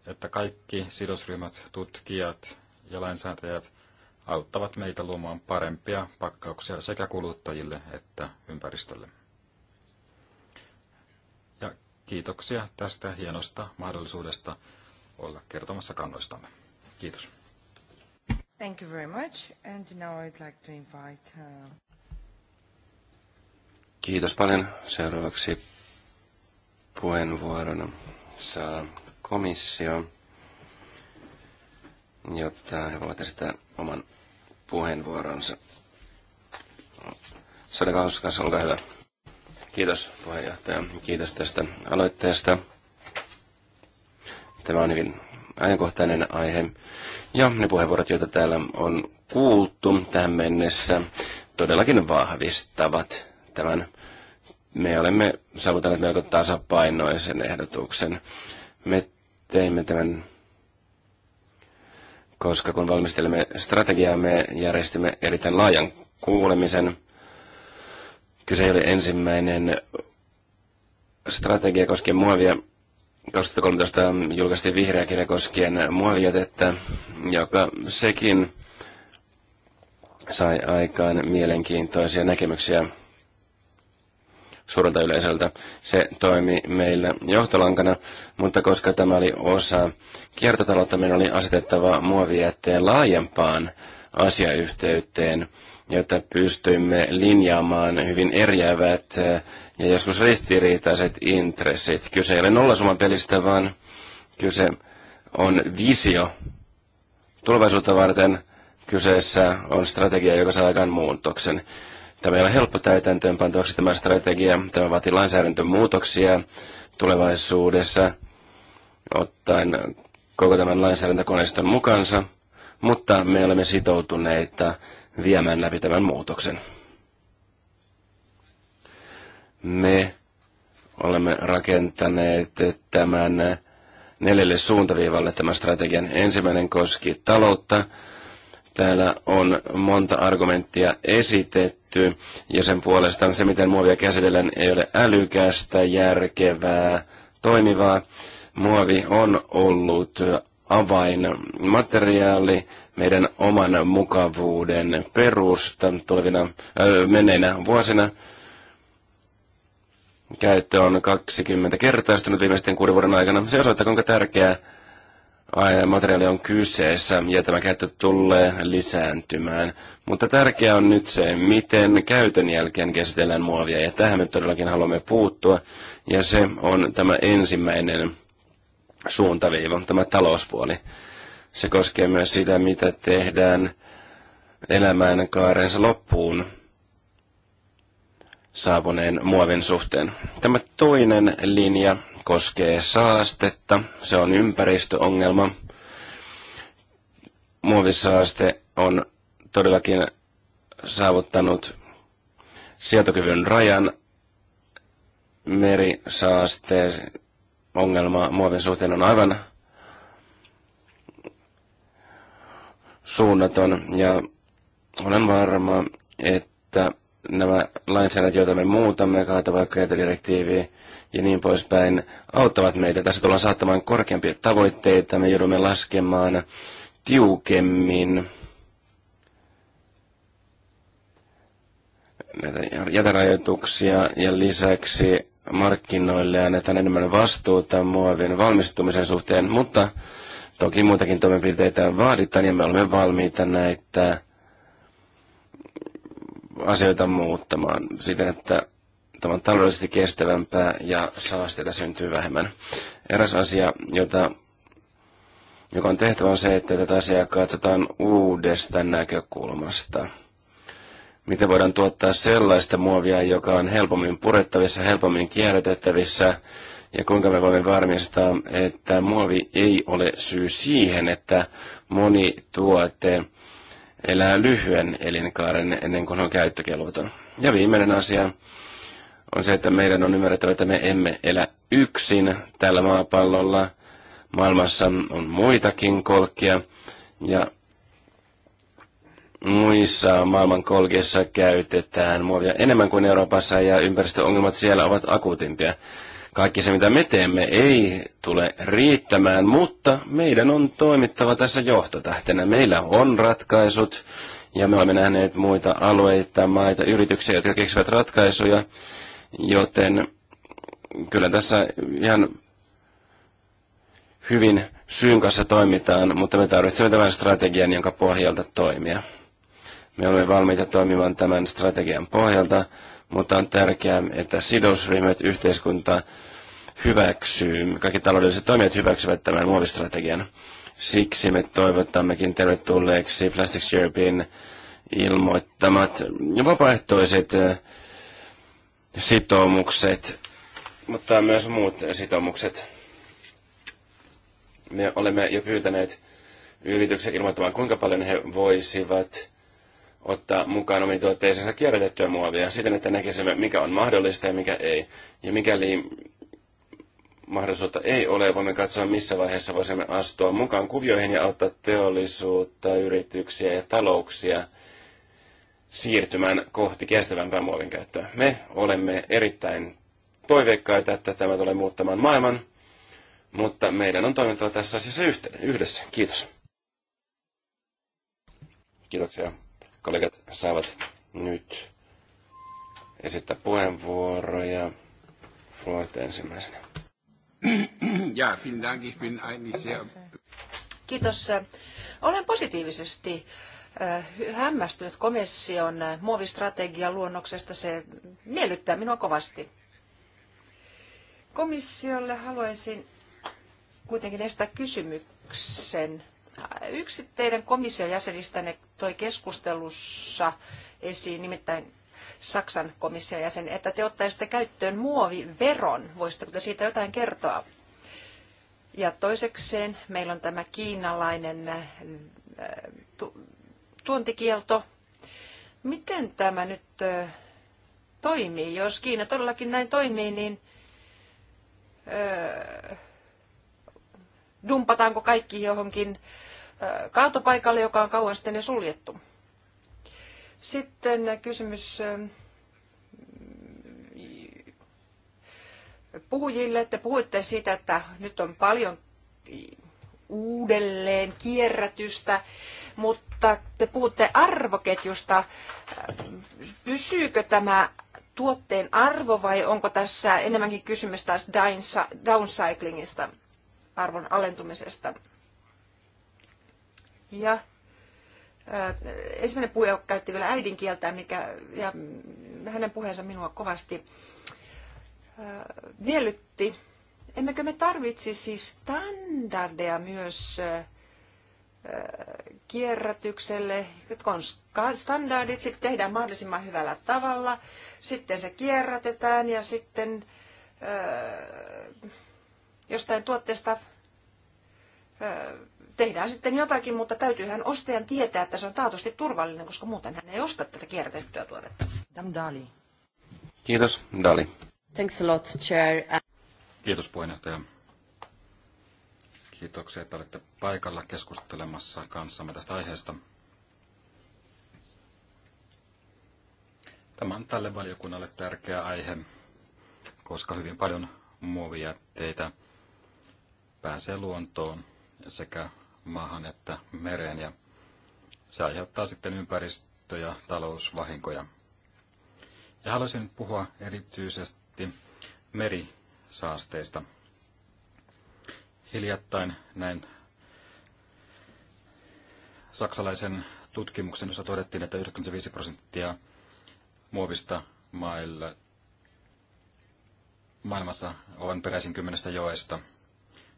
että kaikki sidosryhmät, tutkijat ja lainsäätäjät auttavat meitä luomaan parempia pakkauksia sekä kuluttajille että ympäristölle. Ja kiitoksia tästä hienosta mahdollisuudesta olla kertomassa kannoistamme. Kiitos.
Thank you very much. And now I'd like to invite, uh...
Kiitos paljon. Seuraavaksi puheenvuoron saa komissio, jotta he voivat esittää oman puheenvuoronsa. Kauskas, olkaa hyvä. Kiitos puheenjohtaja. Kiitos tästä aloitteesta. Tämä on hyvin ajankohtainen aihe. Ja ne puheenvuorot, joita täällä on kuultu tähän mennessä, todellakin vahvistavat tämän me olemme saavutaneet melko tasapainoisen ehdotuksen. Me teimme tämän, koska kun valmistelemme strategiaa, me järjestimme erittäin laajan kuulemisen. Kyse oli ensimmäinen strategia koskien muovia. 2013 julkaistiin vihreä kirja koskien muovijätettä, joka sekin sai aikaan mielenkiintoisia näkemyksiä suurelta yleisöltä. Se toimi meillä johtolankana, mutta koska tämä oli osa kiertotaloutta, meidän oli asetettava muovijätteen laajempaan asiayhteyteen, jotta pystyimme linjaamaan hyvin eriävät eh, ja joskus ristiriitaiset intressit. Kyse ei ole nollasuman pelistä, vaan kyse on visio tulevaisuutta varten. Kyseessä on strategia, joka saa aikaan muutoksen. Tämä ei ole helppo täytäntöönpantavaksi tämä strategia. Tämä vaatii lainsäädäntömuutoksia tulevaisuudessa ottaen koko tämän lainsäädäntökoneiston mukansa, mutta me olemme sitoutuneita viemään läpi tämän muutoksen. Me olemme rakentaneet tämän neljälle suuntaviivalle tämän strategian. Ensimmäinen koski taloutta, Täällä on monta argumenttia esitetty, ja sen puolesta se, miten muovia käsitellään, ei ole älykästä, järkevää, toimivaa. Muovi on ollut avainmateriaali meidän oman mukavuuden perusta tulevina äh, menneinä vuosina. Käyttö on 20 kertaistunut viimeisten kuuden vuoden aikana. Se osoittaa, kuinka tärkeää materiaali on kyseessä ja tämä käyttö tulee lisääntymään. Mutta tärkeää on nyt se, miten käytön jälkeen käsitellään muovia ja tähän me todellakin haluamme puuttua ja se on tämä ensimmäinen suuntaviiva, tämä talouspuoli. Se koskee myös sitä, mitä tehdään elämään kaareensa loppuun saapuneen muovin suhteen. Tämä toinen linja koskee saastetta. Se on ympäristöongelma. Muovisaaste on todellakin saavuttanut sietokyvyn rajan. Merisaaste ongelma muovin suhteen on aivan suunnaton ja olen varma, että nämä lainsäädännöt, joita me muutamme, kaatava direktiivi ja niin poispäin auttavat meitä. Tässä tullaan saattamaan korkeampia tavoitteita, me joudumme laskemaan tiukemmin näitä jätärajoituksia ja lisäksi markkinoille näitä enemmän vastuuta muovien valmistumisen suhteen, mutta toki muitakin toimenpiteitä vaaditaan ja me olemme valmiita näitä asioita muuttamaan siten, että Tämä on taloudellisesti kestävämpää ja saasteita syntyy vähemmän. Eräs asia, jota, joka on tehtävä, on se, että tätä asiaa katsotaan uudesta näkökulmasta. Miten voidaan tuottaa sellaista muovia, joka on helpommin purettavissa, helpommin kierrätettävissä, ja kuinka me voimme varmistaa, että muovi ei ole syy siihen, että moni tuote elää lyhyen elinkaaren ennen kuin on käyttökelvoton. Ja viimeinen asia, on se, että meidän on ymmärrettävä, että me emme elä yksin tällä maapallolla. Maailmassa on muitakin kolkkia ja muissa maailman kolkissa käytetään muovia enemmän kuin Euroopassa ja ympäristöongelmat siellä ovat akuutimpia. Kaikki se, mitä me teemme, ei tule riittämään, mutta meidän on toimittava tässä johtotähtenä. Meillä on ratkaisut, ja me olemme nähneet muita alueita, maita, yrityksiä, jotka keksivät ratkaisuja, Joten kyllä tässä ihan hyvin syyn kanssa toimitaan, mutta me tarvitsemme tämän strategian, jonka pohjalta toimia. Me olemme valmiita toimimaan tämän strategian pohjalta, mutta on tärkeää, että sidosryhmät, yhteiskunta hyväksyy, kaikki taloudelliset toimijat hyväksyvät tämän muovistrategian. Siksi me toivottammekin tervetulleeksi Plastics Europein ilmoittamat vapaaehtoiset sitoumukset, mutta myös muut sitoumukset. Me olemme jo pyytäneet yrityksen ilmoittamaan, kuinka paljon he voisivat ottaa mukaan omiin tuotteisiinsa kierrätettyä muovia siten, että näkisimme, mikä on mahdollista ja mikä ei. Ja mikäli mahdollisuutta ei ole, voimme katsoa, missä vaiheessa voisimme astua mukaan kuvioihin ja auttaa teollisuutta, yrityksiä ja talouksia – siirtymään kohti kestävämpää muovin käyttöä. Me olemme erittäin toiveikkaita, että tämä tulee muuttamaan maailman, mutta meidän on toimittava tässä asiassa yhdessä. Kiitos. Kiitoksia. Kollegat saavat nyt esittää puheenvuoroja. Floyd ensimmäisenä. Ja, vielen Dank. Ich bin eigentlich sehr...
Kiitos. Olen positiivisesti hämmästynyt komission muovistrategian luonnoksesta. Se miellyttää minua kovasti. Komissiolle haluaisin kuitenkin estää kysymyksen. Yksi teidän komission jäsenistänne toi keskustelussa esiin, nimittäin Saksan komission jäsen, että te ottaisitte käyttöön muoviveron. Voisitteko te siitä jotain kertoa? Ja toisekseen meillä on tämä kiinalainen tuontikielto. Miten tämä nyt toimii? Jos Kiina todellakin näin toimii, niin dumpataanko kaikki johonkin öö, kaatopaikalle, joka on kauan sitten jo suljettu? Sitten kysymys puhujille. Te puhuitte siitä, että nyt on paljon uudelleen kierrätystä mutta te puhutte arvoketjusta. Pysyykö tämä tuotteen arvo vai onko tässä enemmänkin kysymys taas downcyclingista, arvon alentumisesta? Ja ensimmäinen puhuja käytti vielä äidinkieltä, mikä, ja hänen puheensa minua kovasti miellytti. Emmekö me tarvitsisi standardeja myös kierrätykselle, jotka on standardit, sitten tehdään mahdollisimman hyvällä tavalla, sitten se kierrätetään ja sitten jostain tuotteesta tehdään sitten jotakin, mutta täytyyhän ostajan tietää, että se on taatusti turvallinen, koska muuten hän ei osta tätä kierrätettyä tuotetta. Dali.
Kiitos, Dali.
Thanks a lot, Chair.
Kiitos puheenjohtaja. Kiitoksia, että olette paikalla keskustelemassa kanssamme tästä aiheesta. Tämä on tälle valiokunnalle tärkeä aihe, koska hyvin paljon muovijätteitä pääsee luontoon sekä maahan että mereen ja se aiheuttaa sitten ympäristö- ja talousvahinkoja. Ja haluaisin nyt puhua erityisesti merisaasteista – hiljattain näin saksalaisen tutkimuksen, jossa todettiin, että 95 prosenttia muovista mailla, maailmassa ovat peräisin kymmenestä joesta.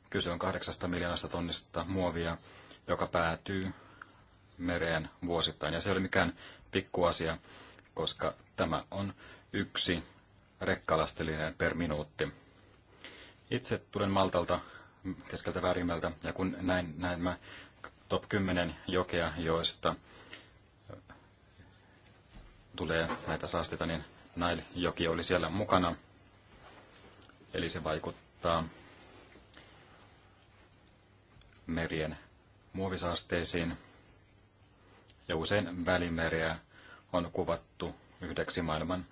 Kyse on kahdeksasta miljoonasta tonnista muovia, joka päätyy mereen vuosittain. Ja se ei ole mikään pikkuasia, koska tämä on yksi rekkalastillinen per minuutti. Itse tulen Maltalta, keskeltä väärimmältä. Ja kun näin, näin mä top 10 jokea, joista äh, tulee näitä saasteita, niin Nile-joki oli siellä mukana. Eli se vaikuttaa merien muovisaasteisiin. Ja usein välimeriä on kuvattu yhdeksi maailman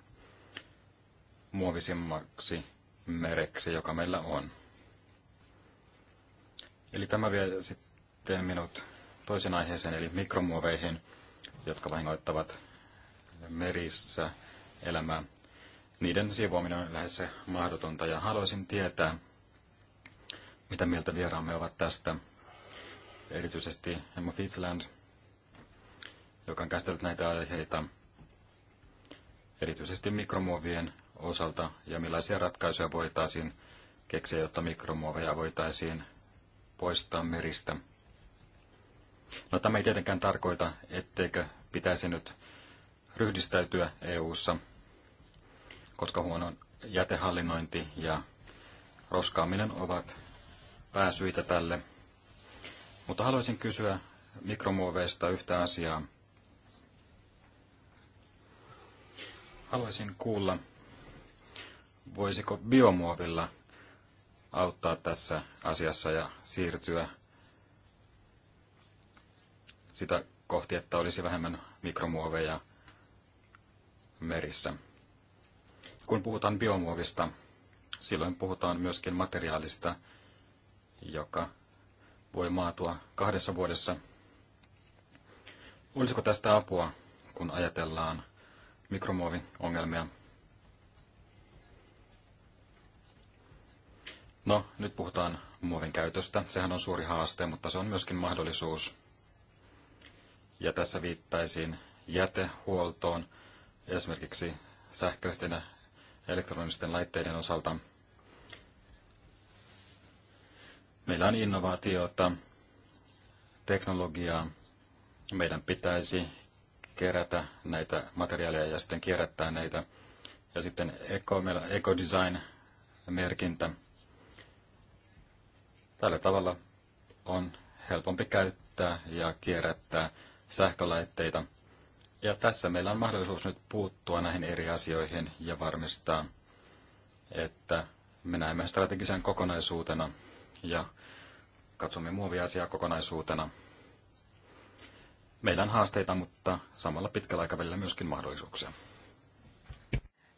muovisimmaksi mereksi, joka meillä on. Eli tämä vie sitten minut toisen aiheeseen, eli mikromuoveihin, jotka vahingoittavat merissä elämää. Niiden siivoaminen on lähes mahdotonta ja haluaisin tietää, mitä mieltä vieraamme ovat tästä. Erityisesti Emma Fitzland, joka on käsitellyt näitä aiheita erityisesti mikromuovien osalta ja millaisia ratkaisuja voitaisiin keksiä, jotta mikromuoveja voitaisiin poistaa meristä. No tämä ei tietenkään tarkoita, etteikö pitäisi nyt ryhdistäytyä EU:ssa, koska huono jätehallinnointi ja roskaaminen ovat pääsyitä tälle. Mutta haluaisin kysyä mikromuoveista yhtä asiaa. Haluaisin kuulla, voisiko biomuovilla auttaa tässä asiassa ja siirtyä sitä kohti, että olisi vähemmän mikromuoveja merissä. Kun puhutaan biomuovista, silloin puhutaan myöskin materiaalista, joka voi maatua kahdessa vuodessa. Olisiko tästä apua, kun ajatellaan mikromuoviongelmia? No, nyt puhutaan muovin käytöstä. Sehän on suuri haaste, mutta se on myöskin mahdollisuus. Ja tässä viittaisin jätehuoltoon, esimerkiksi sähköisten ja elektronisten laitteiden osalta. Meillä on innovaatiota, teknologiaa. Meidän pitäisi kerätä näitä materiaaleja ja sitten kierrättää näitä. Ja sitten eco, meillä ecodesign-merkintä – Tällä tavalla on helpompi käyttää ja kierrättää sähkölaitteita. Ja tässä meillä on mahdollisuus nyt puuttua näihin eri asioihin ja varmistaa, että me näemme strategisen kokonaisuutena ja katsomme muoviasiaa kokonaisuutena. Meillä on haasteita, mutta samalla pitkällä aikavälillä myöskin mahdollisuuksia.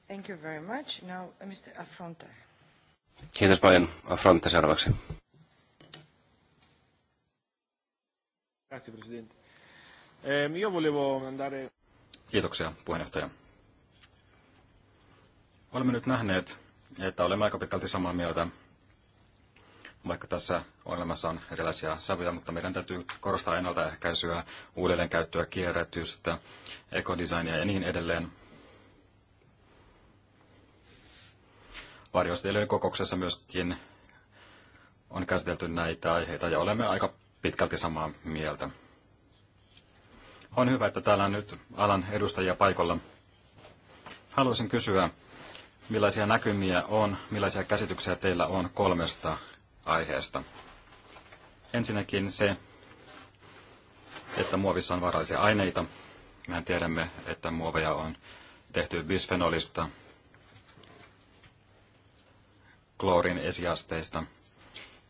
Thank you very much. Now, Mr.
Kiitos paljon.
Afronte seuraavaksi. Grazie, Presidente. Ehm, io volevo andare... Kiitoksia, puheenjohtaja. Olemme nyt nähneet, että olemme aika pitkälti samaa mieltä, vaikka tässä ohjelmassa on erilaisia sävyjä, mutta meidän täytyy korostaa ennaltaehkäisyä, uudelleenkäyttöä, kierrätystä, ekodesignia ja niin edelleen. Varjoistelijoiden kokouksessa myöskin on käsitelty näitä aiheita ja olemme aika pitkälti samaa mieltä. On hyvä, että täällä on nyt alan edustajia paikalla. Haluaisin kysyä, millaisia näkymiä on, millaisia käsityksiä teillä on kolmesta aiheesta. Ensinnäkin se, että muovissa on vaarallisia aineita. Mehän tiedämme, että muoveja on tehty bisfenolista, kloorin esiasteista –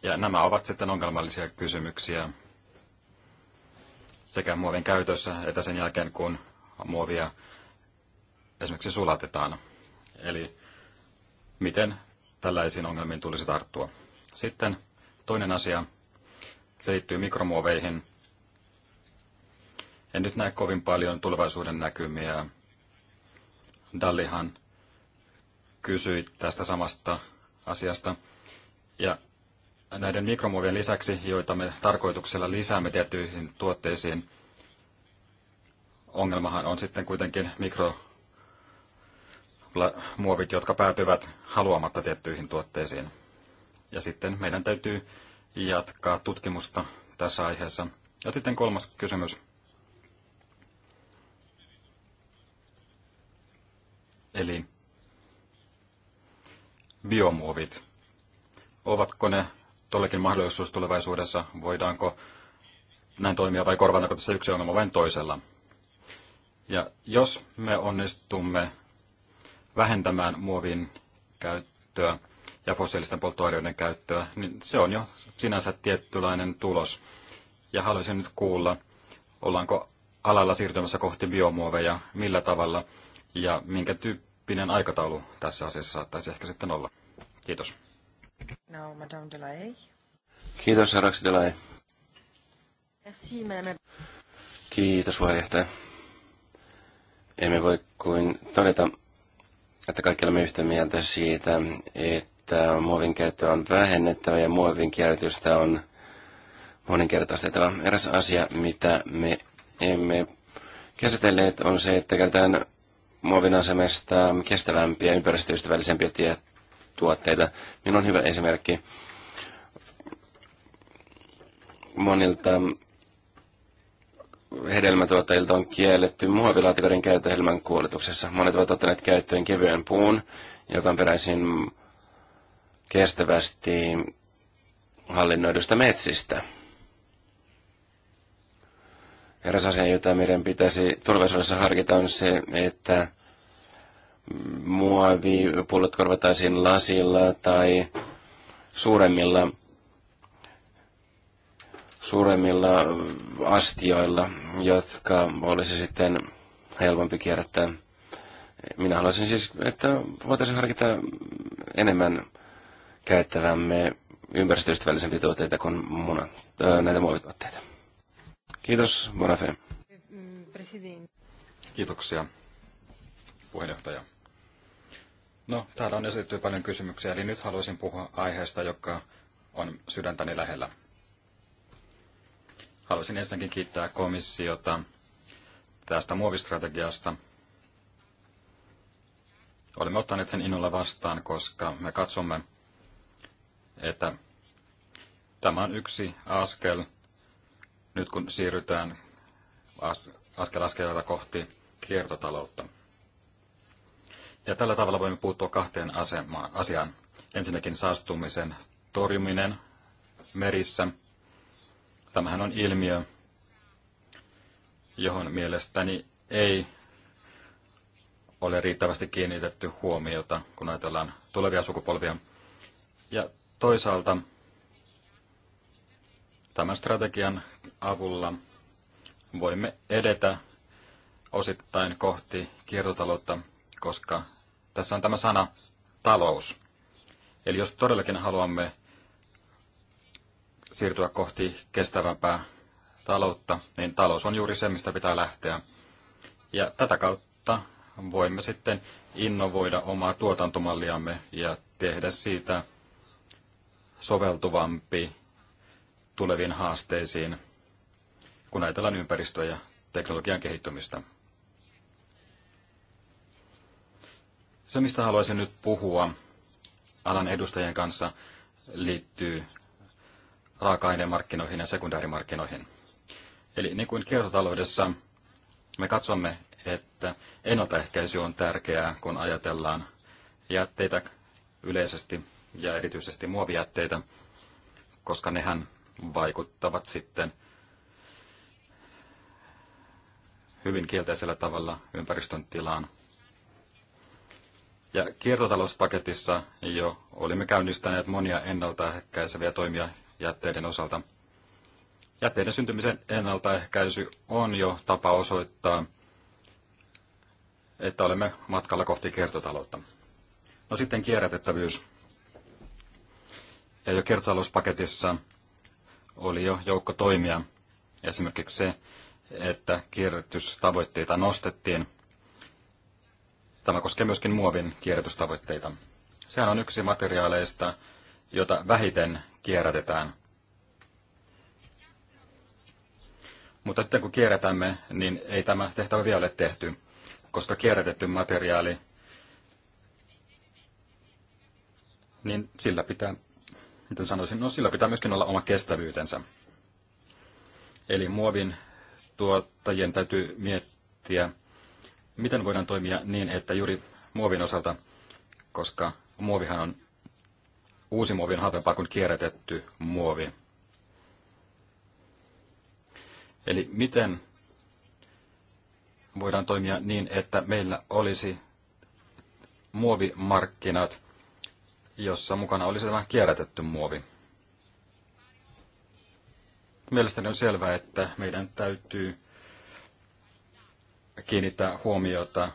ja nämä ovat sitten ongelmallisia kysymyksiä sekä muovin käytössä että sen jälkeen, kun muovia esimerkiksi sulatetaan. Eli miten tällaisiin ongelmiin tulisi tarttua. Sitten toinen asia, se liittyy mikromuoveihin. En nyt näe kovin paljon tulevaisuuden näkymiä. Dallihan kysyi tästä samasta asiasta. Ja näiden mikromuovien lisäksi, joita me tarkoituksella lisäämme tiettyihin tuotteisiin, ongelmahan on sitten kuitenkin mikromuovit, jotka päätyvät haluamatta tiettyihin tuotteisiin. Ja sitten meidän täytyy jatkaa tutkimusta tässä aiheessa. Ja sitten kolmas kysymys. Eli biomuovit. Ovatko ne tollekin mahdollisuus tulevaisuudessa? Voidaanko näin toimia vai korvataanko tässä yksi ongelma vain toisella? Ja jos me onnistumme vähentämään muovin käyttöä ja fossiilisten polttoaineiden käyttöä, niin se on jo sinänsä tiettylainen tulos. Ja haluaisin nyt kuulla, ollaanko alalla siirtymässä kohti biomuoveja, millä tavalla ja minkä tyyppinen aikataulu tässä asiassa saattaisi ehkä sitten olla. Kiitos.
No, Madame Delay.
Kiitos, Raksi Delay.
Merci, Madame.
Kiitos, puheenjohtaja. Emme voi kuin todeta, että kaikki olemme yhtä mieltä siitä, että muovin käyttöä on vähennettävä ja muovin kierrätystä on moninkertaistettava. Eräs asia, mitä me emme käsitelleet, on se, että käytetään muovin asemesta kestävämpiä, ympäristöystävällisempiä tie- tuotteita. Minun on hyvä esimerkki monilta hedelmätuottajilta on kielletty muovilaatikoiden käyttö hedelmän kuoletuksessa. Monet ovat ottaneet käyttöön kevyen puun, joka on peräisin kestävästi hallinnoidusta metsistä. Eräs asia, jota meidän pitäisi tulevaisuudessa harkita, on se, että muovipullot korvataisiin lasilla tai suuremmilla, suuremmilla astioilla, jotka olisi sitten helpompi kierrättää. Minä haluaisin siis, että voitaisiin harkita enemmän käyttävämme ympäristöystävällisempiä tuotteita kuin muna, näitä muovituotteita. Kiitos,
Bonafé. Mm, Kiitoksia, puheenjohtaja. No, täällä on esitetty paljon kysymyksiä, eli nyt haluaisin puhua aiheesta, joka on sydäntäni lähellä. Haluaisin ensinnäkin kiittää komissiota tästä muovistrategiasta. Olemme ottaneet sen innolla vastaan, koska me katsomme, että tämä on yksi askel, nyt kun siirrytään askel askelta kohti kiertotaloutta. Ja tällä tavalla voimme puuttua kahteen asemaan, asiaan. Ensinnäkin saastumisen torjuminen merissä. Tämähän on ilmiö, johon mielestäni ei ole riittävästi kiinnitetty huomiota, kun ajatellaan tulevia sukupolvia. Ja toisaalta tämän strategian avulla voimme edetä osittain kohti kiertotaloutta, koska tässä on tämä sana talous. Eli jos todellakin haluamme siirtyä kohti kestävämpää taloutta, niin talous on juuri se, mistä pitää lähteä. Ja tätä kautta voimme sitten innovoida omaa tuotantomalliamme ja tehdä siitä soveltuvampi tuleviin haasteisiin, kun ajatellaan ympäristöä ja teknologian kehittymistä. Se, mistä haluaisin nyt puhua alan edustajien kanssa, liittyy raaka-ainemarkkinoihin ja sekundaarimarkkinoihin. Eli niin kuin kiertotaloudessa me katsomme, että ennaltaehkäisy on tärkeää, kun ajatellaan jätteitä yleisesti ja erityisesti muovijätteitä, koska nehän vaikuttavat sitten hyvin kielteisellä tavalla ympäristön tilaan ja kiertotalouspaketissa jo olimme käynnistäneet monia ennaltaehkäiseviä toimia jätteiden osalta. Jätteiden syntymisen ennaltaehkäisy on jo tapa osoittaa, että olemme matkalla kohti kiertotaloutta. No sitten kierrätettävyys. Ja jo kiertotalouspaketissa oli jo joukko toimia. Esimerkiksi se, että kierrätystavoitteita nostettiin – Tämä koskee myöskin muovin kierrätystavoitteita. Sehän on yksi materiaaleista, jota vähiten kierrätetään. Mutta sitten kun kierrätämme, niin ei tämä tehtävä vielä ole tehty, koska kierrätetty materiaali, niin sillä pitää, miten sanoisin, no sillä pitää myöskin olla oma kestävyytensä. Eli muovin tuottajien täytyy miettiä, miten voidaan toimia niin, että juuri muovin osalta, koska muovihan on, uusi muovi on halvempaa kuin kierrätetty muovi. Eli miten voidaan toimia niin, että meillä olisi muovimarkkinat, jossa mukana olisi tämä kierrätetty muovi. Mielestäni on selvää, että meidän täytyy kiinnittää huomiota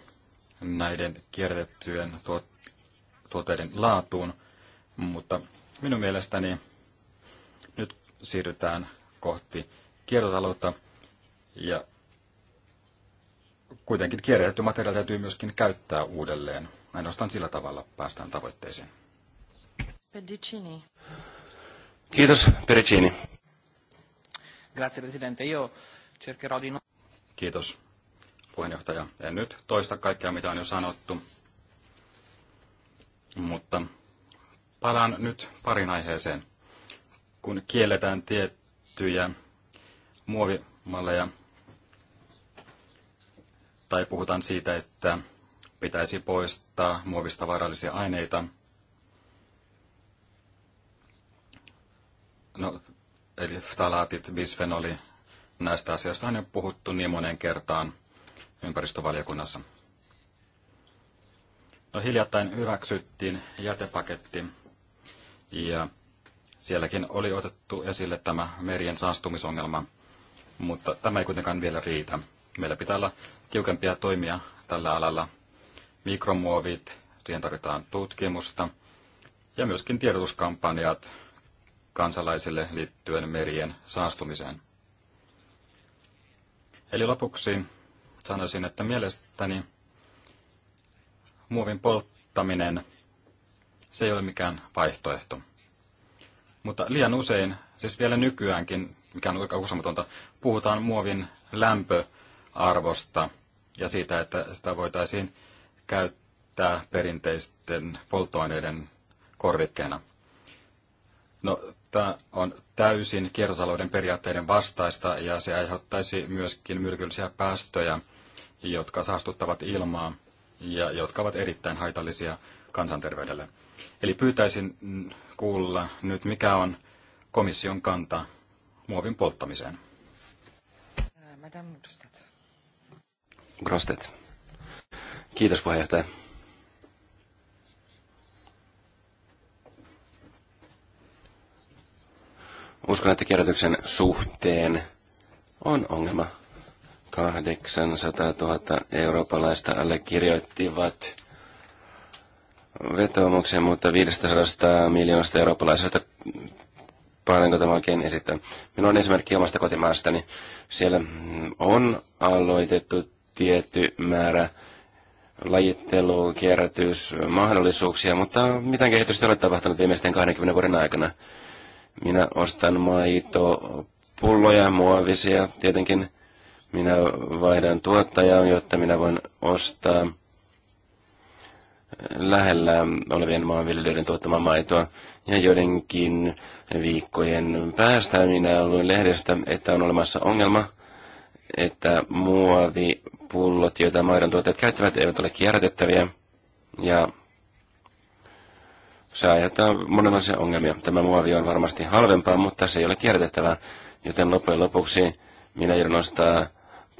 näiden kierrätettyjen tuotteiden laatuun, mutta minun mielestäni nyt siirrytään kohti kiertotaloutta ja kuitenkin kierrätetty materiaali täytyy myöskin käyttää uudelleen. Ainoastaan sillä tavalla päästään tavoitteeseen.
Pedicini.
Kiitos, Pericini.
Grazie, Presidente. Io
cercherò di... Kiitos, puheenjohtaja. En nyt toista kaikkea, mitä on jo sanottu, mutta palaan nyt parin aiheeseen. Kun kielletään tiettyjä muovimalleja, tai puhutaan siitä, että pitäisi poistaa muovista vaarallisia aineita. No, eli ftalaatit, bisfenoli, näistä asioista on jo puhuttu niin monen kertaan ympäristövaliokunnassa. No, hiljattain hyväksyttiin jätepaketti ja sielläkin oli otettu esille tämä merien saastumisongelma, mutta tämä ei kuitenkaan vielä riitä. Meillä pitää olla tiukempia toimia tällä alalla. Mikromuovit, siihen tarvitaan tutkimusta ja myöskin tiedotuskampanjat kansalaisille liittyen merien saastumiseen. Eli lopuksi sanoisin, että mielestäni muovin polttaminen, se ei ole mikään vaihtoehto. Mutta liian usein, siis vielä nykyäänkin, mikä on aika usamatonta, puhutaan muovin lämpöarvosta ja siitä, että sitä voitaisiin käyttää perinteisten polttoaineiden korvikkeena. No, toiminta on täysin kiertotalouden periaatteiden vastaista ja se aiheuttaisi myöskin myrkyllisiä päästöjä, jotka saastuttavat ilmaa ja jotka ovat erittäin haitallisia kansanterveydelle. Eli pyytäisin kuulla nyt, mikä on komission kanta muovin polttamiseen.
Madame
Grostet. Kiitos puheenjohtaja. Uskon, että kierrätyksen suhteen on ongelma. 800 000 eurooppalaista allekirjoittivat vetoomuksen, mutta 500 miljoonasta eurooppalaisesta paljonko tämä oikein esittää. Minulla on esimerkki omasta kotimaastani. Siellä on aloitettu tietty määrä lajittelu, kierrätys, mahdollisuuksia, mutta mitään kehitystä ei ole tapahtunut viimeisten 20 vuoden aikana. Minä ostan maito, pulloja, muovisia tietenkin. Minä vaihdan tuottajaa, jotta minä voin ostaa lähellä olevien maanviljelijöiden tuottamaa maitoa. Ja joidenkin viikkojen päästä minä luin lehdestä, että on olemassa ongelma, että muovipullot, joita maidon tuotteet käyttävät, eivät ole kierrätettäviä. Ja se aiheuttaa monenlaisia ongelmia. Tämä muovi on varmasti halvempaa, mutta se ei ole kierrätettävää. Joten loppujen lopuksi minä joudun nostaa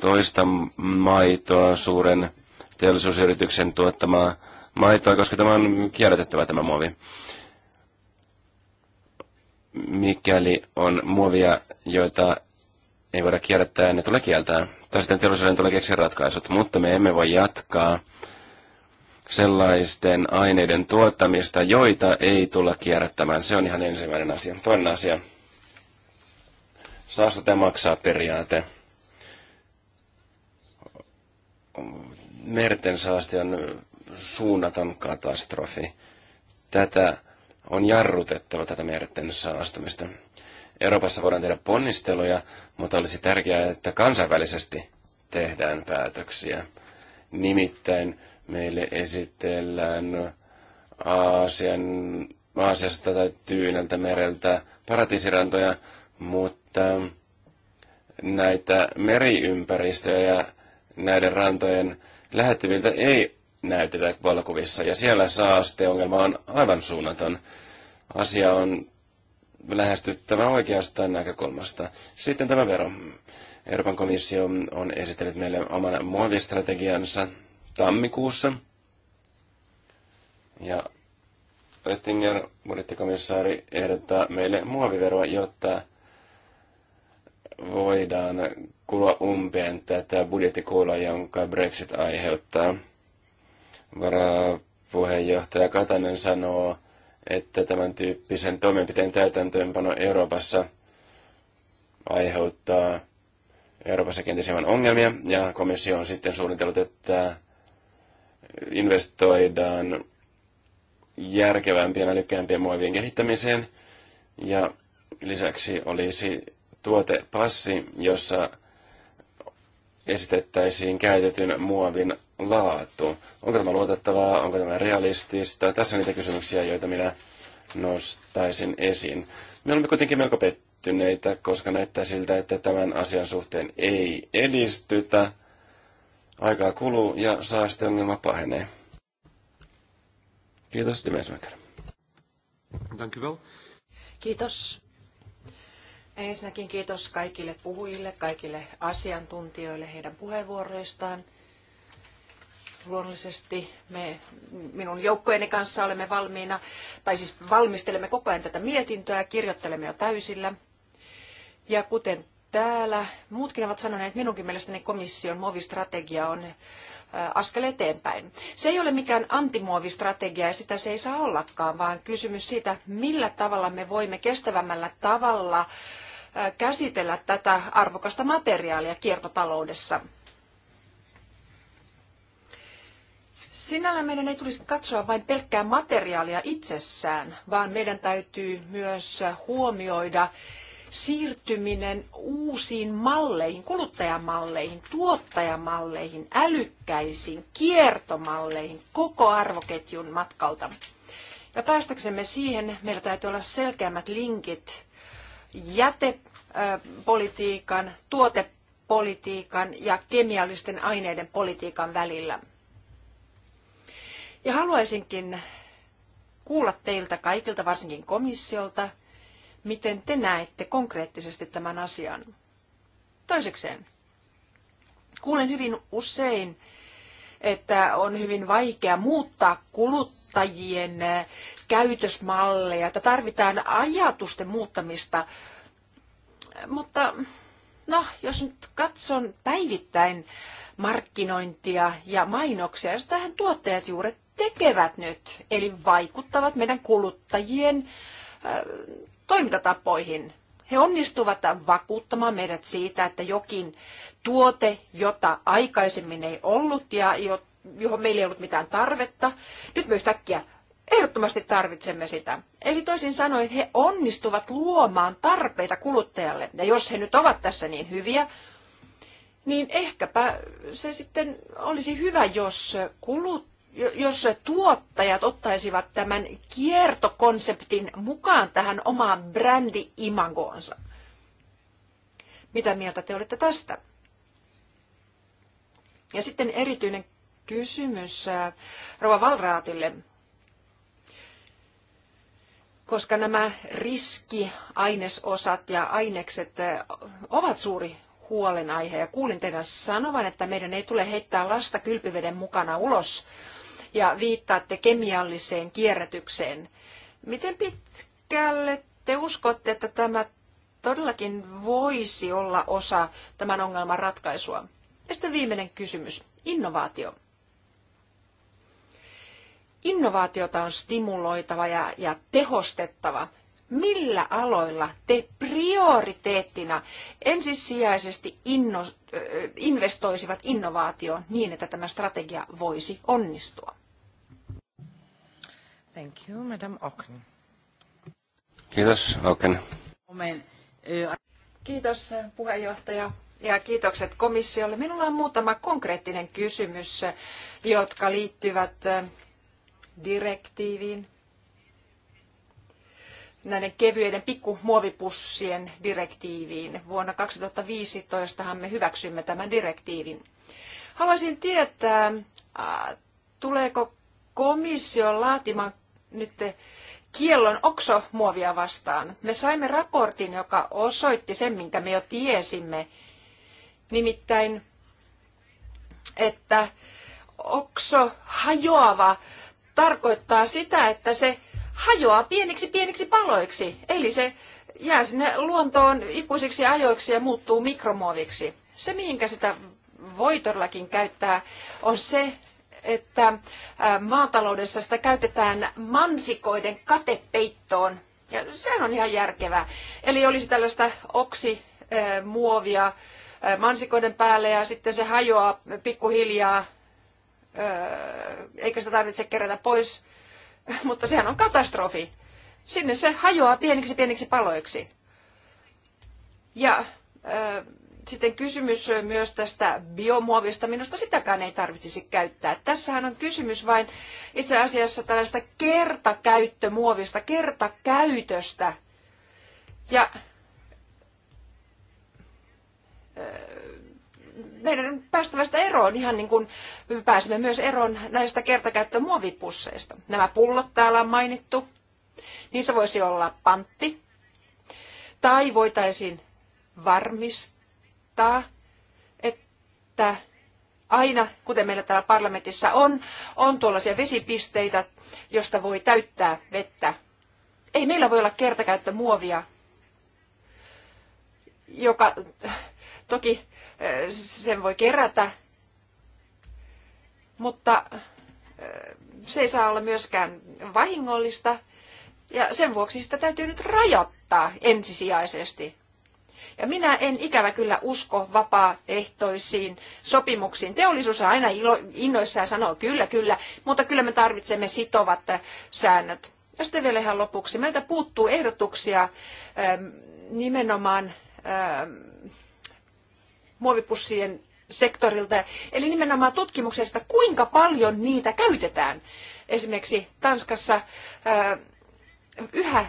toista maitoa, suuren teollisuusyrityksen tuottamaa maitoa, koska tämä on kierrätettävä tämä muovi. Mikäli on muovia, joita ei voida kierrättää, ne tulee kieltää. Tai sitten teollisuuden tulee keksiä ratkaisut, mutta me emme voi jatkaa sellaisten aineiden tuottamista, joita ei tulla kierrättämään. Se on ihan ensimmäinen asia. Toinen asia. Saastute maksaa periaate. Merten saaste on suunnaton katastrofi. Tätä on jarrutettava tätä merten saastumista. Euroopassa voidaan tehdä ponnisteluja, mutta olisi tärkeää, että kansainvälisesti tehdään päätöksiä. Nimittäin meille esitellään Aasian, Aasiasta tai Tyyneltä mereltä paratiisirantoja, mutta näitä meriympäristöjä ja näiden rantojen lähettäviltä ei näytetä valokuvissa. Ja siellä saasteongelma on aivan suunnaton. Asia on lähestyttävä oikeastaan näkökulmasta. Sitten tämä vero. Euroopan komissio on esitellyt meille oman muovistrategiansa tammikuussa. Ja Oettinger, budjettikomissaari, ehdottaa meille muoviveroa, jotta voidaan kulua umpeen tätä budjettikuulua, jonka Brexit aiheuttaa. Varapuheenjohtaja Katainen sanoo, että tämän tyyppisen toimenpiteen täytäntöönpano Euroopassa aiheuttaa Euroopassa kenties ongelmia, ja komissio on sitten suunnitellut, että investoidaan järkevämpien älykkäämpien muovien kehittämiseen. Ja lisäksi olisi tuotepassi, jossa esitettäisiin käytetyn muovin laatu. Onko tämä luotettavaa, onko tämä realistista? Tässä niitä kysymyksiä, joita minä nostaisin esiin. Me olemme kuitenkin melko pettyneitä, koska näyttää siltä, että tämän asian suhteen ei edistytä. Aikaa kuluu ja saasteongelma pahenee. Kiitos, Dimesmaker. Thank
Kiitos. Ensinnäkin kiitos kaikille puhujille, kaikille asiantuntijoille heidän puheenvuoroistaan. Luonnollisesti me minun joukkojeni kanssa olemme valmiina, tai siis valmistelemme koko ajan tätä mietintöä, kirjoittelemme jo täysillä. Ja kuten täällä muutkin ovat sanoneet, minunkin mielestäni komission muovistrategia on askel eteenpäin. Se ei ole mikään antimuovistrategia ja sitä se ei saa ollakaan, vaan kysymys siitä, millä tavalla me voimme kestävämmällä tavalla käsitellä tätä arvokasta materiaalia kiertotaloudessa. Sinällään meidän ei tulisi katsoa vain pelkkää materiaalia itsessään, vaan meidän täytyy myös huomioida siirtyminen uusiin malleihin, kuluttajamalleihin, tuottajamalleihin, älykkäisiin, kiertomalleihin, koko arvoketjun matkalta. Ja päästäksemme siihen, meillä täytyy olla selkeämmät linkit jätepolitiikan, tuotepolitiikan ja kemiallisten aineiden politiikan välillä. Ja haluaisinkin kuulla teiltä kaikilta, varsinkin komissiolta, miten te näette konkreettisesti tämän asian. Toisekseen, kuulen hyvin usein, että on hyvin vaikea muuttaa kuluttajien käytösmalleja, että tarvitaan ajatusten muuttamista. Mutta no, jos nyt katson päivittäin markkinointia ja mainoksia, sitähän tuottajat juuri tekevät nyt, eli vaikuttavat meidän kuluttajien toimintatapoihin. He onnistuvat vakuuttamaan meidät siitä, että jokin tuote, jota aikaisemmin ei ollut ja johon meillä ei ollut mitään tarvetta, nyt me yhtäkkiä ehdottomasti tarvitsemme sitä. Eli toisin sanoen he onnistuvat luomaan tarpeita kuluttajalle. Ja jos he nyt ovat tässä niin hyviä, niin ehkäpä se sitten olisi hyvä, jos kulut jos tuottajat ottaisivat tämän kiertokonseptin mukaan tähän omaan brändi-imagoonsa. Mitä mieltä te olette tästä? Ja sitten erityinen kysymys äh, Rova Valraatille, koska nämä riskiainesosat ja ainekset äh, ovat suuri huolenaihe. Ja kuulin teidän sanovan, että meidän ei tule heittää lasta kylpyveden mukana ulos, ja viittaatte kemialliseen kierrätykseen. Miten pitkälle te uskotte, että tämä todellakin voisi olla osa tämän ongelman ratkaisua? Ja sitten viimeinen kysymys, innovaatio. Innovaatiota on stimuloitava ja, ja tehostettava. Millä aloilla te prioriteettina ensisijaisesti inno, investoisivat innovaatioon niin, että tämä strategia voisi onnistua? Thank you, Madam Ocken.
Kiitos, Ocken.
Kiitos, puheenjohtaja ja kiitokset komissiolle. Minulla on muutama konkreettinen kysymys, jotka liittyvät direktiiviin, näiden kevyiden pikkumuovipussien direktiiviin. Vuonna 2015 me hyväksymme tämän direktiivin. Haluaisin tietää, tuleeko komissio laatimaan nyt kiellon oksomuovia vastaan. Me saimme raportin, joka osoitti sen, minkä me jo tiesimme, nimittäin, että okso hajoava tarkoittaa sitä, että se hajoaa pieniksi pieniksi paloiksi, eli se jää sinne luontoon ikuisiksi ajoiksi ja muuttuu mikromuoviksi. Se, mihinkä sitä voi todellakin käyttää, on se, että äh, maataloudessa sitä käytetään mansikoiden katepeittoon. Ja sehän on ihan järkevää. Eli olisi tällaista oksimuovia äh, äh, mansikoiden päälle ja sitten se hajoaa pikkuhiljaa, eikä sitä tarvitse kerätä pois. Mutta sehän on katastrofi. Sinne se hajoaa pieniksi pieniksi paloiksi. Ja sitten kysymys myös tästä biomuovista. Minusta sitäkään ei tarvitsisi käyttää. Tässähän on kysymys vain itse asiassa tällaista kertakäyttömuovista, kertakäytöstä. Ja meidän on päästävä sitä eroon, ihan niin kuin pääsemme myös eroon näistä kertakäyttömuovipusseista. Nämä pullot täällä on mainittu. Niissä voisi olla pantti. Tai voitaisiin varmistaa, osoittaa, että aina, kuten meillä täällä parlamentissa on, on tuollaisia vesipisteitä, josta voi täyttää vettä. Ei meillä voi olla kertakäyttömuovia, joka toki eh, sen voi kerätä, mutta eh, se ei saa olla myöskään vahingollista. Ja sen vuoksi sitä täytyy nyt rajoittaa ensisijaisesti. Ja minä en ikävä kyllä usko vapaaehtoisiin sopimuksiin. Teollisuus on aina ilo, innoissaan sanoo kyllä, kyllä, mutta kyllä me tarvitsemme sitovat äh, säännöt. Ja sitten vielä ihan lopuksi. Meiltä puuttuu ehdotuksia ähm, nimenomaan ähm, muovipussien sektorilta, eli nimenomaan tutkimuksesta, kuinka paljon niitä käytetään. Esimerkiksi Tanskassa äh, yhä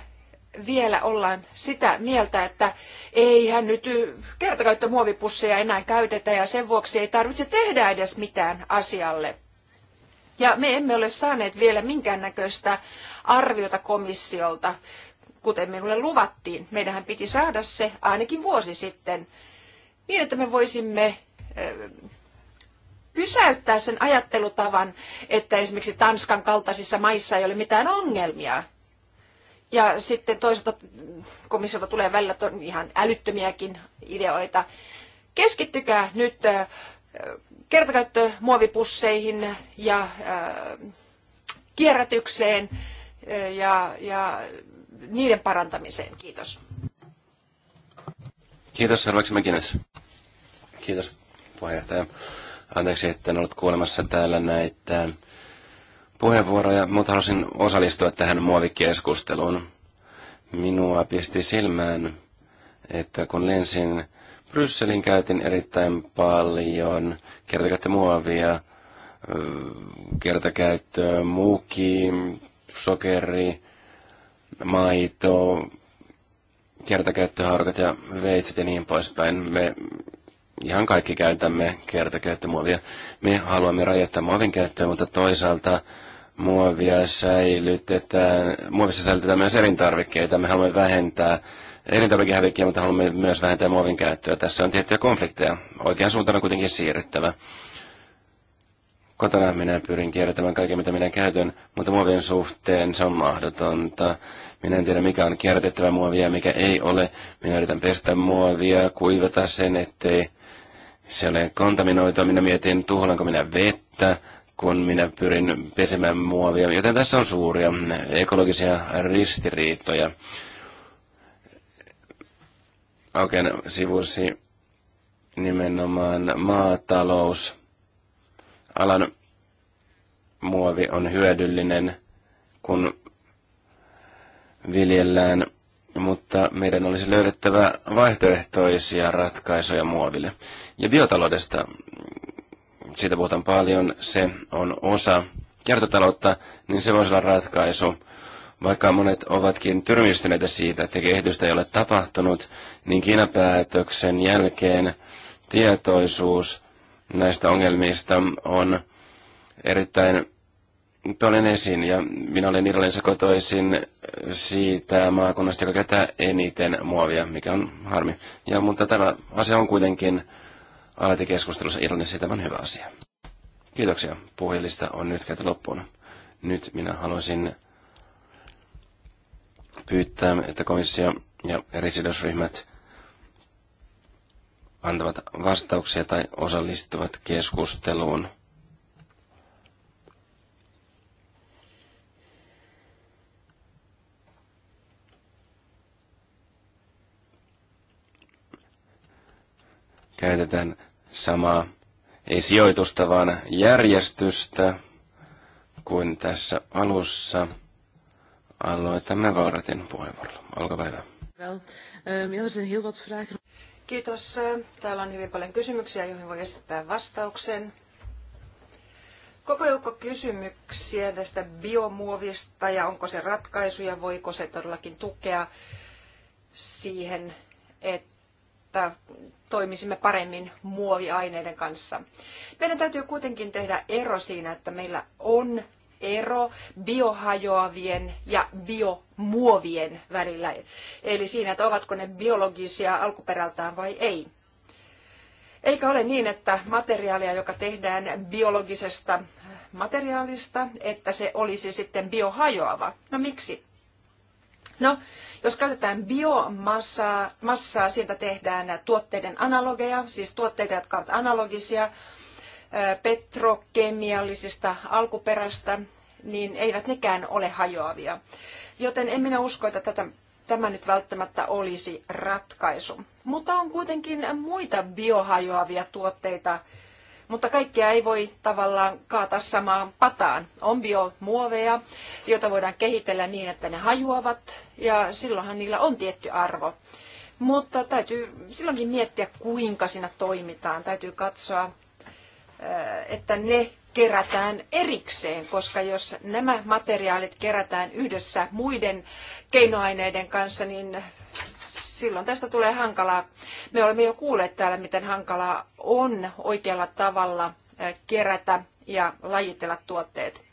vielä ollaan sitä mieltä, että eihän nyt kertakäyttömuovipusseja enää käytetä ja sen vuoksi ei tarvitse tehdä edes mitään asialle. Ja me emme ole saaneet vielä minkäännäköistä arviota komissiolta, kuten minulle luvattiin. Meidähän piti saada se ainakin vuosi sitten, niin että me voisimme pysäyttää sen ajattelutavan, että esimerkiksi Tanskan kaltaisissa maissa ei ole mitään ongelmia. Ja sitten toisaalta komissiolta tulee välillä ihan älyttömiäkin ideoita. Keskittykää nyt äh, kertakäyttö ja äh, kierrätykseen äh, ja, ja niiden parantamiseen. Kiitos.
Kiitos, seuraavaksi Mäkinäs. Kiitos, puheenjohtaja. Anteeksi, että en ollut kuulemassa täällä näitä puheenvuoroja, mutta halusin osallistua tähän muovikeskusteluun. Minua pisti silmään, että kun lensin Brysselin, käytin erittäin paljon muovia, kertakäyttö muuki, sokeri, maito, kertakäyttöharkat ja veitset ja niin poispäin. Me ihan kaikki käytämme kertakäyttömuovia. Me haluamme rajoittaa muovin käyttöä, mutta toisaalta muovia säilytetään, muovissa säilytetään myös elintarvikkeita. Me haluamme vähentää elintarvikehävikkiä, mutta haluamme myös vähentää muovin käyttöä. Tässä on tiettyjä konflikteja. Oikean suuntaan on kuitenkin siirryttävä. Kotona minä pyrin kierrättämään kaiken, mitä minä käytän, mutta muovien suhteen se on mahdotonta. Minä en tiedä, mikä on kierrätettävä muovia ja mikä ei ole. Minä yritän pestä muovia, kuivata sen, ettei se ole kontaminoitua. Minä mietin, tuhlanko minä vettä kun minä pyrin pesemään muovia. Joten tässä on suuria ekologisia ristiriitoja. Auken sivusi nimenomaan maatalous. Alan muovi on hyödyllinen, kun viljellään, mutta meidän olisi löydettävä vaihtoehtoisia ratkaisuja muoville. Ja biotaloudesta siitä puhutaan paljon, se on osa kiertotaloutta, niin se voisi olla ratkaisu. Vaikka monet ovatkin tyrmistyneitä siitä, että kehitystä ei ole tapahtunut, niin Kiinapäätöksen jälkeen tietoisuus näistä ongelmista on erittäin toinen esiin. Ja minä olen Irlannissa kotoisin siitä maakunnasta, joka käyttää eniten muovia, mikä on harmi. Ja, mutta tämä asia on kuitenkin aloitti keskustelussa Irlannissa, tämä on hyvä asia. Kiitoksia. Puhelista on nyt käyty loppuun. Nyt minä haluaisin pyytää, että komissio ja eri sidosryhmät antavat vastauksia tai osallistuvat keskusteluun käytetään samaa, ei sijoitusta, vaan järjestystä kuin tässä alussa. Aloitamme Vauratin puheenvuorolla. Olkaa hyvä.
Ehm, Kiitos. Täällä on hyvin paljon kysymyksiä, joihin voi esittää vastauksen. Koko joukko kysymyksiä tästä biomuovista ja onko se ratkaisu ja voiko se todellakin tukea siihen, että toimisimme paremmin muoviaineiden kanssa. Meidän täytyy kuitenkin tehdä ero siinä, että meillä on ero biohajoavien ja biomuovien välillä. Eli siinä, että ovatko ne biologisia alkuperältään vai ei. Eikä ole niin, että materiaalia, joka tehdään biologisesta materiaalista, että se olisi sitten biohajoava. No miksi? No, jos käytetään biomassaa, massaa, siitä tehdään tuotteiden analogeja, siis tuotteita, jotka ovat analogisia petrokemiallisesta alkuperästä, niin eivät nekään ole hajoavia. Joten en minä usko, että tätä, tämä nyt välttämättä olisi ratkaisu. Mutta on kuitenkin muita biohajoavia tuotteita, mutta kaikkea ei voi tavallaan kaataa samaan pataan. On biomuoveja, joita voidaan kehitellä niin, että ne hajuavat ja silloinhan niillä on tietty arvo. Mutta täytyy silloinkin miettiä, kuinka siinä toimitaan. Täytyy katsoa, että ne kerätään erikseen, koska jos nämä materiaalit kerätään yhdessä muiden keinoaineiden kanssa, niin silloin tästä tulee hankalaa. Me olemme jo kuulleet täällä, miten hankalaa on oikealla tavalla kerätä ja lajitella tuotteet.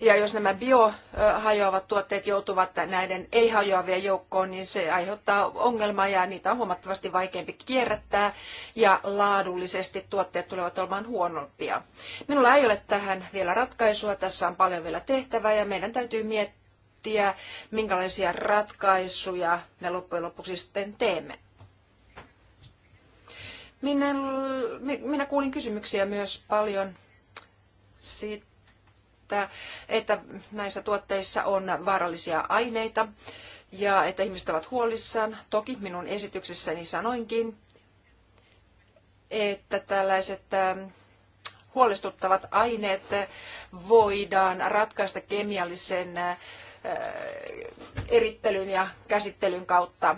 Ja jos nämä biohajoavat tuotteet joutuvat näiden ei-hajoavien joukkoon, niin se aiheuttaa ongelmaa ja niitä on huomattavasti vaikeampi kierrättää ja laadullisesti tuotteet tulevat olemaan huonompia. Minulla ei ole tähän vielä ratkaisua, tässä on paljon vielä tehtävää ja meidän täytyy miettiä, miettiä, minkälaisia ratkaisuja me loppujen lopuksi sitten teemme. Minä, minä kuulin kysymyksiä myös paljon siitä, että näissä tuotteissa on vaarallisia aineita ja että ihmiset ovat huolissaan. Toki minun esityksessäni sanoinkin, että tällaiset ähm, huolestuttavat aineet voidaan ratkaista kemiallisen äh, Äh, erittelyn ja käsittelyn kautta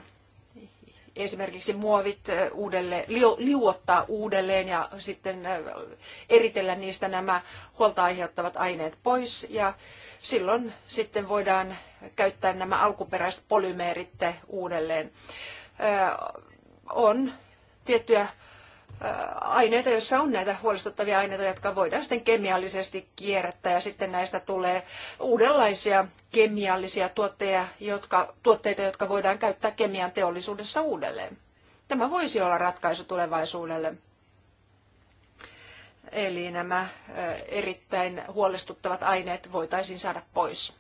esimerkiksi muovit äh, uudelleen, liuottaa uudelleen ja sitten äh, eritellä niistä nämä huolta aiheuttavat aineet pois. Ja silloin sitten voidaan käyttää nämä alkuperäiset polymeerit uudelleen. On tiettyjä aineita, joissa on näitä huolestuttavia aineita, jotka voidaan sitten kemiallisesti kierrättää ja sitten näistä tulee uudenlaisia kemiallisia tuotteja, jotka, tuotteita, jotka voidaan käyttää kemian teollisuudessa uudelleen. Tämä voisi olla ratkaisu tulevaisuudelle. Eli nämä erittäin huolestuttavat aineet voitaisiin saada pois.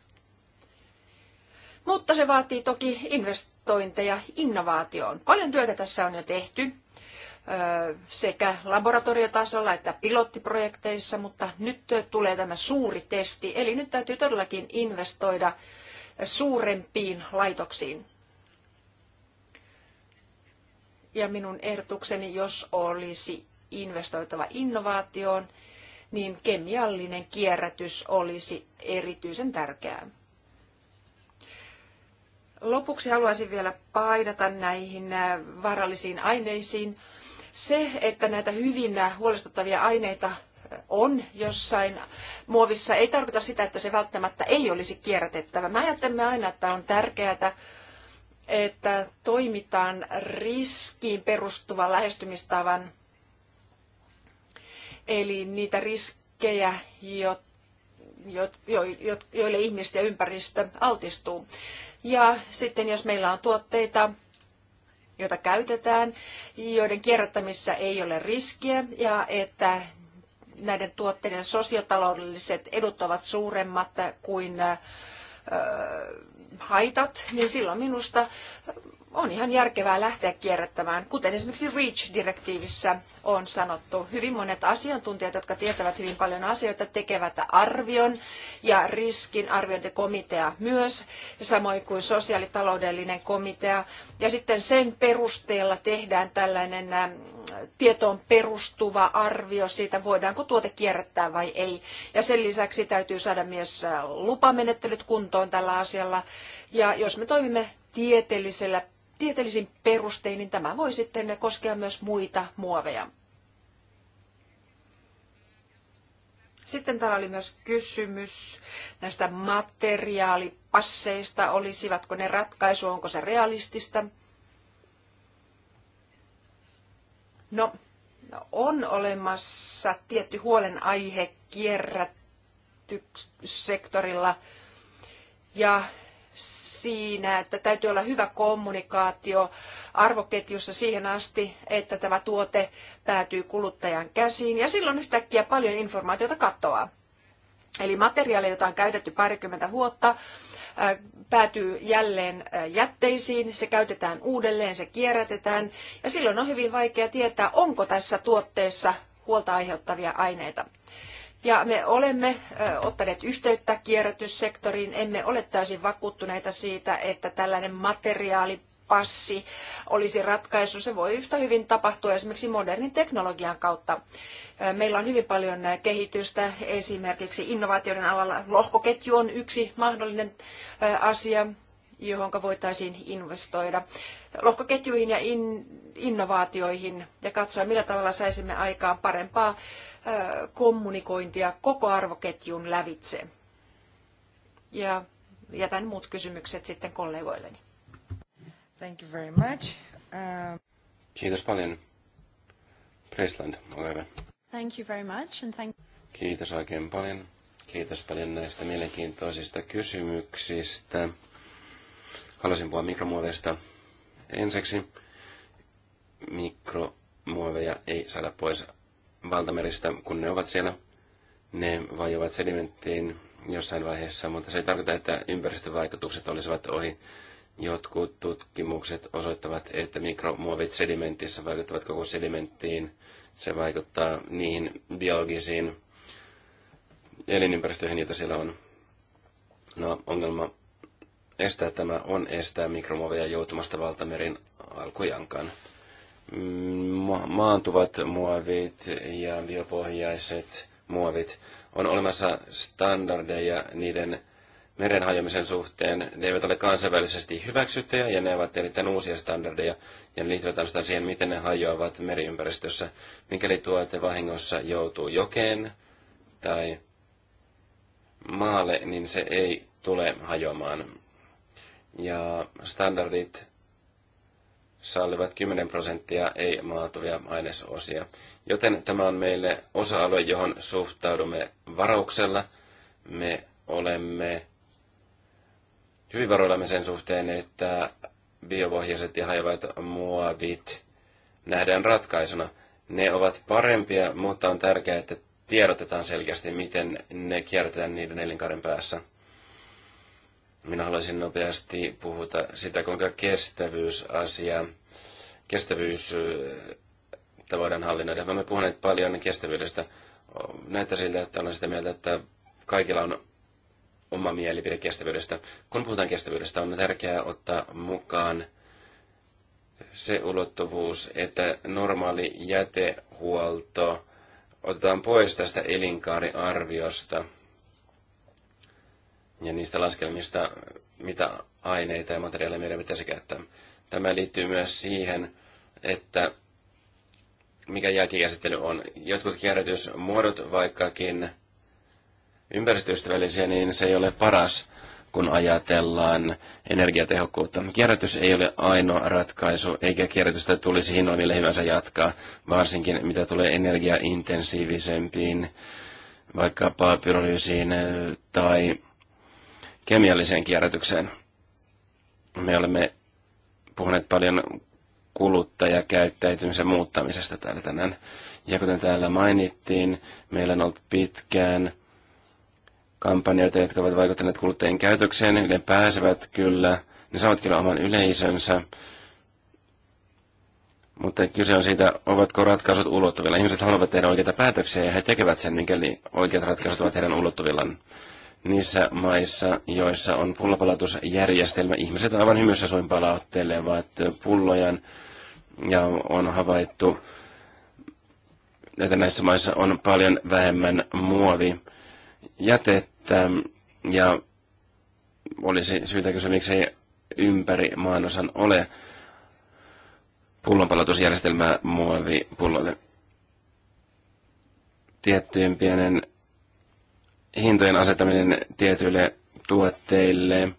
Mutta se vaatii toki investointeja innovaatioon. Paljon työtä tässä on jo tehty sekä laboratoriotasolla että pilottiprojekteissa, mutta nyt tulee tämä suuri testi. Eli nyt täytyy todellakin investoida suurempiin laitoksiin. Ja minun ehdotukseni, jos olisi investoitava innovaatioon, niin kemiallinen kierrätys olisi erityisen tärkeää. Lopuksi haluaisin vielä painata näihin äh, vaarallisiin aineisiin. Se, että näitä hyvin huolestuttavia aineita on jossain muovissa, ei tarkoita sitä, että se välttämättä ei olisi kierrätettävä. Mä ajattelemme aina, että on tärkeää, että toimitaan riskiin perustuvan lähestymistavan, eli niitä riskejä, joille ihmiset ja ympäristö altistuu. Ja sitten jos meillä on tuotteita, jota käytetään, joiden kierrättämissä ei ole riskiä ja että näiden tuotteiden sosiotaloudelliset edut ovat suuremmat kuin haitat, niin silloin minusta on ihan järkevää lähteä kierrättämään, kuten esimerkiksi REACH-direktiivissä on sanottu. Hyvin monet asiantuntijat, jotka tietävät hyvin paljon asioita, tekevät arvion ja riskin arviointikomitea myös, samoin kuin sosiaalitaloudellinen komitea. Ja sitten sen perusteella tehdään tällainen tietoon perustuva arvio siitä, voidaanko tuote kierrättää vai ei. Ja sen lisäksi täytyy saada myös lupamenettelyt kuntoon tällä asialla. Ja jos me toimimme tieteellisellä tieteellisin perustein, niin tämä voi sitten koskea myös muita muoveja. Sitten täällä oli myös kysymys näistä materiaalipasseista, olisivatko ne ratkaisu, onko se realistista. No, on olemassa tietty huolenaihe kierrätyssektorilla ja siinä, että täytyy olla hyvä kommunikaatio arvoketjussa siihen asti, että tämä tuote päätyy kuluttajan käsiin ja silloin yhtäkkiä paljon informaatiota katoaa. Eli materiaali, jota on käytetty parikymmentä vuotta, äh, päätyy jälleen äh, jätteisiin, se käytetään uudelleen, se kierrätetään ja silloin on hyvin vaikea tietää, onko tässä tuotteessa huolta aiheuttavia aineita. Ja me olemme ottaneet yhteyttä kierrätyssektoriin. Emme ole täysin vakuuttuneita siitä, että tällainen materiaali passi olisi ratkaisu. Se voi yhtä hyvin tapahtua esimerkiksi modernin teknologian kautta. Meillä on hyvin paljon kehitystä esimerkiksi innovaatioiden alalla. Lohkoketju on yksi mahdollinen asia johon voitaisiin investoida lohkoketjuihin ja in, innovaatioihin ja katsoa, millä tavalla saisimme aikaan parempaa kommunikointia koko arvoketjun lävitse. Ja jätän muut kysymykset sitten kollegoilleni. Thank you very much. Um...
Kiitos paljon. Presland, ole hyvä.
Thank you very much and thank...
Kiitos oikein paljon. Kiitos paljon näistä mielenkiintoisista kysymyksistä. Haluaisin puhua mikromuoveista ensiksi. Mikromuoveja ei saada pois valtameristä, kun ne ovat siellä. Ne vajoavat sedimenttiin jossain vaiheessa, mutta se ei tarkoita, että ympäristövaikutukset olisivat ohi. Jotkut tutkimukset osoittavat, että mikromuovit sedimentissä vaikuttavat koko sedimenttiin. Se vaikuttaa niihin biologisiin elinympäristöihin, joita siellä on. No, ongelma estää tämä on estää mikromuoveja joutumasta valtamerin alkujankaan. Mm, ma- maantuvat muovit ja biopohjaiset muovit on olemassa standardeja niiden meren hajoamisen suhteen. Ne eivät ole kansainvälisesti hyväksyttyjä ja ne ovat erittäin uusia standardeja ja ne liittyvät ainoastaan siihen, miten ne hajoavat meriympäristössä. Mikäli tuote vahingossa joutuu jokeen tai maalle, niin se ei tule hajoamaan ja standardit sallivat 10 prosenttia ei-maatuvia ainesosia. Joten tämä on meille osa-alue, johon suhtaudumme varauksella. Me olemme hyvin varoillamme sen suhteen, että biopohjaiset ja hajavat muovit nähdään ratkaisuna. Ne ovat parempia, mutta on tärkeää, että tiedotetaan selkeästi, miten ne kierretään niiden elinkaaren päässä. Minä haluaisin nopeasti puhuta sitä, kuinka kestävyysasia, kestävyys voidaan hallinnoida. Me olemme puhuneet paljon kestävyydestä. Näyttää siltä, että olen sitä mieltä, että kaikilla on oma mielipide kestävyydestä. Kun puhutaan kestävyydestä, on tärkeää ottaa mukaan se ulottuvuus, että normaali jätehuolto otetaan pois tästä elinkaariarviosta – ja niistä laskelmista, mitä aineita ja materiaaleja meidän pitäisi käyttää. Tämä liittyy myös siihen, että mikä jälkikäsittely on. Jotkut kierrätysmuodot, vaikkakin ympäristöystävällisiä, niin se ei ole paras, kun ajatellaan energiatehokkuutta. Kierrätys ei ole ainoa ratkaisu, eikä kierrätystä tulisi hinnoin millä hyvänsä jatkaa, varsinkin mitä tulee energiaintensiivisempiin, vaikkapa pyrolyysiin äh, tai kemialliseen kierrätykseen. Me olemme puhuneet paljon kuluttajakäyttäytymisen muuttamisesta täällä tänään. Ja kuten täällä mainittiin, meillä on ollut pitkään kampanjoita, jotka ovat vaikuttaneet kuluttajien käytökseen. Ne pääsevät kyllä, ne saavat kyllä oman yleisönsä. Mutta kyse on siitä, ovatko ratkaisut ulottuvilla. Ihmiset haluavat tehdä oikeita päätöksiä ja he tekevät sen, mikäli oikeat ratkaisut ovat heidän ulottuvillaan niissä maissa, joissa on pullopalautusjärjestelmä, ihmiset aivan hymyssä suin palauttelevat pullojan ja on havaittu, että näissä maissa on paljon vähemmän muovijätettä ja olisi syytä kysyä, miksei ympäri maanosan ole pullonpalautusjärjestelmää muovipullolle. Tiettyjen pienen hintojen asettaminen tietyille tuotteille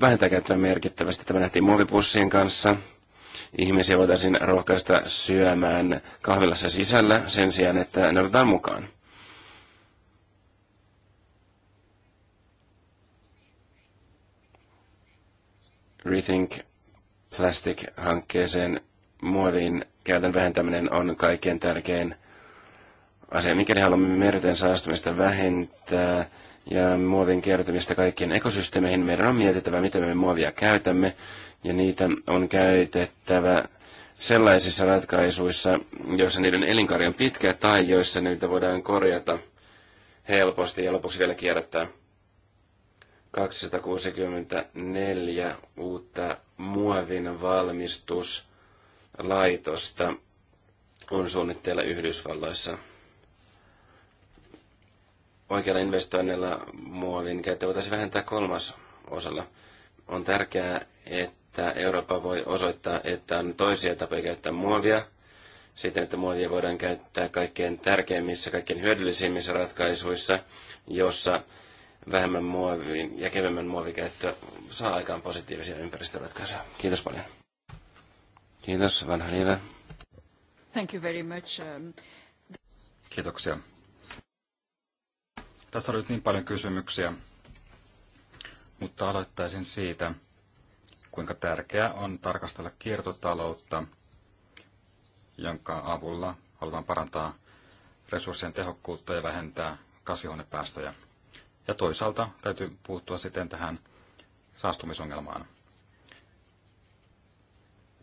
vähentää käyttöä merkittävästi. Tämä nähtiin muovipussien kanssa. Ihmisiä voitaisiin rohkaista syömään kahvilassa sisällä sen sijaan, että ne otetaan mukaan. Rethink Plastic-hankkeeseen muovin käytön vähentäminen on kaikkein tärkein – asia, mikäli haluamme merten saastumista vähentää ja muovin kiertymistä kaikkien ekosysteemeihin, meidän on mietittävä, miten me muovia käytämme, ja niitä on käytettävä sellaisissa ratkaisuissa, joissa niiden elinkaari on pitkä tai joissa niitä voidaan korjata helposti ja lopuksi vielä kierrättää. 264 uutta muovin valmistuslaitosta on suunnitteilla Yhdysvalloissa. Oikealla investoinnilla muovin käyttö voitaisiin vähentää kolmas osalla. On tärkeää, että Eurooppa voi osoittaa, että on toisia tapoja käyttää muovia, siten että muovia voidaan käyttää kaikkein tärkeimmissä, kaikkein hyödyllisimmissä ratkaisuissa, jossa vähemmän muovin ja kevemmän muovikäyttö saa aikaan positiivisia ympäristöratkaisuja.
Kiitos paljon. Kiitos, vanha
Thank you very much. Um,
Kiitoksia. Tässä oli nyt niin paljon kysymyksiä, mutta aloittaisin siitä, kuinka tärkeää on tarkastella kiertotaloutta, jonka avulla halutaan parantaa resurssien tehokkuutta ja vähentää kasvihuonepäästöjä. Ja toisaalta täytyy puuttua sitten tähän saastumisongelmaan.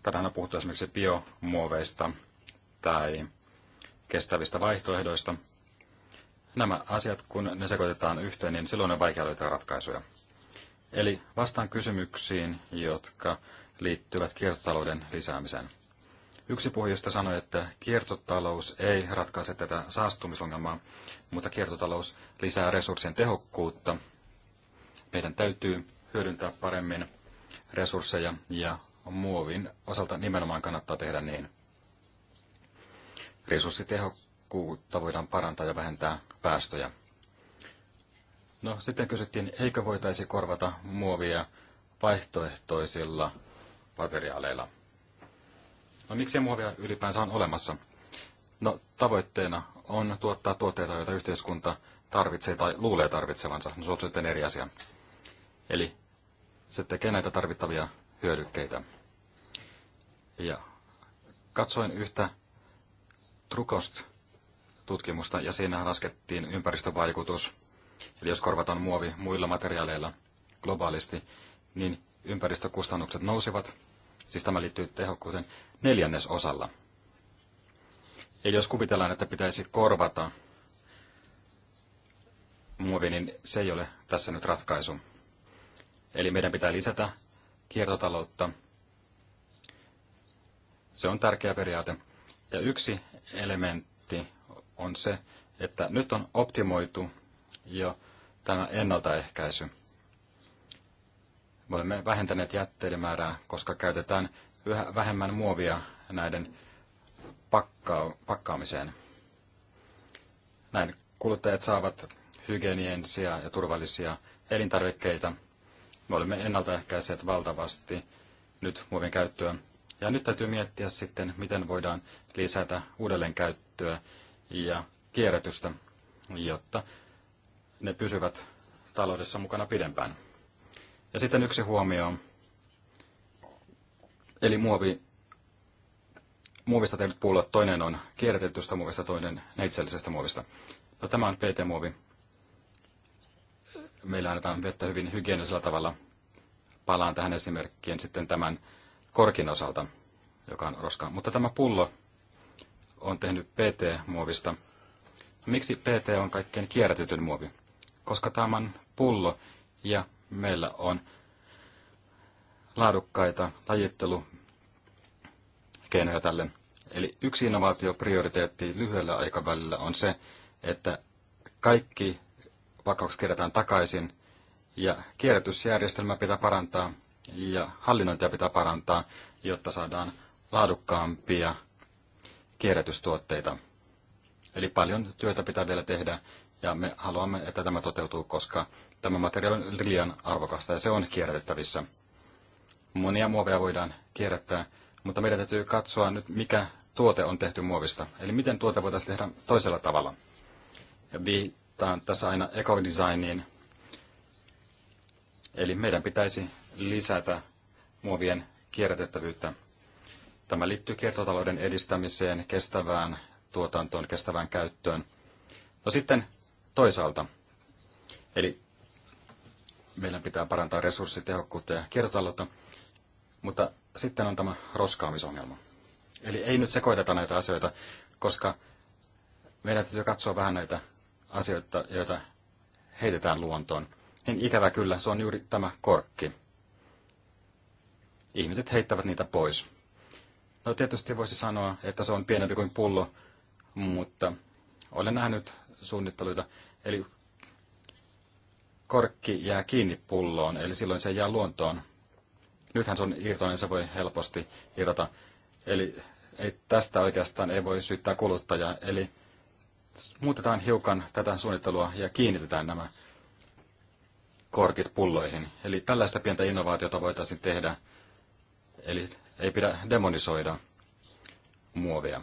Tänään on puhuttu esimerkiksi biomuoveista tai kestävistä vaihtoehdoista – nämä asiat, kun ne sekoitetaan yhteen, niin silloin on vaikea löytää ratkaisuja. Eli vastaan kysymyksiin, jotka liittyvät kiertotalouden lisäämiseen. Yksi puhujista sanoi, että kiertotalous ei ratkaise tätä saastumisongelmaa, mutta kiertotalous lisää resurssien tehokkuutta. Meidän täytyy hyödyntää paremmin resursseja ja muovin osalta nimenomaan kannattaa tehdä niin. Resurssitehokkuutta voidaan parantaa ja vähentää päästöjä. No, sitten kysyttiin, eikö voitaisi korvata muovia vaihtoehtoisilla materiaaleilla. No, miksi muovia ylipäänsä on olemassa? No, tavoitteena on tuottaa tuotteita, joita yhteiskunta tarvitsee tai luulee tarvitsevansa. No, se on sitten eri asia. Eli se tekee näitä tarvittavia hyödykkeitä. Ja katsoin yhtä Trukost tutkimusta ja siinä laskettiin ympäristövaikutus. Eli jos korvataan muovi muilla materiaaleilla globaalisti, niin ympäristökustannukset nousivat, siis tämä liittyy tehokkuuteen, neljännesosalla. Eli jos kuvitellaan, että pitäisi korvata muovi, niin se ei ole tässä nyt ratkaisu. Eli meidän pitää lisätä kiertotaloutta. Se on tärkeä periaate. Ja yksi elementti on se, että nyt on optimoitu jo tämä ennaltaehkäisy. Me olemme vähentäneet jätteiden määrää, koska käytetään yhä vähemmän muovia näiden pakka- pakkaamiseen. Näin kuluttajat saavat hygieniensia ja turvallisia elintarvikkeita. Me olemme ennaltaehkäiseet valtavasti nyt muovin käyttöä. Ja nyt täytyy miettiä sitten, miten voidaan lisätä uudelleenkäyttöä ja kierrätystä, jotta ne pysyvät taloudessa mukana pidempään. Ja sitten yksi huomio, eli muovi, muovista tehdyt pullot, toinen on kierrätetystä muovista, toinen neitsellisestä muovista. No, tämä on PT-muovi. Meillä annetaan vettä hyvin hygienisellä tavalla. Palaan tähän esimerkkiin sitten tämän korkin osalta, joka on roska. Mutta tämä pullo, on tehnyt PT-muovista. Miksi PT on kaikkein kierrätetyn muovi? Koska tämä on pullo ja meillä on laadukkaita lajittelukeinoja tälle. Eli yksi innovaatioprioriteetti lyhyellä aikavälillä on se, että kaikki pakkaukset kerätään takaisin ja kierrätysjärjestelmää pitää parantaa ja hallinnointia pitää parantaa, jotta saadaan laadukkaampia kierrätystuotteita. Eli paljon työtä pitää vielä tehdä ja me haluamme, että tämä toteutuu, koska tämä materiaali on liian arvokasta ja se on kierrätettävissä. Monia muoveja voidaan kierrättää, mutta meidän täytyy katsoa nyt, mikä tuote on tehty muovista. Eli miten tuote voitaisiin tehdä toisella tavalla. Ja viittaan tässä aina ekodesigniin. Eli meidän pitäisi lisätä muovien kierrätettävyyttä. Tämä liittyy kiertotalouden edistämiseen, kestävään tuotantoon, kestävään käyttöön. No sitten toisaalta, eli meidän pitää parantaa resurssitehokkuutta ja kiertotaloutta, mutta sitten on tämä roskaamisongelma. Eli ei nyt sekoiteta näitä asioita, koska meidän täytyy katsoa vähän näitä asioita, joita heitetään luontoon. Niin ikävä kyllä, se on juuri tämä korkki. Ihmiset heittävät niitä pois. No tietysti voisi sanoa, että se on pienempi kuin pullo, mutta olen nähnyt suunnitteluita. Eli korkki jää kiinni pulloon, eli silloin se jää luontoon. Nythän se on irtoinen, niin se voi helposti irrota. Eli ei, tästä oikeastaan ei voi syyttää kuluttajaa. Eli muutetaan hiukan tätä suunnittelua ja kiinnitetään nämä korkit pulloihin. Eli tällaista pientä innovaatiota voitaisiin tehdä. Eli ei pidä demonisoida muovia.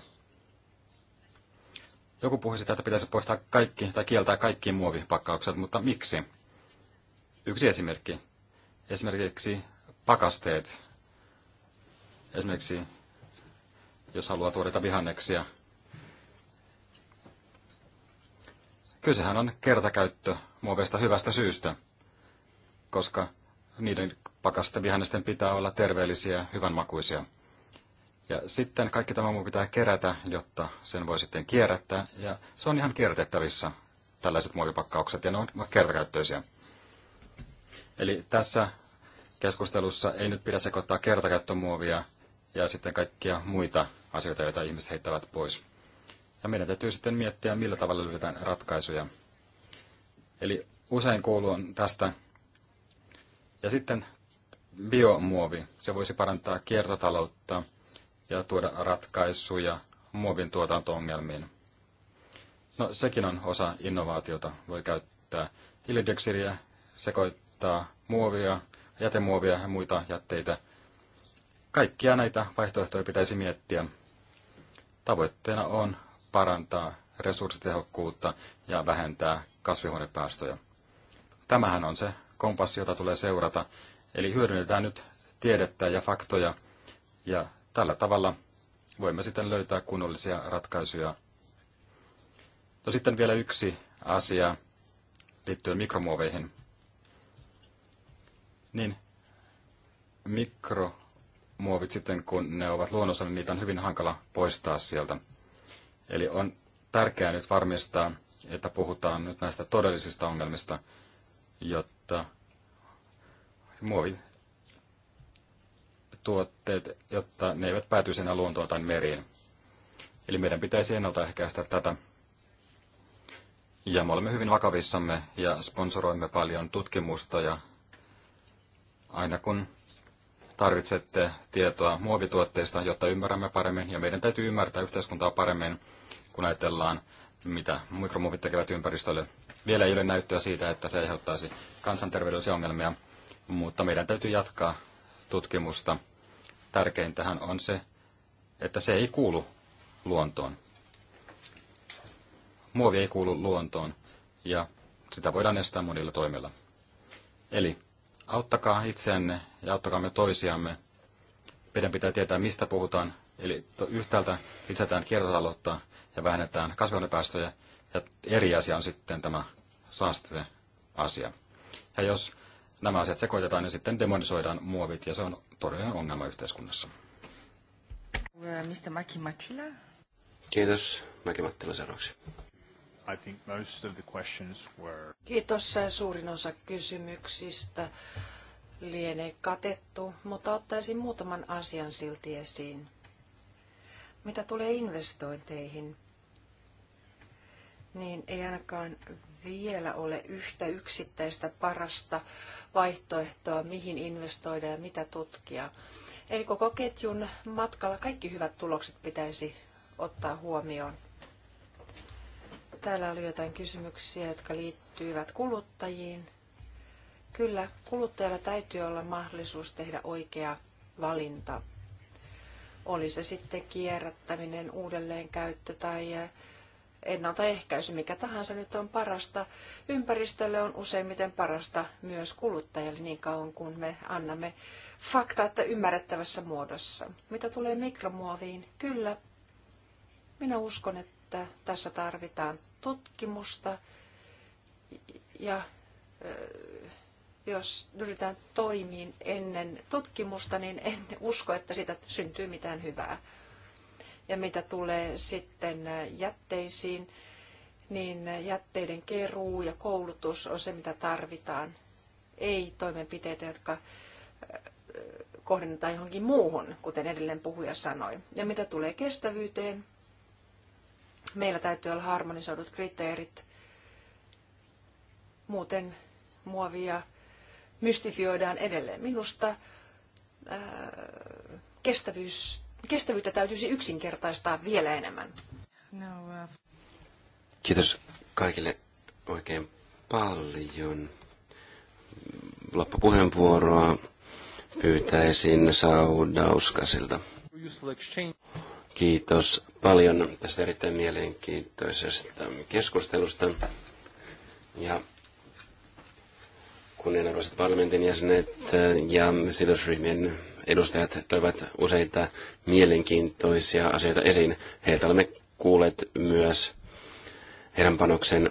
Joku puhui sitä, että pitäisi poistaa kaikki tai kieltää kaikki muovipakkaukset, mutta miksi? Yksi esimerkki. Esimerkiksi pakasteet. Esimerkiksi jos haluaa tuoda vihanneksia. Kysehän on kertakäyttö muovista hyvästä syystä, koska niiden pakastevihannesten pitää olla terveellisiä, hyvänmakuisia. Ja sitten kaikki tämä muu pitää kerätä, jotta sen voi sitten kierrättää. Ja se on ihan kierrätettävissä, tällaiset muovipakkaukset, ja ne on kertakäyttöisiä. Eli tässä keskustelussa ei nyt pidä sekoittaa kertakäyttömuovia ja sitten kaikkia muita asioita, joita ihmiset heittävät pois. Ja meidän täytyy sitten miettiä, millä tavalla löydetään ratkaisuja. Eli usein kuuluu tästä. Ja sitten biomuovi. Se voisi parantaa kiertotaloutta ja tuoda ratkaisuja muovin tuotanto-ongelmiin. No sekin on osa innovaatiota. Voi käyttää hiilidioksidia, sekoittaa muovia, jätemuovia ja muita jätteitä. Kaikkia näitä vaihtoehtoja pitäisi miettiä. Tavoitteena on parantaa resurssitehokkuutta ja vähentää kasvihuonepäästöjä. Tämähän on se kompassi, jota tulee seurata, Eli hyödynnetään nyt tiedettä ja faktoja ja tällä tavalla voimme sitten löytää kunnollisia ratkaisuja. No sitten vielä yksi asia liittyen mikromuoveihin. Niin, mikromuovit sitten kun ne ovat luonnossa, niin niitä on hyvin hankala poistaa sieltä. Eli on tärkeää nyt varmistaa, että puhutaan nyt näistä todellisista ongelmista, jotta muovin tuotteet, jotta ne eivät päätyisi enää luontoon tai meriin. Eli meidän pitäisi ennaltaehkäistä tätä. Ja me olemme hyvin vakavissamme ja sponsoroimme paljon tutkimusta ja aina kun tarvitsette tietoa muovituotteista, jotta ymmärrämme paremmin ja meidän täytyy ymmärtää yhteiskuntaa paremmin, kun ajatellaan, mitä mikromuovit tekevät ympäristölle. Vielä ei ole näyttöä siitä, että se aiheuttaisi kansanterveydellisiä ongelmia, mutta meidän täytyy jatkaa tutkimusta. Tärkeintähän on se, että se ei kuulu luontoon. Muovi ei kuulu luontoon ja sitä voidaan estää monilla toimilla. Eli auttakaa itseänne ja auttakaamme toisiamme. Meidän pitää tietää, mistä puhutaan. Eli yhtäältä lisätään kiertotaloutta ja vähennetään kasvihuonepäästöjä. Ja eri asia on sitten tämä saasteasia. Ja jos nämä asiat sekoitetaan ja sitten demonisoidaan muovit, ja se on todellinen ongelma yhteiskunnassa.
Äh, Mr. Maki Matila.
Kiitos.
Maki Mattila seuraavaksi. I think most of the questions were...
Kiitos. Äh, suurin osa kysymyksistä lienee katettu, mutta ottaisin muutaman asian silti esiin. Mitä tulee investointeihin, niin ei ainakaan vielä ole yhtä yksittäistä parasta vaihtoehtoa, mihin investoida ja mitä tutkia. Eli koko ketjun matkalla kaikki hyvät tulokset pitäisi ottaa huomioon. Täällä oli jotain kysymyksiä, jotka liittyivät kuluttajiin. Kyllä, kuluttajalla täytyy olla mahdollisuus tehdä oikea valinta. Oli se sitten kierrättäminen, uudelleenkäyttö tai ennaltaehkäisy, mikä tahansa nyt on parasta ympäristölle, on useimmiten parasta myös kuluttajalle niin kauan kuin me annamme faktat ymmärrettävässä muodossa. Mitä tulee mikromuoviin, kyllä, minä uskon, että tässä tarvitaan tutkimusta ja jos ryhdytään toimiin ennen tutkimusta, niin en usko, että siitä syntyy mitään hyvää. Ja mitä tulee sitten jätteisiin, niin jätteiden keruu ja koulutus on se, mitä tarvitaan. Ei toimenpiteitä, jotka kohdennetaan johonkin muuhun, kuten edellinen puhuja sanoi. Ja mitä tulee kestävyyteen, meillä täytyy olla harmonisoidut kriteerit. Muuten muovia mystifioidaan edelleen. Minusta ää, kestävyys kestävyyttä täytyisi yksinkertaistaa vielä enemmän. Uh,
Kiitos kaikille oikein paljon. Loppupuheenvuoroa pyytäisin Saudauskasilta. Kiitos paljon tästä erittäin mielenkiintoisesta keskustelusta. Ja kunnianarvoiset parlamentin jäsenet ja sidosryhmien edustajat toivat useita mielenkiintoisia asioita esiin. Heiltä olemme kuulleet myös heidän panoksen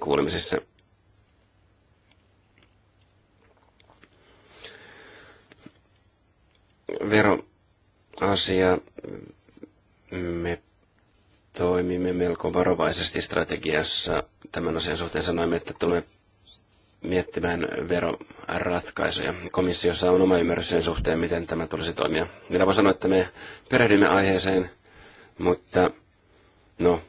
kuulemisessa. Veroasia. Me toimimme melko varovaisesti strategiassa tämän asian suhteen. Sanoimme, että tulemme miettimään veroratkaisuja. Komissiossa on oma ymmärrys sen suhteen, miten tämä tulisi toimia. Minä voin sanoa, että me perehdymme aiheeseen, mutta no,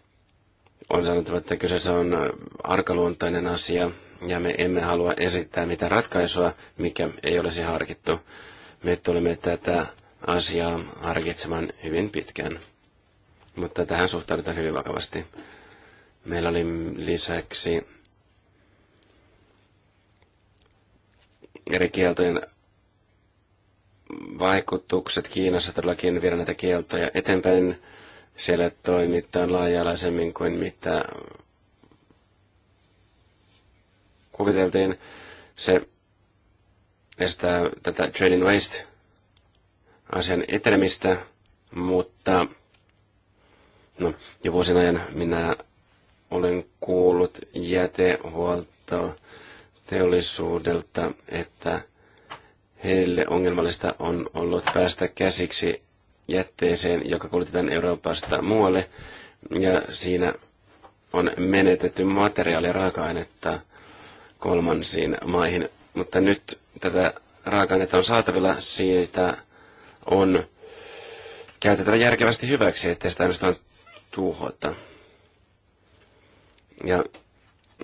on sanottava, että kyseessä on arkaluontainen asia, ja me emme halua esittää mitään ratkaisua, mikä ei olisi harkittu. Me tulemme tätä asiaa harkitsemaan hyvin pitkään, mutta tähän suhtaudutaan hyvin vakavasti. Meillä oli lisäksi eri kieltojen vaikutukset Kiinassa todellakin viedä näitä kieltoja eteenpäin. Siellä toimitaan laaja-alaisemmin kuin mitä kuviteltiin. Se estää tätä trade waste asian etenemistä, mutta no, jo vuosien ajan minä olen kuullut jätehuoltoa teollisuudelta, että heille ongelmallista on ollut päästä käsiksi jätteeseen, joka kuljetetaan Euroopasta muualle, ja siinä on menetetty materiaalia raaka-ainetta kolmansiin maihin. Mutta nyt tätä raaka-ainetta on saatavilla, siitä on käytettävä järkevästi hyväksi, ettei sitä ainoastaan tuhota. Ja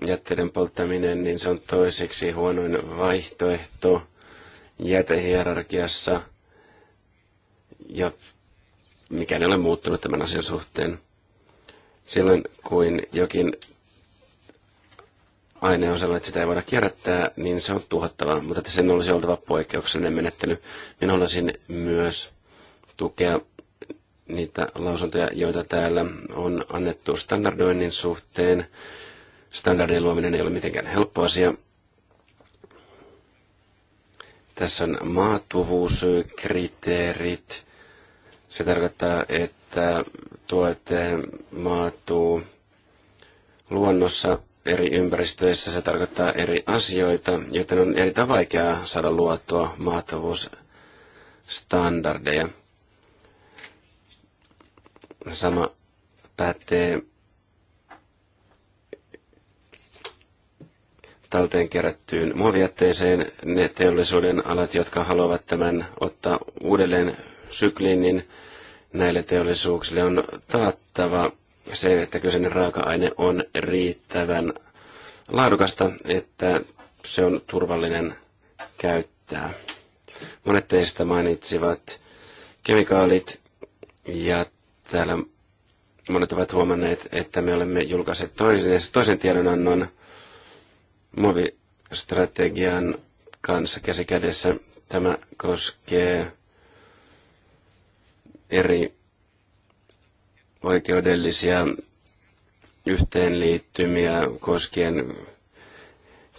jätteiden polttaminen, niin se on toiseksi huonoin vaihtoehto jätehierarkiassa. Ja mikä ei ole muuttunut tämän asian suhteen. Silloin kuin jokin aine on sellainen, että sitä ei voida kierrättää, niin se on tuhottavaa, mutta että sen olisi oltava poikkeuksellinen menettely. Minä haluaisin myös tukea niitä lausuntoja, joita täällä on annettu standardoinnin suhteen. Standardien luominen ei ole mitenkään helppo asia. Tässä on maattuvuuskriteerit. Se tarkoittaa, että tuote maatuu luonnossa eri ympäristöissä. Se tarkoittaa eri asioita, joten on erittäin vaikeaa saada luotua maatuvuusstandardeja. Sama pätee talteen kerättyyn muovijätteeseen. Ne teollisuuden alat, jotka haluavat tämän ottaa uudelleen sykliin, niin näille teollisuuksille on taattava se, että kyseinen raaka-aine on riittävän laadukasta, että se on turvallinen käyttää. Monet teistä mainitsivat kemikaalit ja täällä monet ovat huomanneet, että me olemme julkaisseet toisen, toisen tiedonannon muovistrategian kanssa käsikädessä. Tämä koskee eri oikeudellisia yhteenliittymiä koskien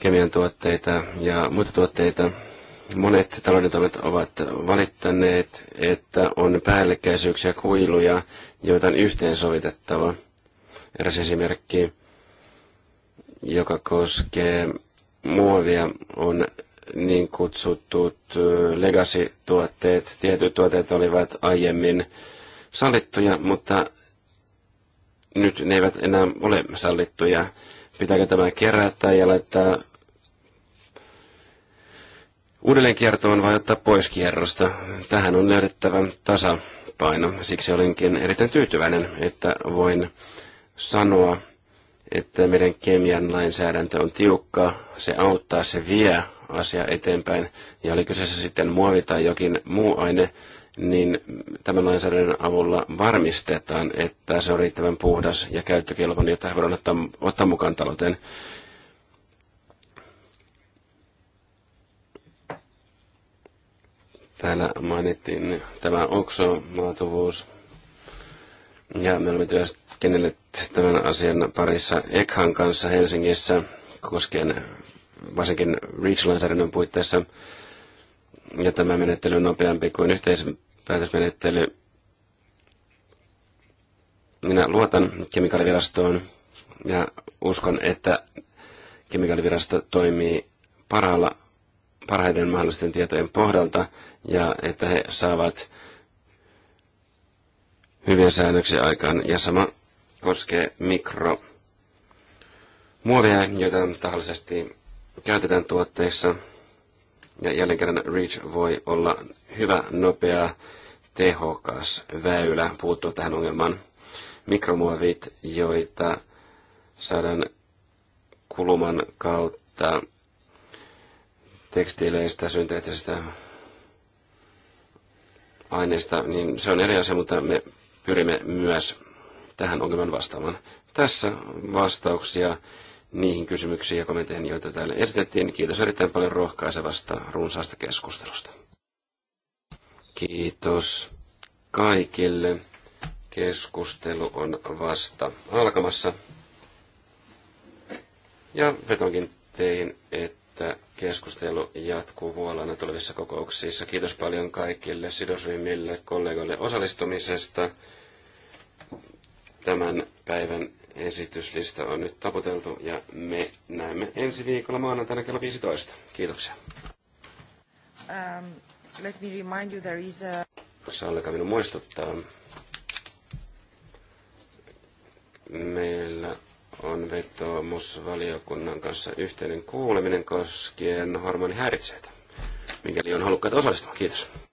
kemian tuotteita ja muita tuotteita. Monet taloudet ovat valittaneet, että on päällekkäisyyksiä kuiluja, joita on yhteensovitettava. Eräs esimerkki joka koskee muovia, on niin kutsutut legacy-tuotteet. Tietyt tuotteet olivat aiemmin sallittuja, mutta nyt ne eivät enää ole sallittuja. Pitääkö tämä kerätä ja laittaa uudelleen kiertoon vai ottaa pois kierrosta? Tähän on löydettävä tasapaino. Siksi olenkin erittäin tyytyväinen, että voin sanoa, että meidän kemian lainsäädäntö on tiukka, se auttaa, se vie asia eteenpäin, ja oli kyseessä sitten muovi tai jokin muu aine, niin tämän lainsäädännön avulla varmistetaan, että se on riittävän puhdas ja käyttökelpoinen, jotta voidaan ottaa, ottaa mukaan talouteen. Täällä mainittiin tämä okso, maatuvuus, ja me olemme työst- työskennellyt tämän asian parissa Ekhan kanssa Helsingissä koskien varsinkin REACH-lainsäädännön puitteissa. Ja tämä menettely on nopeampi kuin yhteispäätösmenettely. Minä luotan kemikaalivirastoon ja uskon, että kemikaalivirasto toimii parhaalla, parhaiden mahdollisten tietojen pohjalta ja että he saavat hyviä säännöksiä aikaan. Ja sama koskee mikromuoveja, joita tahallisesti käytetään tuotteissa. Ja jälleen kerran REACH voi olla hyvä, nopea, tehokas väylä puuttua tähän ongelmaan. Mikromuovit, joita saadaan kuluman kautta tekstiileistä, synteettisistä aineista, niin se on eri asia, mutta me pyrimme myös tähän ongelman vastaamaan. Tässä vastauksia niihin kysymyksiin ja kommentteihin, joita täällä esitettiin. Kiitos erittäin paljon rohkaisevasta, runsaasta keskustelusta. Kiitos kaikille. Keskustelu on vasta alkamassa. Ja vetonkin tein, että keskustelu jatkuu vuolana tulevissa kokouksissa. Kiitos paljon kaikille sidosryhmille, kollegoille osallistumisesta. Tämän päivän esityslista on nyt taputeltu ja me näemme ensi viikolla maanantaina kello 15. Kiitoksia.
Um, let me remind you there is a...
Sallika minun muistuttaa. Meillä on valiokunnan kanssa yhteinen kuuleminen koskien hormonihäiritseitä, mikäli on halukkaita osallistumaan. Kiitos.